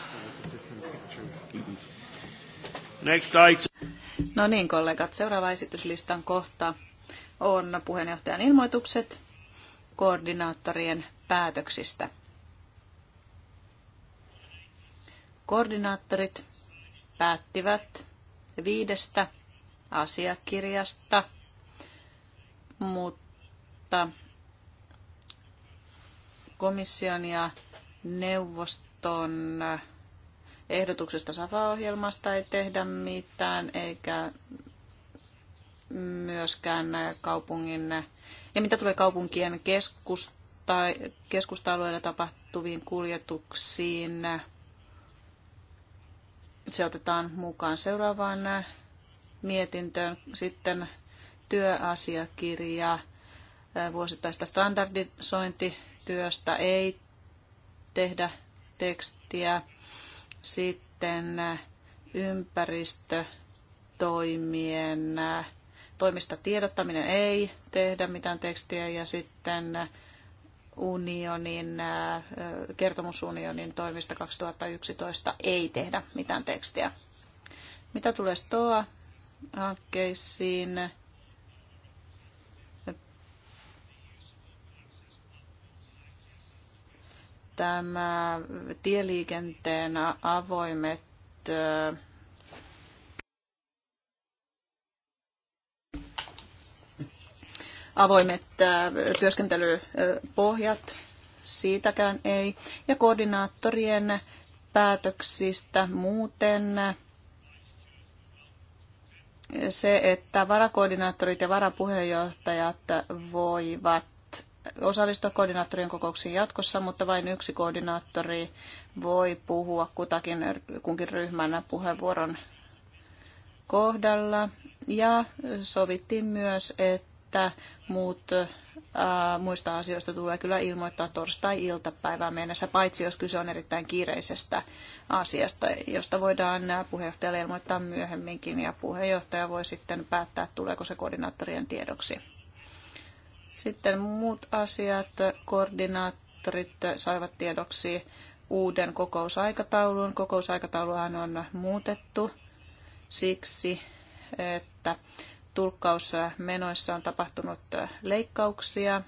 Next item. No niin, kollegat. Seuraava esityslistan kohta on puheenjohtajan ilmoitukset koordinaattorien päätöksistä. Koordinaattorit päättivät viidestä asiakirjasta, mutta komission ja neuvoston ehdotuksesta SAFA-ohjelmasta ei tehdä mitään, eikä myöskään kaupungin, ja mitä tulee kaupunkien keskusta, keskusta-alueilla tapahtuviin kuljetuksiin, se otetaan mukaan seuraavaan mietintöön. Sitten työasiakirja vuosittaista standardisointityöstä ei tehdä tekstiä. Sitten äh, ympäristötoimien äh, toimista tiedottaminen ei tehdä mitään tekstiä ja sitten äh, unionin, kertomusunionin toimista 2011 ei tehdä mitään tekstiä. Mitä tulee STOA-hankkeisiin, tämä tieliikenteen avoimet avoimet työskentelypohjat, siitäkään ei. Ja koordinaattorien päätöksistä muuten se, että varakoordinaattorit ja varapuheenjohtajat voivat osallistua koordinaattorien kokouksiin jatkossa, mutta vain yksi koordinaattori voi puhua kutakin, kunkin ryhmän puheenvuoron kohdalla. Ja sovittiin myös, että muut ää, muista asioista tulee kyllä ilmoittaa torstai-iltapäivään mennessä, paitsi jos kyse on erittäin kiireisestä asiasta, josta voidaan puheenjohtajalle ilmoittaa myöhemminkin ja puheenjohtaja voi sitten päättää, tuleeko se koordinaattorien tiedoksi. Sitten muut asiat, koordinaattorit saivat tiedoksi uuden kokousaikataulun. Kokousaikatauluhan on muutettu siksi, että tulkkausmenoissa on tapahtunut leikkauksia.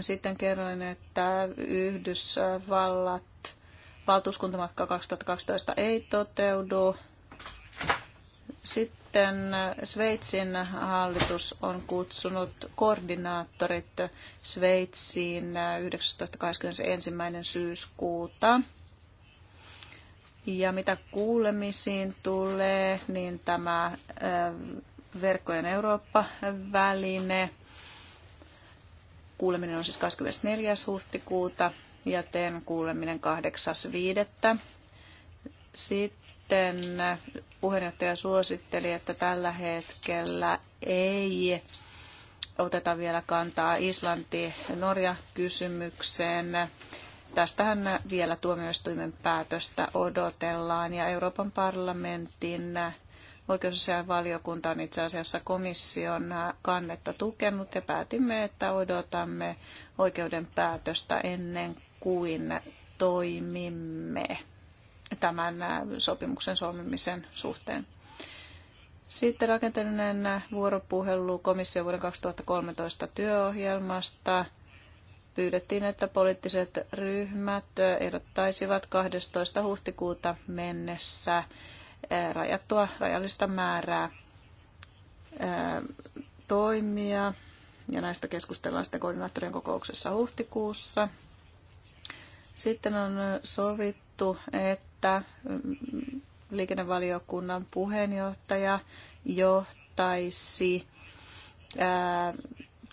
Sitten kerroin, että Yhdysvallat valtuuskuntamatka 2012 ei toteudu. Sitten sitten Sveitsin hallitus on kutsunut koordinaattorit Sveitsiin 19.21. syyskuuta. Ja mitä kuulemisiin tulee, niin tämä äh, verkkojen Eurooppa-väline. Kuuleminen on siis 24. huhtikuuta ja teen kuuleminen 8.5. Sitten sitten puheenjohtaja suositteli, että tällä hetkellä ei oteta vielä kantaa Islanti-Norja-kysymykseen. Tästähän vielä tuomioistuimen päätöstä odotellaan ja Euroopan parlamentin oikeusasiainvaliokunta on itse asiassa komission kannetta tukenut ja päätimme, että odotamme oikeuden päätöstä ennen kuin toimimme tämän äh, sopimuksen solmimisen suhteen. Sitten rakenteellinen vuoropuhelu komission vuoden 2013 työohjelmasta. Pyydettiin, että poliittiset ryhmät ehdottaisivat 12. huhtikuuta mennessä äh, rajattua rajallista määrää äh, toimia. Ja näistä keskustellaan sitten koordinaattorien kokouksessa huhtikuussa. Sitten on sovittu, että että mm, liikennevaliokunnan puheenjohtaja johtaisi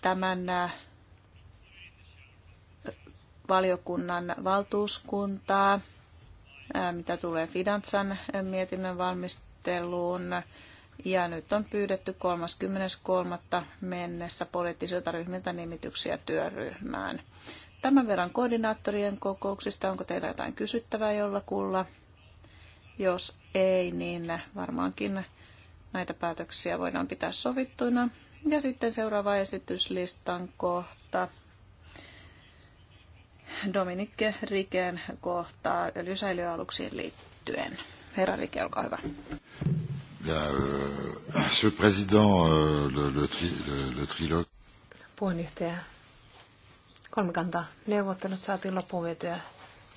tämän valiokunnan valtuuskuntaa, mitä tulee Fidansan mietinnön valmisteluun. Ja nyt on pyydetty 30.3. mennessä poliittisilta ryhmiltä nimityksiä työryhmään. Tämän verran koordinaattorien kokouksista, onko teillä jotain kysyttävää jollakulla? Jos ei, niin varmaankin näitä päätöksiä voidaan pitää sovittuina. Ja sitten seuraava esityslistan kohta. Dominikke Riken kohtaa öljysäilyaluksiin liittyen. Herra Rike, olkaa hyvä. Ja, äh, president, le äh, le, le, tri, le, le trilogue. Puheenjohtaja, kolmikanta neuvottelut saatiin loppuun vietyä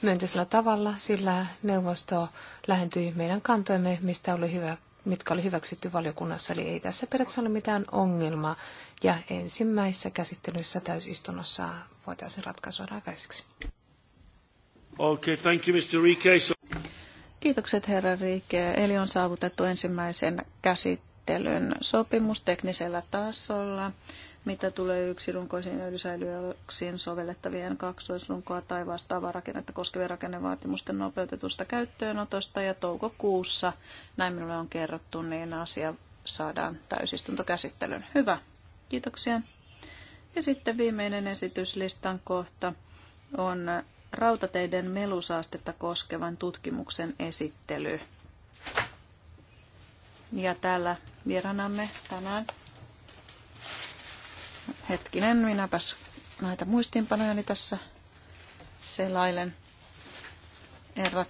myönteisellä tavalla, sillä neuvosto lähentyi meidän kantoimme, mistä oli hyvä, mitkä oli hyväksytty valiokunnassa, eli ei tässä periaatteessa ole mitään ongelmaa, ja ensimmäisessä käsittelyssä täysistunnossa voitaisiin ratkaisua aikaiseksi. Okay, thank you, Mr. Rike. So... Kiitokset, herra Rike. Eli on saavutettu ensimmäisen käsittelyn sopimus teknisellä tasolla mitä tulee yksirunkoisiin öljysäilyöksiin sovellettavien kaksoisrunkoa tai vastaavaa rakennetta koskevien rakennevaatimusten nopeutetusta käyttöönotosta. Ja toukokuussa, näin minulle on kerrottu, niin asia saadaan täysistuntokäsittelyyn. Hyvä, kiitoksia. Ja sitten viimeinen esityslistan kohta on rautateiden melusaastetta koskevan tutkimuksen esittely. Ja täällä vieraanamme tänään Hetkinen, minäpäs näitä muistiinpanojani tässä selailen. Herrat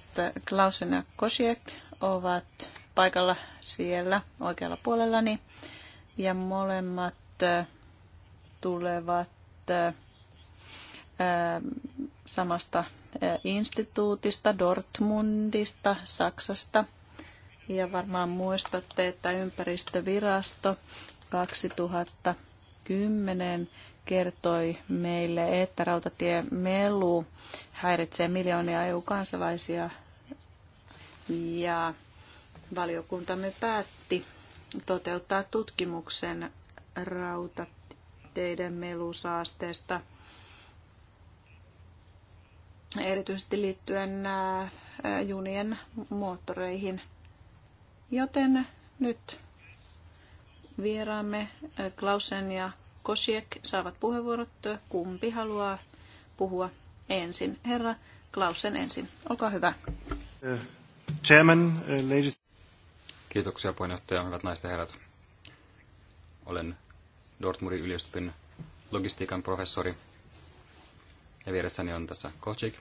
Klausen ja Kosiek ovat paikalla siellä oikealla puolellani. Ja molemmat äh, tulevat äh, äh, samasta instituutista, Dortmundista, Saksasta. Ja varmaan muistatte, että ympäristövirasto 2000 2010 kertoi meille, että rautatie melu häiritsee miljoonia EU-kansalaisia ja valiokuntamme päätti toteuttaa tutkimuksen rautateiden melusaasteesta erityisesti liittyen äh, junien moottoreihin. Joten nyt vieraamme äh, Klausen ja Kosiek saavat puheenvuorot. Kumpi haluaa puhua ensin? Herra Klausen ensin. Olkaa hyvä. Äh, chairman, äh, ladies. Kiitoksia puheenjohtaja, hyvät naiset ja herrat. Olen Dortmundin yliopiston logistiikan professori ja vieressäni on tässä Kosiek.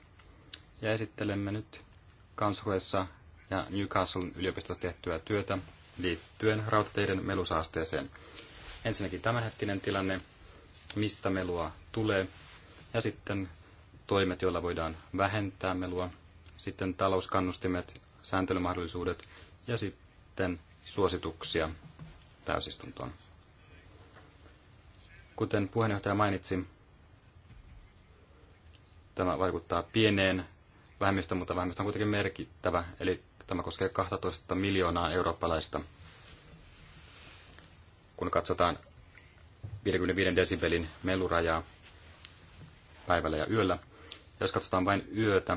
Ja esittelemme nyt Kansuessa ja Newcastlen yliopistossa tehtyä työtä liittyen rautateiden melusaasteeseen. Ensinnäkin tämänhetkinen tilanne, mistä melua tulee, ja sitten toimet, joilla voidaan vähentää melua, sitten talouskannustimet, sääntelymahdollisuudet ja sitten suosituksia täysistuntoon. Kuten puheenjohtaja mainitsi, tämä vaikuttaa pieneen vähemmistöön, mutta vähemmistö on kuitenkin merkittävä, eli Tämä koskee 12 miljoonaa eurooppalaista. Kun katsotaan 55 desibelin melurajaa päivällä ja yöllä, jos katsotaan vain yötä,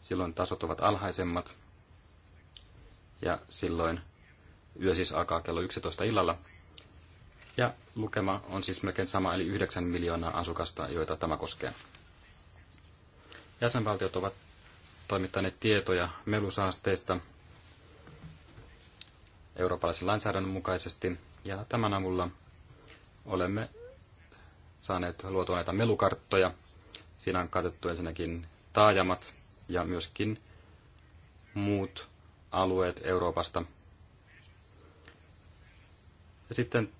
silloin tasot ovat alhaisemmat. Ja silloin yö siis alkaa kello 11 illalla. Ja lukema on siis melkein sama, eli 9 miljoonaa asukasta, joita tämä koskee. Jäsenvaltiot ovat toimittaneet tietoja melusaasteista eurooppalaisen lainsäädännön mukaisesti. Ja tämän avulla olemme saaneet luotua näitä melukarttoja. Siinä on katettu ensinnäkin taajamat ja myöskin muut alueet Euroopasta. Ja sitten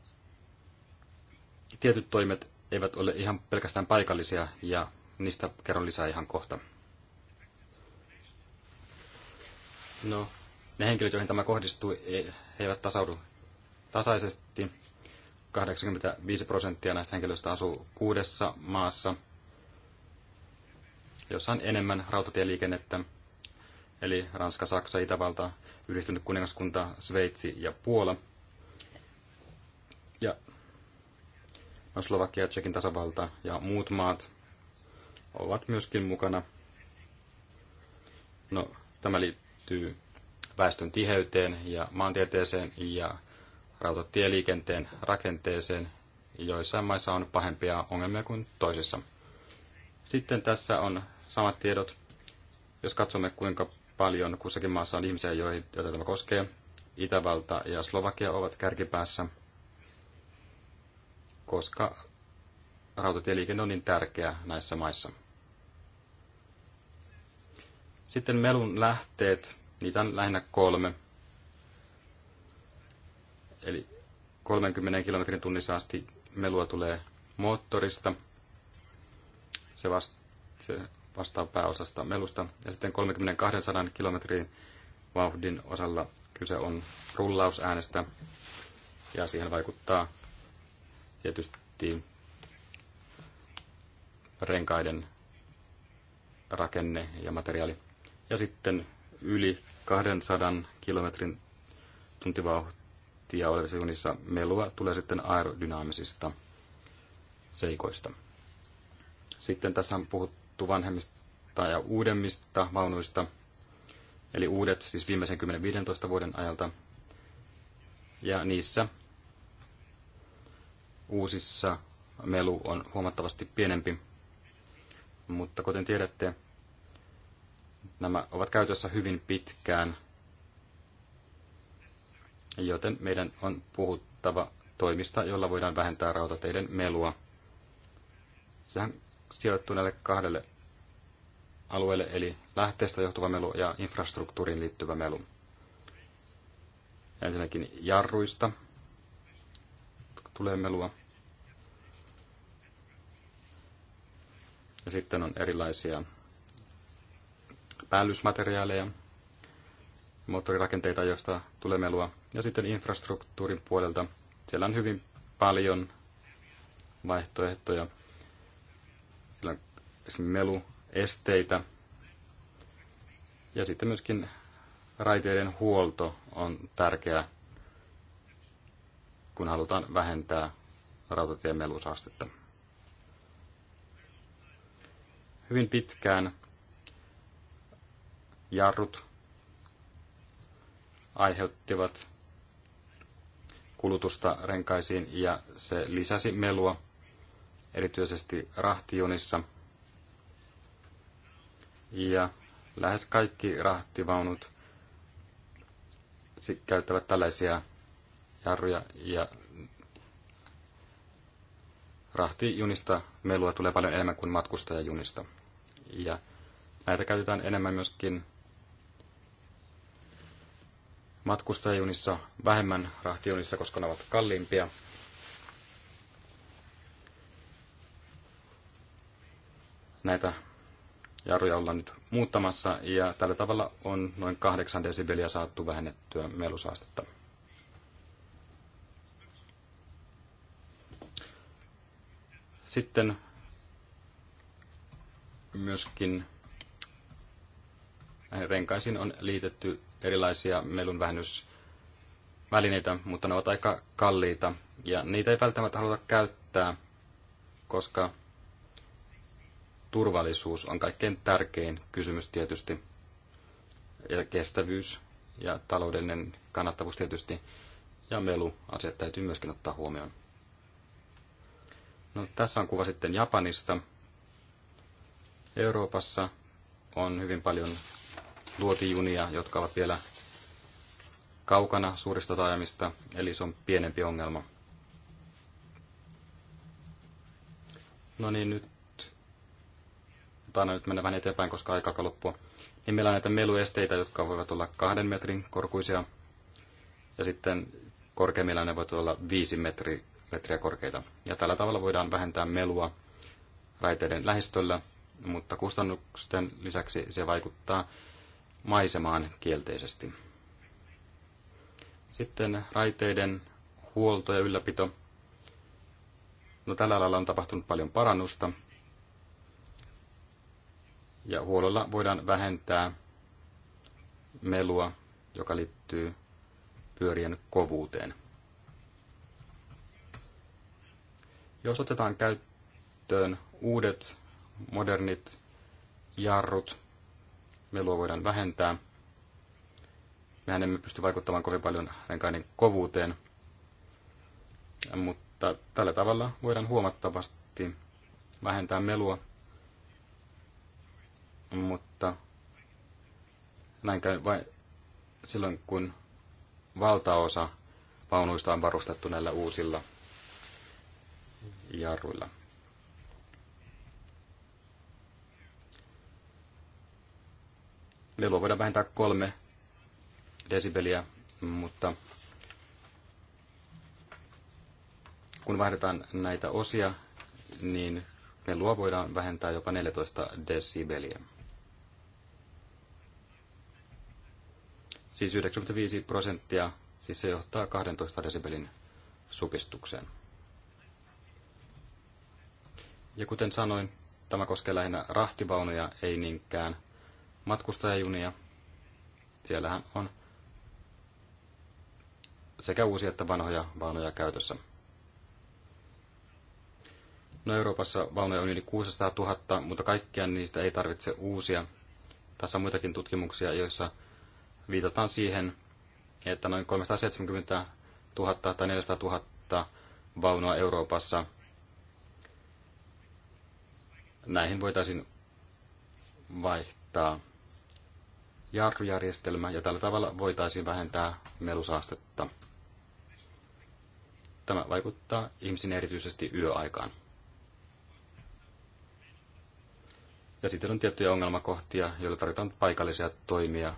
tietyt toimet eivät ole ihan pelkästään paikallisia ja niistä kerron lisää ihan kohta. No, ne henkilöt, joihin tämä kohdistuu, e, he eivät tasaudu tasaisesti. 85 prosenttia näistä henkilöistä asuu kuudessa maassa, jossa on enemmän rautatieliikennettä, eli Ranska, Saksa, Itävalta, Yhdistynyt kuningaskunta, Sveitsi ja Puola. Ja no Slovakia, Tsekin tasavalta ja muut maat ovat myöskin mukana. No, tämä liittyy liittyy väestön tiheyteen ja maantieteeseen ja rautatieliikenteen rakenteeseen. Joissain maissa on pahempia ongelmia kuin toisissa. Sitten tässä on samat tiedot. Jos katsomme, kuinka paljon kussakin maassa on ihmisiä, joita tämä koskee, Itävalta ja Slovakia ovat kärkipäässä, koska rautatieliikenne on niin tärkeä näissä maissa. Sitten melun lähteet, niitä on lähinnä kolme. Eli 30 kilometrin tunnissa asti melua tulee moottorista. Se, vasta, se vastaa pääosasta melusta. Ja sitten 3200 kilometrin vauhdin osalla kyse on rullausäänestä. Ja siihen vaikuttaa tietysti renkaiden rakenne ja materiaali. Ja sitten yli 200 kilometrin tuntivauhtia olevissa junissa melua tulee sitten aerodynaamisista seikoista. Sitten tässä on puhuttu vanhemmista ja uudemmista vaunuista, eli uudet siis viimeisen 10-15 vuoden ajalta. Ja niissä uusissa melu on huomattavasti pienempi, mutta kuten tiedätte, Nämä ovat käytössä hyvin pitkään, joten meidän on puhuttava toimista, jolla voidaan vähentää rautateiden melua. Sehän sijoittuu näille kahdelle alueelle, eli lähteestä johtuva melu ja infrastruktuuriin liittyvä melu. Ensinnäkin jarruista tulee melua. Ja sitten on erilaisia päällysmateriaaleja, moottorirakenteita, joista tulee melua. Ja sitten infrastruktuurin puolelta. Siellä on hyvin paljon vaihtoehtoja. Siellä on esimerkiksi meluesteitä. Ja sitten myöskin raiteiden huolto on tärkeää, kun halutaan vähentää rautatien melusaastetta. Hyvin pitkään jarrut aiheuttivat kulutusta renkaisiin ja se lisäsi melua erityisesti rahtijunissa. Ja lähes kaikki rahtivaunut käyttävät tällaisia jarruja ja rahtijunista melua tulee paljon enemmän kuin matkustajajunista. Ja näitä käytetään enemmän myöskin matkustajajunissa, vähemmän rahtijunissa, koska ne ovat kalliimpia. Näitä jarruja ollaan nyt muuttamassa ja tällä tavalla on noin 8 desibeliä saattu vähennettyä melusaastetta. Sitten myöskin Näihin renkaisiin on liitetty erilaisia melunvähennysvälineitä, mutta ne ovat aika kalliita ja niitä ei välttämättä haluta käyttää, koska turvallisuus on kaikkein tärkein kysymys tietysti ja kestävyys ja taloudellinen kannattavuus tietysti ja meluasiat täytyy myöskin ottaa huomioon. No, tässä on kuva sitten Japanista. Euroopassa on hyvin paljon luotijunia, jotka ovat vielä kaukana suurista taajamista, eli se on pienempi ongelma. No niin, nyt taina nyt mennä vähän eteenpäin, koska aika alkaa loppua. Niin meillä on näitä meluesteitä, jotka voivat olla kahden metrin korkuisia, ja sitten korkeimmillaan ne voivat olla viisi metri, metriä korkeita. Ja tällä tavalla voidaan vähentää melua raiteiden lähistöllä, mutta kustannusten lisäksi se vaikuttaa maisemaan kielteisesti. Sitten raiteiden huolto ja ylläpito. No tällä alalla on tapahtunut paljon parannusta. Ja huololla voidaan vähentää melua, joka liittyy pyörien kovuuteen. Jos otetaan käyttöön uudet modernit jarrut, melua voidaan vähentää. Mehän emme pysty vaikuttamaan kovin paljon renkaiden kovuuteen, mutta tällä tavalla voidaan huomattavasti vähentää melua, mutta näin käy vain silloin, kun valtaosa vaunuista on varustettu näillä uusilla jarruilla. Melua voidaan vähentää kolme desibeliä, mutta kun vaihdetaan näitä osia, niin melua voidaan vähentää jopa 14 desibeliä. Siis 95 prosenttia, siis se johtaa 12 desibelin supistukseen. Ja kuten sanoin, tämä koskee lähinnä rahtivaunuja, ei niinkään – matkustajajunia. Siellähän on sekä uusia että vanhoja vaunuja käytössä. No Euroopassa vaunuja on yli 600 000, mutta kaikkiaan niistä ei tarvitse uusia. Tässä on muitakin tutkimuksia, joissa viitataan siihen, että noin 370 000 tai 400 000 vaunua Euroopassa näihin voitaisiin vaihtaa jarrujärjestelmä ja tällä tavalla voitaisiin vähentää melusaastetta. Tämä vaikuttaa ihmisiin erityisesti yöaikaan. Ja sitten on tiettyjä ongelmakohtia, joilla tarvitaan paikallisia toimia,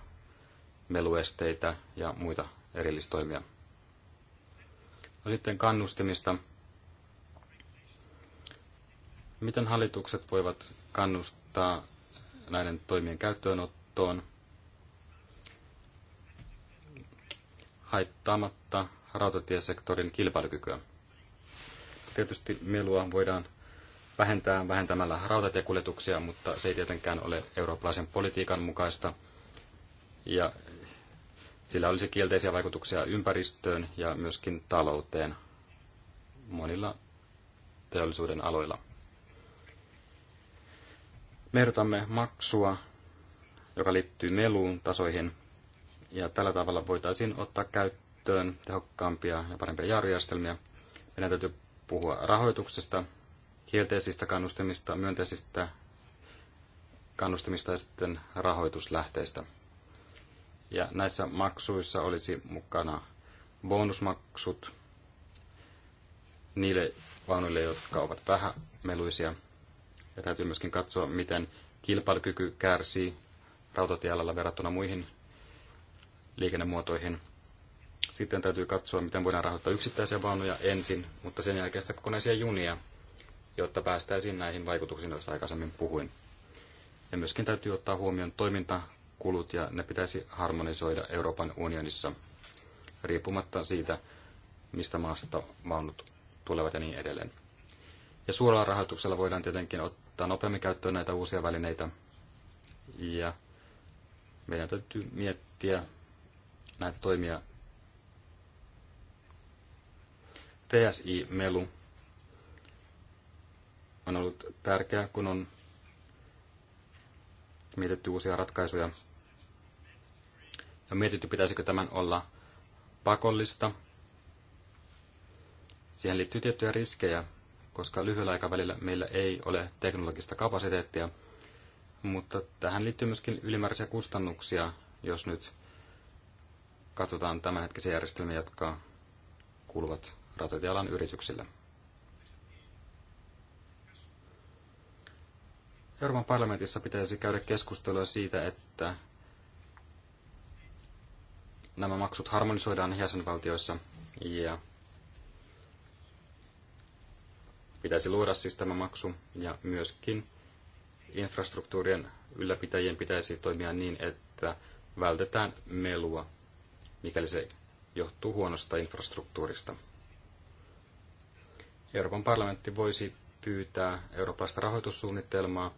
meluesteitä ja muita erillistoimia. No sitten kannustimista. Miten hallitukset voivat kannustaa näiden toimien käyttöönottoon? haittaamatta rautatiesektorin kilpailukykyä. Tietysti melua voidaan vähentää vähentämällä rautatiekuljetuksia, mutta se ei tietenkään ole eurooppalaisen politiikan mukaista. Ja sillä olisi kielteisiä vaikutuksia ympäristöön ja myöskin talouteen monilla teollisuuden aloilla. Me ehdotamme maksua, joka liittyy meluun tasoihin ja tällä tavalla voitaisiin ottaa käyttöön tehokkaampia ja parempia järjestelmiä. Meidän täytyy puhua rahoituksesta, kielteisistä kannustimista, myönteisistä kannustimista ja sitten rahoituslähteistä. Ja näissä maksuissa olisi mukana bonusmaksut niille vaunuille, jotka ovat vähämeluisia. Ja täytyy myöskin katsoa, miten kilpailukyky kärsii rautatiealalla verrattuna muihin liikennemuotoihin. Sitten täytyy katsoa, miten voidaan rahoittaa yksittäisiä vaunuja ensin, mutta sen jälkeen sitä kokonaisia junia, jotta päästäisiin näihin vaikutuksiin, joista aikaisemmin puhuin. Ja myöskin täytyy ottaa huomioon toimintakulut ja ne pitäisi harmonisoida Euroopan unionissa riippumatta siitä, mistä maasta vaunut tulevat ja niin edelleen. Ja suoralla rahoituksella voidaan tietenkin ottaa nopeammin käyttöön näitä uusia välineitä. Ja meidän täytyy miettiä, näitä toimia. TSI-melu on ollut tärkeä, kun on mietitty uusia ratkaisuja. Ja mietitty, pitäisikö tämän olla pakollista. Siihen liittyy tiettyjä riskejä, koska lyhyellä aikavälillä meillä ei ole teknologista kapasiteettia, mutta tähän liittyy myöskin ylimääräisiä kustannuksia, jos nyt katsotaan tämänhetkisiä järjestelmiä, jotka kuuluvat rautatiealan yrityksille. Euroopan parlamentissa pitäisi käydä keskustelua siitä, että nämä maksut harmonisoidaan jäsenvaltioissa ja pitäisi luoda siis tämä maksu ja myöskin infrastruktuurien ylläpitäjien pitäisi toimia niin, että vältetään melua mikäli se johtuu huonosta infrastruktuurista. Euroopan parlamentti voisi pyytää eurooppalaista rahoitussuunnitelmaa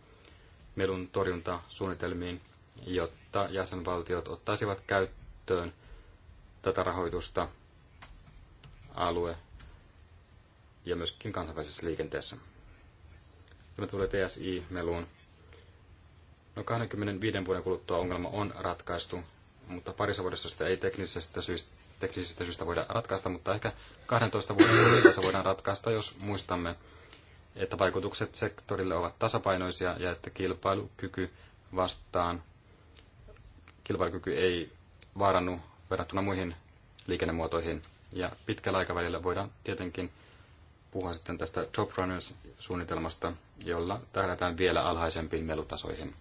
melun torjuntasuunnitelmiin, jotta jäsenvaltiot ottaisivat käyttöön tätä rahoitusta alue- ja myöskin kansainvälisessä liikenteessä. Tämä tulee TSI-meluun. No 25 vuoden kuluttua ongelma on ratkaistu mutta parissa vuodessa sitä ei teknisistä syistä, teknisistä syistä voida ratkaista, mutta ehkä 12 vuodessa voidaan ratkaista, jos muistamme, että vaikutukset sektorille ovat tasapainoisia ja että kilpailukyky vastaan, kilpailukyky ei vaarannu verrattuna muihin liikennemuotoihin. Ja pitkällä aikavälillä voidaan tietenkin puhua sitten tästä Job Runners-suunnitelmasta, jolla tähdätään vielä alhaisempiin melutasoihin.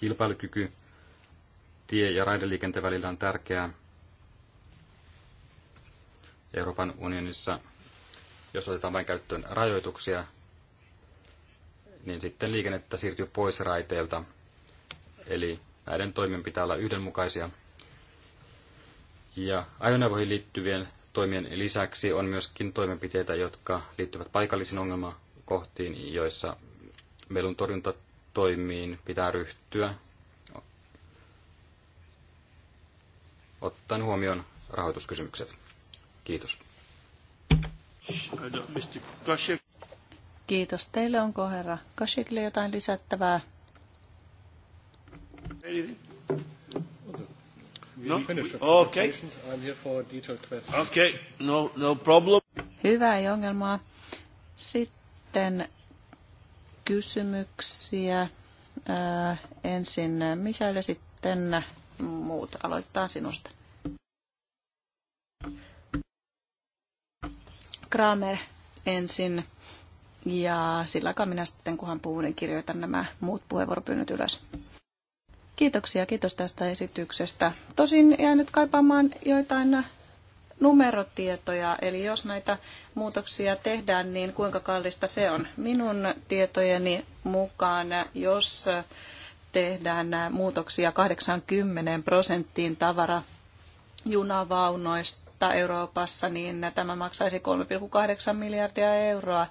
Kilpailukyky tie- ja raideliikenteen välillä on tärkeää. Euroopan unionissa, jos otetaan vain käyttöön rajoituksia, niin sitten liikennettä siirtyy pois raiteilta. Eli näiden toimien pitää olla yhdenmukaisia. Ja ajoneuvoihin liittyvien toimien lisäksi on myöskin toimenpiteitä, jotka liittyvät paikallisiin ongelmakohtiin, joissa melun torjunta toimiin pitää ryhtyä ottaen huomioon rahoituskysymykset. Kiitos. Kiitos teille. Onko herra Kashikille jotain lisättävää? No, okay. Okay, no, no problem. Hyvä, ei ongelmaa. Sitten kysymyksiä. Äh, ensin Mihail ja sitten muut. Aloittaa sinusta. Kramer ensin ja sillä aikaa minä sitten, kunhan puhun, niin kirjoitan nämä muut puheenvuoropyynnöt ylös. Kiitoksia, kiitos tästä esityksestä. Tosin jäin nyt kaipaamaan joitain numerotietoja. Eli jos näitä muutoksia tehdään, niin kuinka kallista se on? Minun tietojeni mukaan, jos tehdään muutoksia 80 prosenttiin tavara junavaunoista Euroopassa, niin tämä maksaisi 3,8 miljardia euroa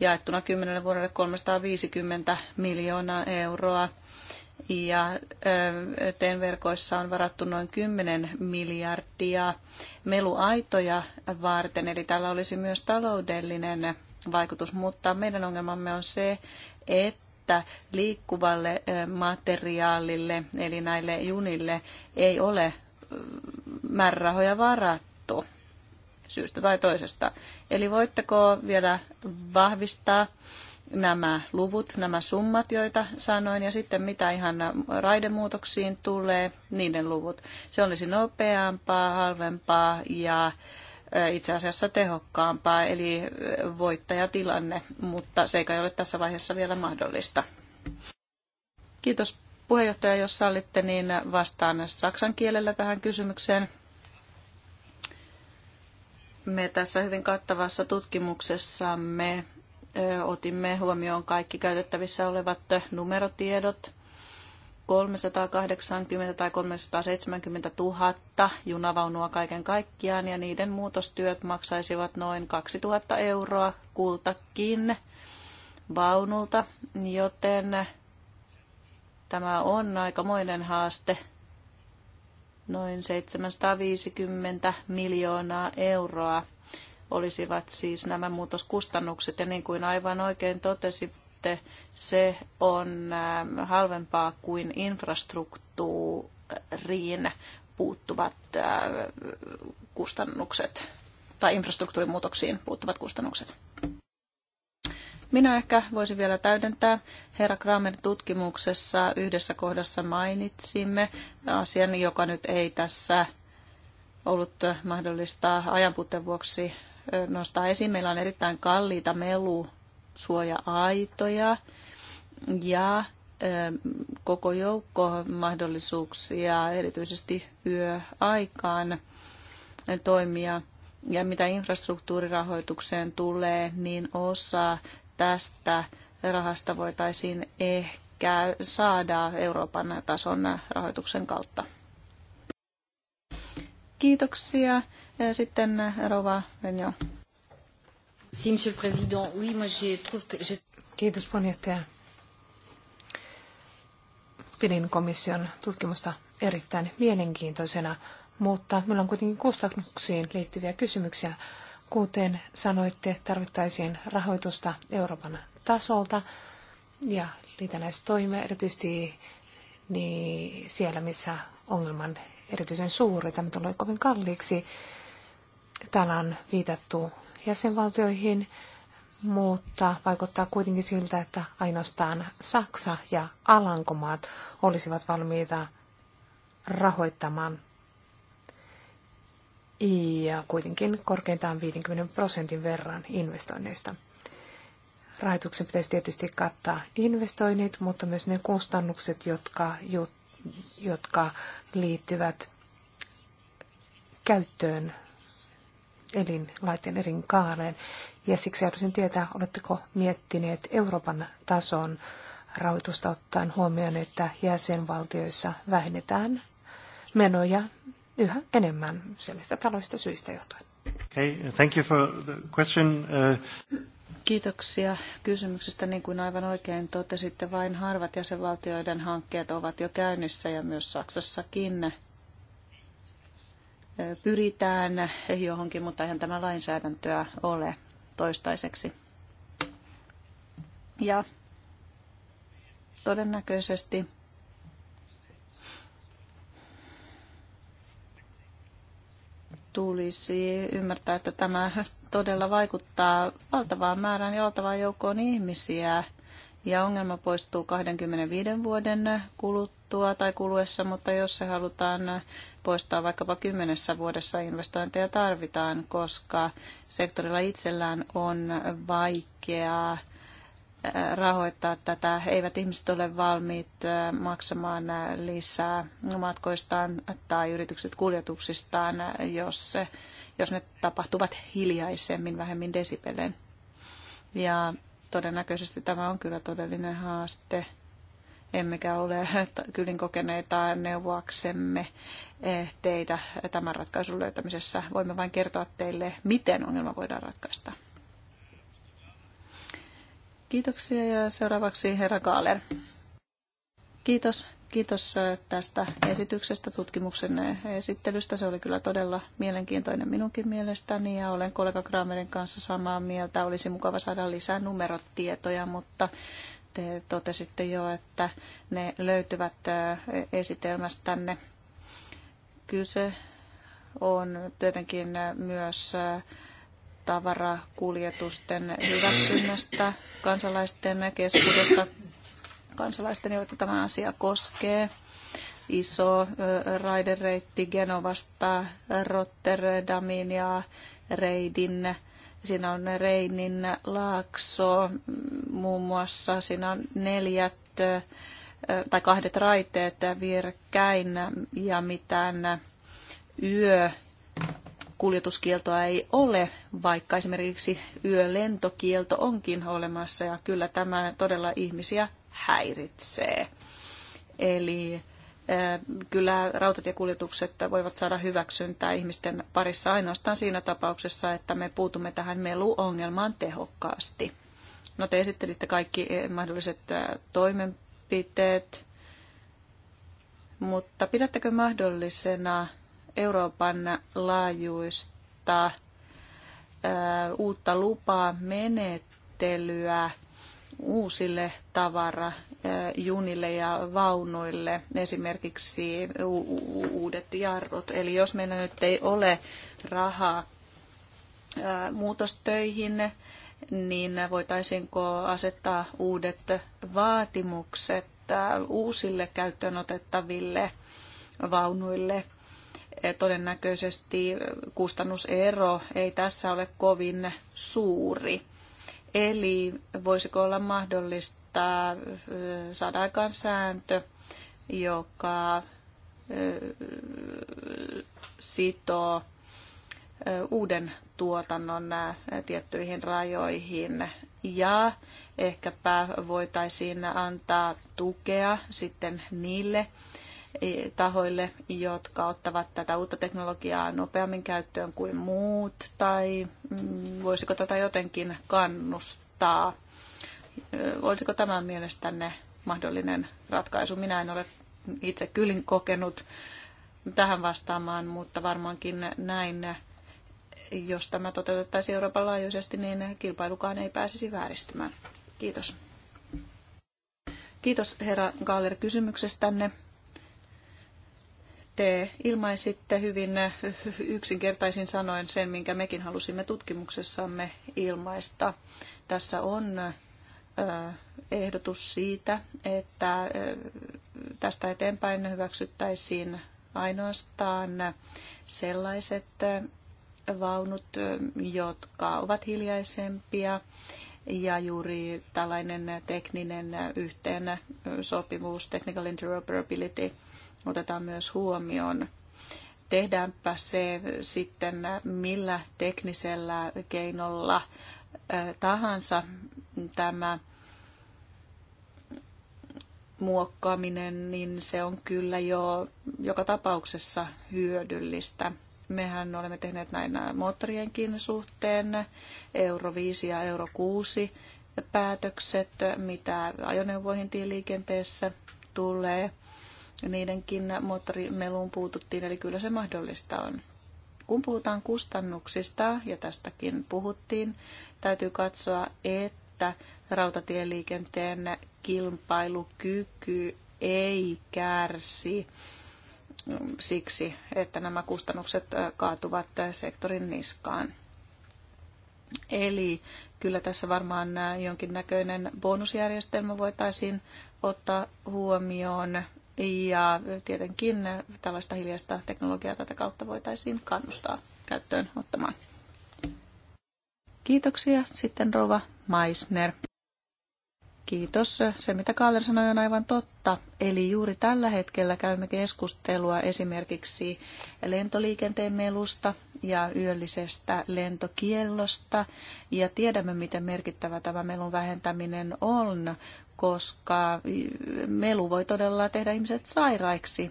jaettuna 10 vuodelle 350 miljoonaa euroa ja TEN-verkoissa on varattu noin 10 miljardia meluaitoja varten, eli tällä olisi myös taloudellinen vaikutus, mutta meidän ongelmamme on se, että liikkuvalle materiaalille, eli näille junille, ei ole määrärahoja varattu syystä tai toisesta. Eli voitteko vielä vahvistaa nämä luvut, nämä summat, joita sanoin, ja sitten mitä ihan raidemuutoksiin tulee, niiden luvut. Se olisi nopeampaa, halvempaa ja eh, itse asiassa tehokkaampaa, eli eh, voittajatilanne, mutta se ei ole tässä vaiheessa vielä mahdollista. Kiitos puheenjohtaja, jos sallitte, niin vastaan saksan kielellä tähän kysymykseen. Me tässä hyvin kattavassa tutkimuksessamme otimme huomioon kaikki käytettävissä olevat numerotiedot. 380 tai 370 000 junavaunua kaiken kaikkiaan ja niiden muutostyöt maksaisivat noin 2000 euroa kultakin vaunulta, joten tämä on aikamoinen haaste. Noin 750 miljoonaa euroa olisivat siis nämä muutoskustannukset. Ja niin kuin aivan oikein totesitte, se on ähm, halvempaa kuin infrastruktuuriin puuttuvat äh, kustannukset tai infrastruktuurin muutoksiin puuttuvat kustannukset. Minä ehkä voisin vielä täydentää. Herra Kramer tutkimuksessa yhdessä kohdassa mainitsimme asian, joka nyt ei tässä ollut mahdollista ajanpuutteen vuoksi nostaa esiin. Meillä on erittäin kalliita melusuoja-aitoja ja koko joukko mahdollisuuksia, erityisesti yöaikaan toimia. Ja mitä infrastruktuurirahoitukseen tulee, niin osa tästä rahasta voitaisiin ehkä saada Euroopan tason rahoituksen kautta. Kiitoksia. Sitten Rova Venjo. Si, monsieur le président. Oui, moi trouve que Kiitos puheenjohtaja. Pidin komission tutkimusta erittäin mielenkiintoisena, mutta meillä on kuitenkin kustannuksiin liittyviä kysymyksiä. Kuten sanoitte, tarvittaisiin rahoitusta Euroopan tasolta ja liitännäistoimia erityisesti niin siellä, missä ongelman erityisen suuri. Tämä tulee kovin kalliiksi Täällä on viitattu jäsenvaltioihin, mutta vaikuttaa kuitenkin siltä, että ainoastaan Saksa ja Alankomaat olisivat valmiita rahoittamaan ja kuitenkin korkeintaan 50 prosentin verran investoinneista. Rahoituksen pitäisi tietysti kattaa investoinnit, mutta myös ne kustannukset, jotka, jotka liittyvät käyttöön elinlaitteen elinkaareen. Ja siksi haluaisin tietää, oletteko miettineet Euroopan tason rahoitusta ottaen huomioon, että jäsenvaltioissa vähennetään menoja yhä enemmän sellaista taloista syistä johtuen. Okay, thank you for the question. Uh... Kiitoksia kysymyksestä. Niin kuin aivan oikein totesitte, vain harvat jäsenvaltioiden hankkeet ovat jo käynnissä ja myös Saksassakin pyritään johonkin, mutta eihän tämä lainsäädäntöä ole toistaiseksi. Ja todennäköisesti tulisi ymmärtää, että tämä todella vaikuttaa valtavaan määrään ja valtavaan joukkoon ihmisiä. Ja ongelma poistuu 25 vuoden kuluttua tapahtua tai kuluessa, mutta jos se halutaan poistaa vaikkapa kymmenessä vuodessa, investointeja tarvitaan, koska sektorilla itsellään on vaikeaa äh, rahoittaa tätä. Eivät ihmiset ole valmiit äh, maksamaan äh, lisää matkoistaan tai yritykset kuljetuksistaan, jos, se, jos ne tapahtuvat hiljaisemmin, vähemmin desibelein. Ja todennäköisesti tämä on kyllä todellinen haaste emmekä ole kylin kokeneita neuvoaksemme eh, teitä tämän ratkaisun löytämisessä. Voimme vain kertoa teille, miten ongelma voidaan ratkaista. Kiitoksia ja seuraavaksi herra Kaaler. Kiitos. Kiitos eh, tästä esityksestä, tutkimuksen eh, esittelystä. Se oli kyllä todella mielenkiintoinen minunkin mielestäni ja olen kollega Kramerin kanssa samaa mieltä. Olisi mukava saada lisää numerotietoja, mutta te totesitte jo, että ne löytyvät esitelmästänne. Kyse on tietenkin myös tavarakuljetusten hyväksynnästä kansalaisten keskuudessa, kansalaisten, joita tämä asia koskee. Iso raidereitti Genovasta Rotterdamin ja Reidin Siinä on Reinin laakso mm, muun muassa. Siinä on neljät tai kahdet raiteet vierekkäin ja mitään yö kuljetuskieltoa ei ole, vaikka esimerkiksi yölentokielto onkin olemassa ja kyllä tämä todella ihmisiä häiritsee. Eli kyllä rautatiekuljetukset voivat saada hyväksyntää ihmisten parissa ainoastaan siinä tapauksessa, että me puutumme tähän meluongelmaan tehokkaasti. No te esittelitte kaikki eh, mahdolliset toimenpiteet, mutta pidättekö mahdollisena Euroopan laajuista uutta lupaa menettelyä uusille tavarajunille ja vaunuille, esimerkiksi uudet jarrut. Eli jos meillä nyt ei ole rahaa muutostöihin, niin voitaisiinko asettaa uudet vaatimukset uusille käyttöön otettaville vaunuille? E, todennäköisesti kustannusero ei tässä ole kovin suuri Eli voisiko olla mahdollista saada aikaan sääntö, joka sitoo uuden tuotannon tiettyihin rajoihin ja ehkäpä voitaisiin antaa tukea sitten niille tahoille, jotka ottavat tätä uutta teknologiaa nopeammin käyttöön kuin muut, tai mm, voisiko tätä jotenkin kannustaa? Olisiko tämä mielestänne mahdollinen ratkaisu? Minä en ole itse kyllin kokenut tähän vastaamaan, mutta varmaankin näin, jos tämä toteutettaisiin Euroopan laajuisesti, niin kilpailukaan ei pääsisi vääristymään. Kiitos. Kiitos herra Galler kysymyksestänne te ilmaisitte hyvin yksinkertaisin sanoen sen, minkä mekin halusimme tutkimuksessamme ilmaista. Tässä on ehdotus siitä, että tästä eteenpäin hyväksyttäisiin ainoastaan sellaiset vaunut, jotka ovat hiljaisempia ja juuri tällainen tekninen yhteen sopivuus, technical interoperability, otetaan myös huomioon. Tehdäänpä se sitten millä teknisellä keinolla tahansa tämä muokkaaminen, niin se on kyllä jo joka tapauksessa hyödyllistä. Mehän olemme tehneet näin moottorienkin suhteen euro 5 ja euro 6 päätökset, mitä ajoneuvoihin tieliikenteessä tulee – niidenkin moottorimeluun puututtiin, eli kyllä se mahdollista on. Kun puhutaan kustannuksista, ja tästäkin puhuttiin, täytyy katsoa, että rautatieliikenteen kilpailukyky ei kärsi siksi, että nämä kustannukset kaatuvat sektorin niskaan. Eli kyllä tässä varmaan jonkinnäköinen bonusjärjestelmä voitaisiin ottaa huomioon ja tietenkin tällaista hiljaista teknologiaa tätä kautta voitaisiin kannustaa käyttöön ottamaan. Kiitoksia. Sitten Rova Meisner. Kiitos. Se, mitä Kaaler sanoi, on aivan totta. Eli juuri tällä hetkellä käymme keskustelua esimerkiksi lentoliikenteen melusta ja yöllisestä lentokiellosta. Ja tiedämme, miten merkittävä tämä melun vähentäminen on, koska melu voi todella tehdä ihmiset sairaiksi.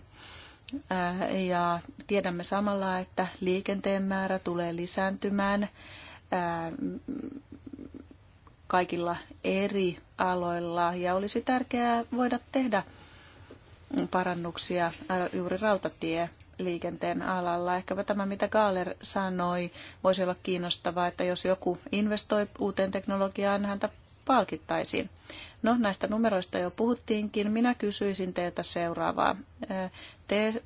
Äh, ja tiedämme samalla, että liikenteen määrä tulee lisääntymään äh, kaikilla eri aloilla ja olisi tärkeää voida tehdä parannuksia äh, juuri rautatie liikenteen alalla. Ehkäpä tämä, mitä Kaaler sanoi, voisi olla kiinnostavaa, että jos joku investoi uuteen teknologiaan, häntä palkittaisiin. No näistä numeroista jo puhuttiinkin. Minä kysyisin teiltä seuraavaa. Te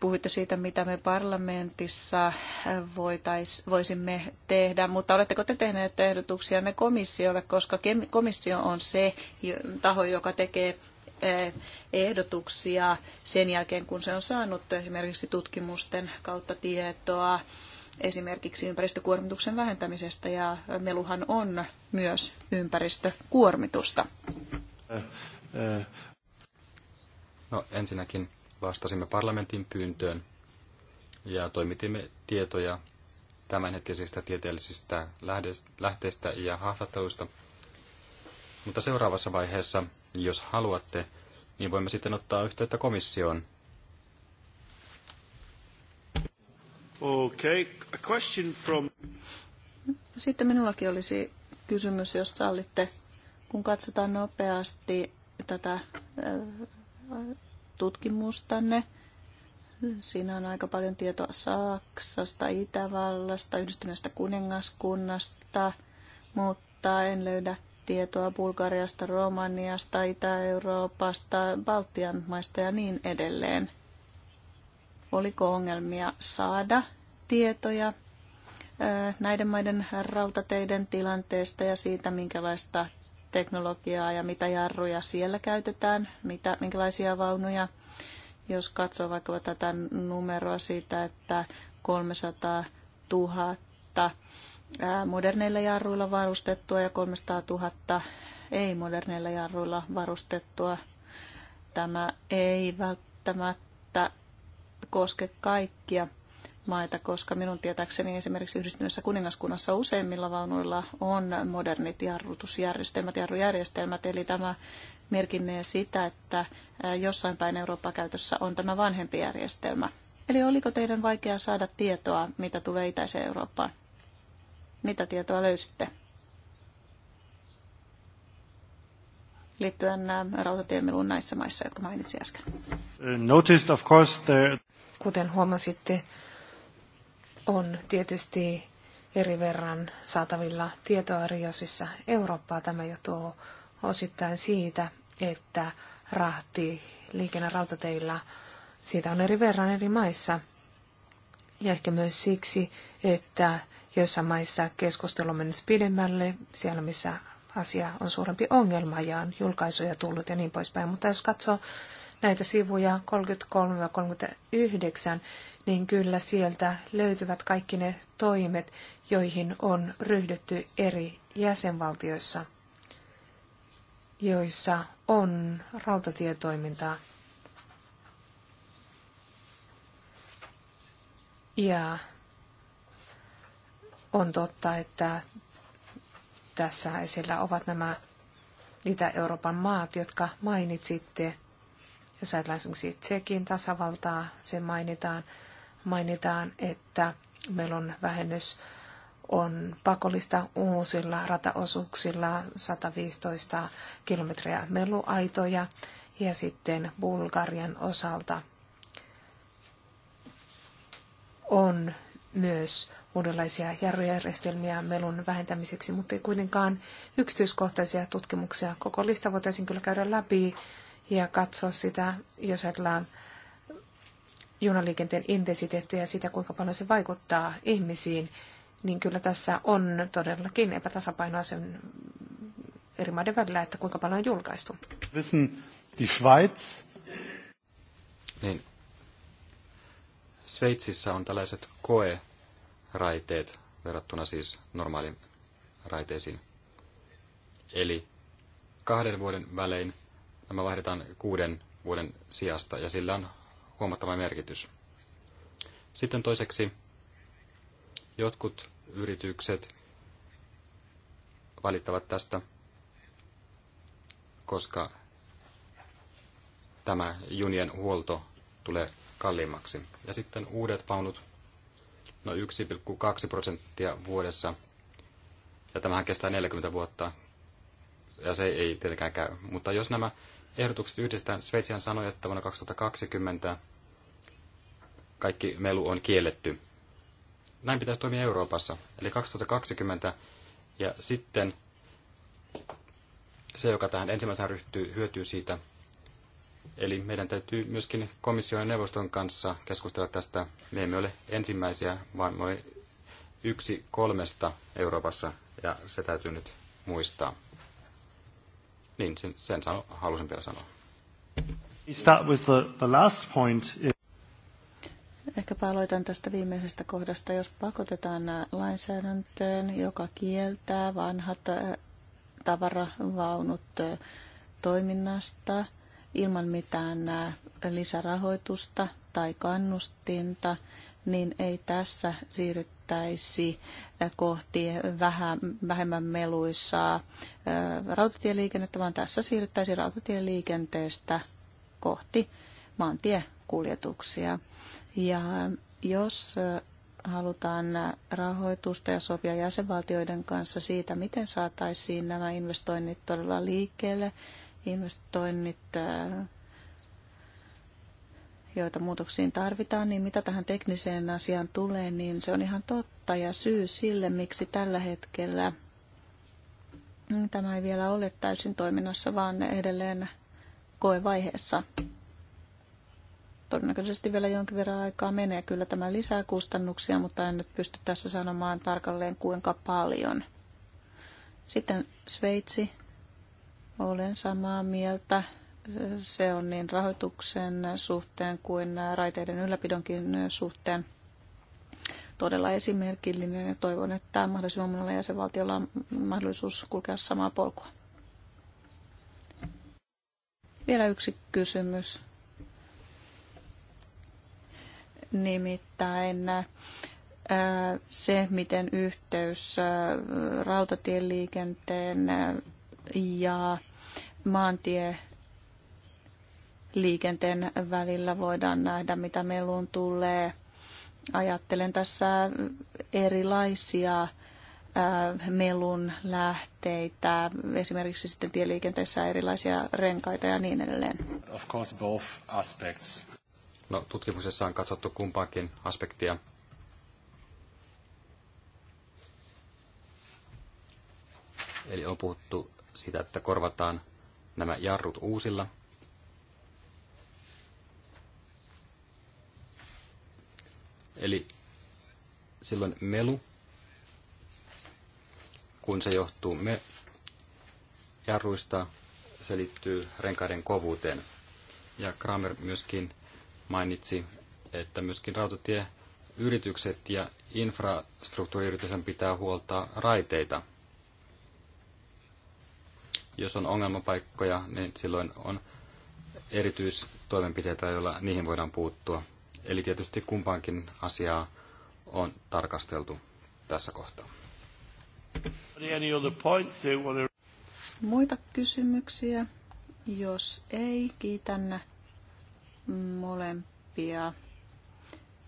puhuitte siitä, mitä me parlamentissa voitais, voisimme tehdä, mutta oletteko te tehneet ehdotuksia ne komissiolle, koska komissio on se taho, joka tekee ehdotuksia sen jälkeen, kun se on saanut esimerkiksi tutkimusten kautta tietoa esimerkiksi ympäristökuormituksen vähentämisestä ja meluhan on myös ympäristökuormitusta. Äh, äh. No ensinnäkin vastasimme parlamentin pyyntöön ja toimitimme tietoja tämänhetkisistä tieteellisistä lähteistä ja haastatteluista. Mutta seuraavassa vaiheessa, jos haluatte, niin voimme sitten ottaa yhteyttä komissioon Okay. A question from... Sitten minullakin olisi kysymys, jos sallitte, kun katsotaan nopeasti tätä äh, tutkimustanne. Siinä on aika paljon tietoa Saksasta, Itävallasta, Yhdistyneestä kuningaskunnasta, mutta en löydä tietoa Bulgariasta, Romaniasta, Itä-Euroopasta, Baltian maista ja niin edelleen. Oliko ongelmia saada tietoja näiden maiden rautateiden tilanteesta ja siitä, minkälaista teknologiaa ja mitä jarruja siellä käytetään, mitä, minkälaisia vaunuja. Jos katsoo vaikka tätä numeroa siitä, että 300 000 moderneilla jarruilla varustettua ja 300 000 ei-moderneilla jarruilla varustettua. Tämä ei välttämättä koske kaikkia maita, koska minun tietääkseni esimerkiksi yhdistyneessä kuningaskunnassa useimmilla vaunuilla on modernit jarrutusjärjestelmät, jarrujärjestelmät, eli tämä merkinnee sitä, että jossain päin Eurooppaa käytössä on tämä vanhempi järjestelmä. Eli oliko teidän vaikea saada tietoa, mitä tulee Itäiseen Eurooppaan? Mitä tietoa löysitte? liittyen rautatiemiluun näissä maissa, jotka mainitsin äsken. Noticed, of course, the... Kuten huomasitte, on tietysti eri verran saatavilla tietoa Riosissa Eurooppaa. Tämä johtuu osittain siitä, että rahti liikenne rautateillä, siitä on eri verran eri maissa. Ja ehkä myös siksi, että joissain maissa keskustelu on mennyt pidemmälle, siellä missä asia on suurempi ongelma ja on julkaisuja tullut ja niin poispäin. Mutta jos katsoo näitä sivuja 33-39, niin kyllä sieltä löytyvät kaikki ne toimet, joihin on ryhdytty eri jäsenvaltioissa, joissa on rautatietoimintaa. Ja on totta, että tässä esillä ovat nämä Itä-Euroopan maat, jotka mainitsitte, jos ajatellaan esimerkiksi Tsekin tasavaltaa, se mainitaan, mainitaan, että on vähennys on pakollista uusilla rataosuuksilla 115 kilometriä meluaitoja ja sitten Bulgarian osalta on myös uudenlaisia järjestelmiä melun vähentämiseksi, mutta ei kuitenkaan yksityiskohtaisia tutkimuksia. Koko lista voitaisiin kyllä käydä läpi ja katsoa sitä, jos ajatellaan junaliikenteen intensiteettiä ja sitä, kuinka paljon se vaikuttaa ihmisiin, niin kyllä tässä on todellakin epätasapainoa sen eri maiden välillä, että kuinka paljon on julkaistu. Wissen, die Schweiz. Niin. Sveitsissä on tällaiset koe-raiteet verrattuna siis normaaliin raiteisiin. Eli kahden vuoden välein Tämä vaihdetaan kuuden vuoden sijasta ja sillä on huomattava merkitys. Sitten toiseksi jotkut yritykset valittavat tästä, koska tämä junien huolto tulee kalliimmaksi. Ja sitten uudet vaunut, no 1,2 prosenttia vuodessa. Ja tämähän kestää 40 vuotta, ja se ei tietenkään käy. Mutta jos nämä ehdotukset yhdistetään Sveitsian sanoja, että vuonna 2020 kaikki melu on kielletty. Näin pitäisi toimia Euroopassa. Eli 2020 ja sitten se, joka tähän ensimmäisenä ryhtyy, hyötyy siitä. Eli meidän täytyy myöskin komission ja neuvoston kanssa keskustella tästä. Me emme ole ensimmäisiä, vaan me yksi kolmesta Euroopassa, ja se täytyy nyt muistaa. Niin, sen, sen sano, halusin vielä sanoa. Start with the, the last point. Ehkäpä aloitan tästä viimeisestä kohdasta. Jos pakotetaan äh, lainsäädäntöön, joka kieltää vanhat äh, tavaravaunut äh, toiminnasta ilman mitään lisärahoitusta tai kannustinta, niin ei tässä siirry siirryttäisi kohti vähän, vähemmän meluisaa rautatieliikennettä, vaan tässä siirryttäisiin rautatieliikenteestä kohti maantiekuljetuksia. Ja jos halutaan rahoitusta ja sopia jäsenvaltioiden kanssa siitä, miten saataisiin nämä investoinnit todella liikkeelle, investoinnit joita muutoksiin tarvitaan, niin mitä tähän tekniseen asiaan tulee, niin se on ihan totta ja syy sille, miksi tällä hetkellä tämä ei vielä ole täysin toiminnassa, vaan edelleen koevaiheessa. Todennäköisesti vielä jonkin verran aikaa menee. Kyllä tämä lisää kustannuksia, mutta en nyt pysty tässä sanomaan tarkalleen kuinka paljon. Sitten Sveitsi. Olen samaa mieltä se on niin rahoituksen suhteen kuin raiteiden ylläpidonkin suhteen todella esimerkillinen ja toivon, että mahdollisimman monella jäsenvaltiolla on mahdollisuus kulkea samaa polkua. Vielä yksi kysymys. Nimittäin se, miten yhteys rautatieliikenteen ja maantieliikenteen liikenteen välillä voidaan nähdä, mitä meluun tulee. Ajattelen tässä erilaisia äh, melun lähteitä, esimerkiksi sitten tieliikenteessä erilaisia renkaita ja niin edelleen. Of course both aspects. No, tutkimuksessa on katsottu kumpaankin aspektia. Eli on puhuttu sitä, että korvataan nämä jarrut uusilla Eli silloin melu, kun se johtuu me jarruista, se liittyy renkaiden kovuuteen. Ja Kramer myöskin mainitsi, että myöskin rautatieyritykset ja infrastruktuuriyritysten pitää huoltaa raiteita. Jos on ongelmapaikkoja, niin silloin on erityistoimenpiteitä, joilla niihin voidaan puuttua. Eli tietysti kumpaankin asiaa on tarkasteltu tässä kohtaa. Muita kysymyksiä? Jos ei, kiitän molempia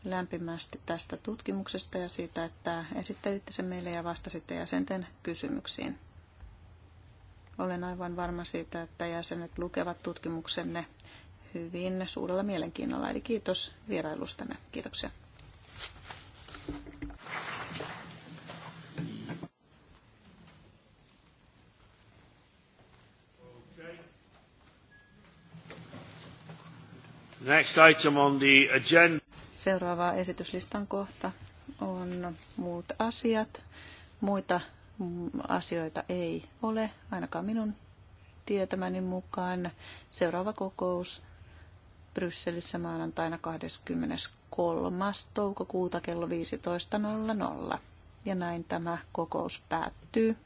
lämpimästi tästä tutkimuksesta ja siitä, että esittelitte sen meille ja vastasitte jäsenten kysymyksiin. Olen aivan varma siitä, että jäsenet lukevat tutkimuksenne hyvin suurella mielenkiinnolla. Eli kiitos vierailustanne. Kiitoksia. Next item on the agenda. Seuraava esityslistan kohta on muut asiat. Muita asioita ei ole, ainakaan minun tietämäni mukaan. Seuraava kokous Brysselissä maanantaina 23. toukokuuta kello 15.00. Ja näin tämä kokous päättyy.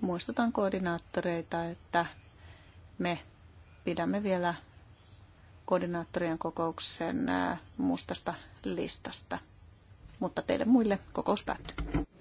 Muistutan koordinaattoreita, että me pidämme vielä koordinaattorien kokouksen mustasta listasta. Mutta teille muille kokous päättyy.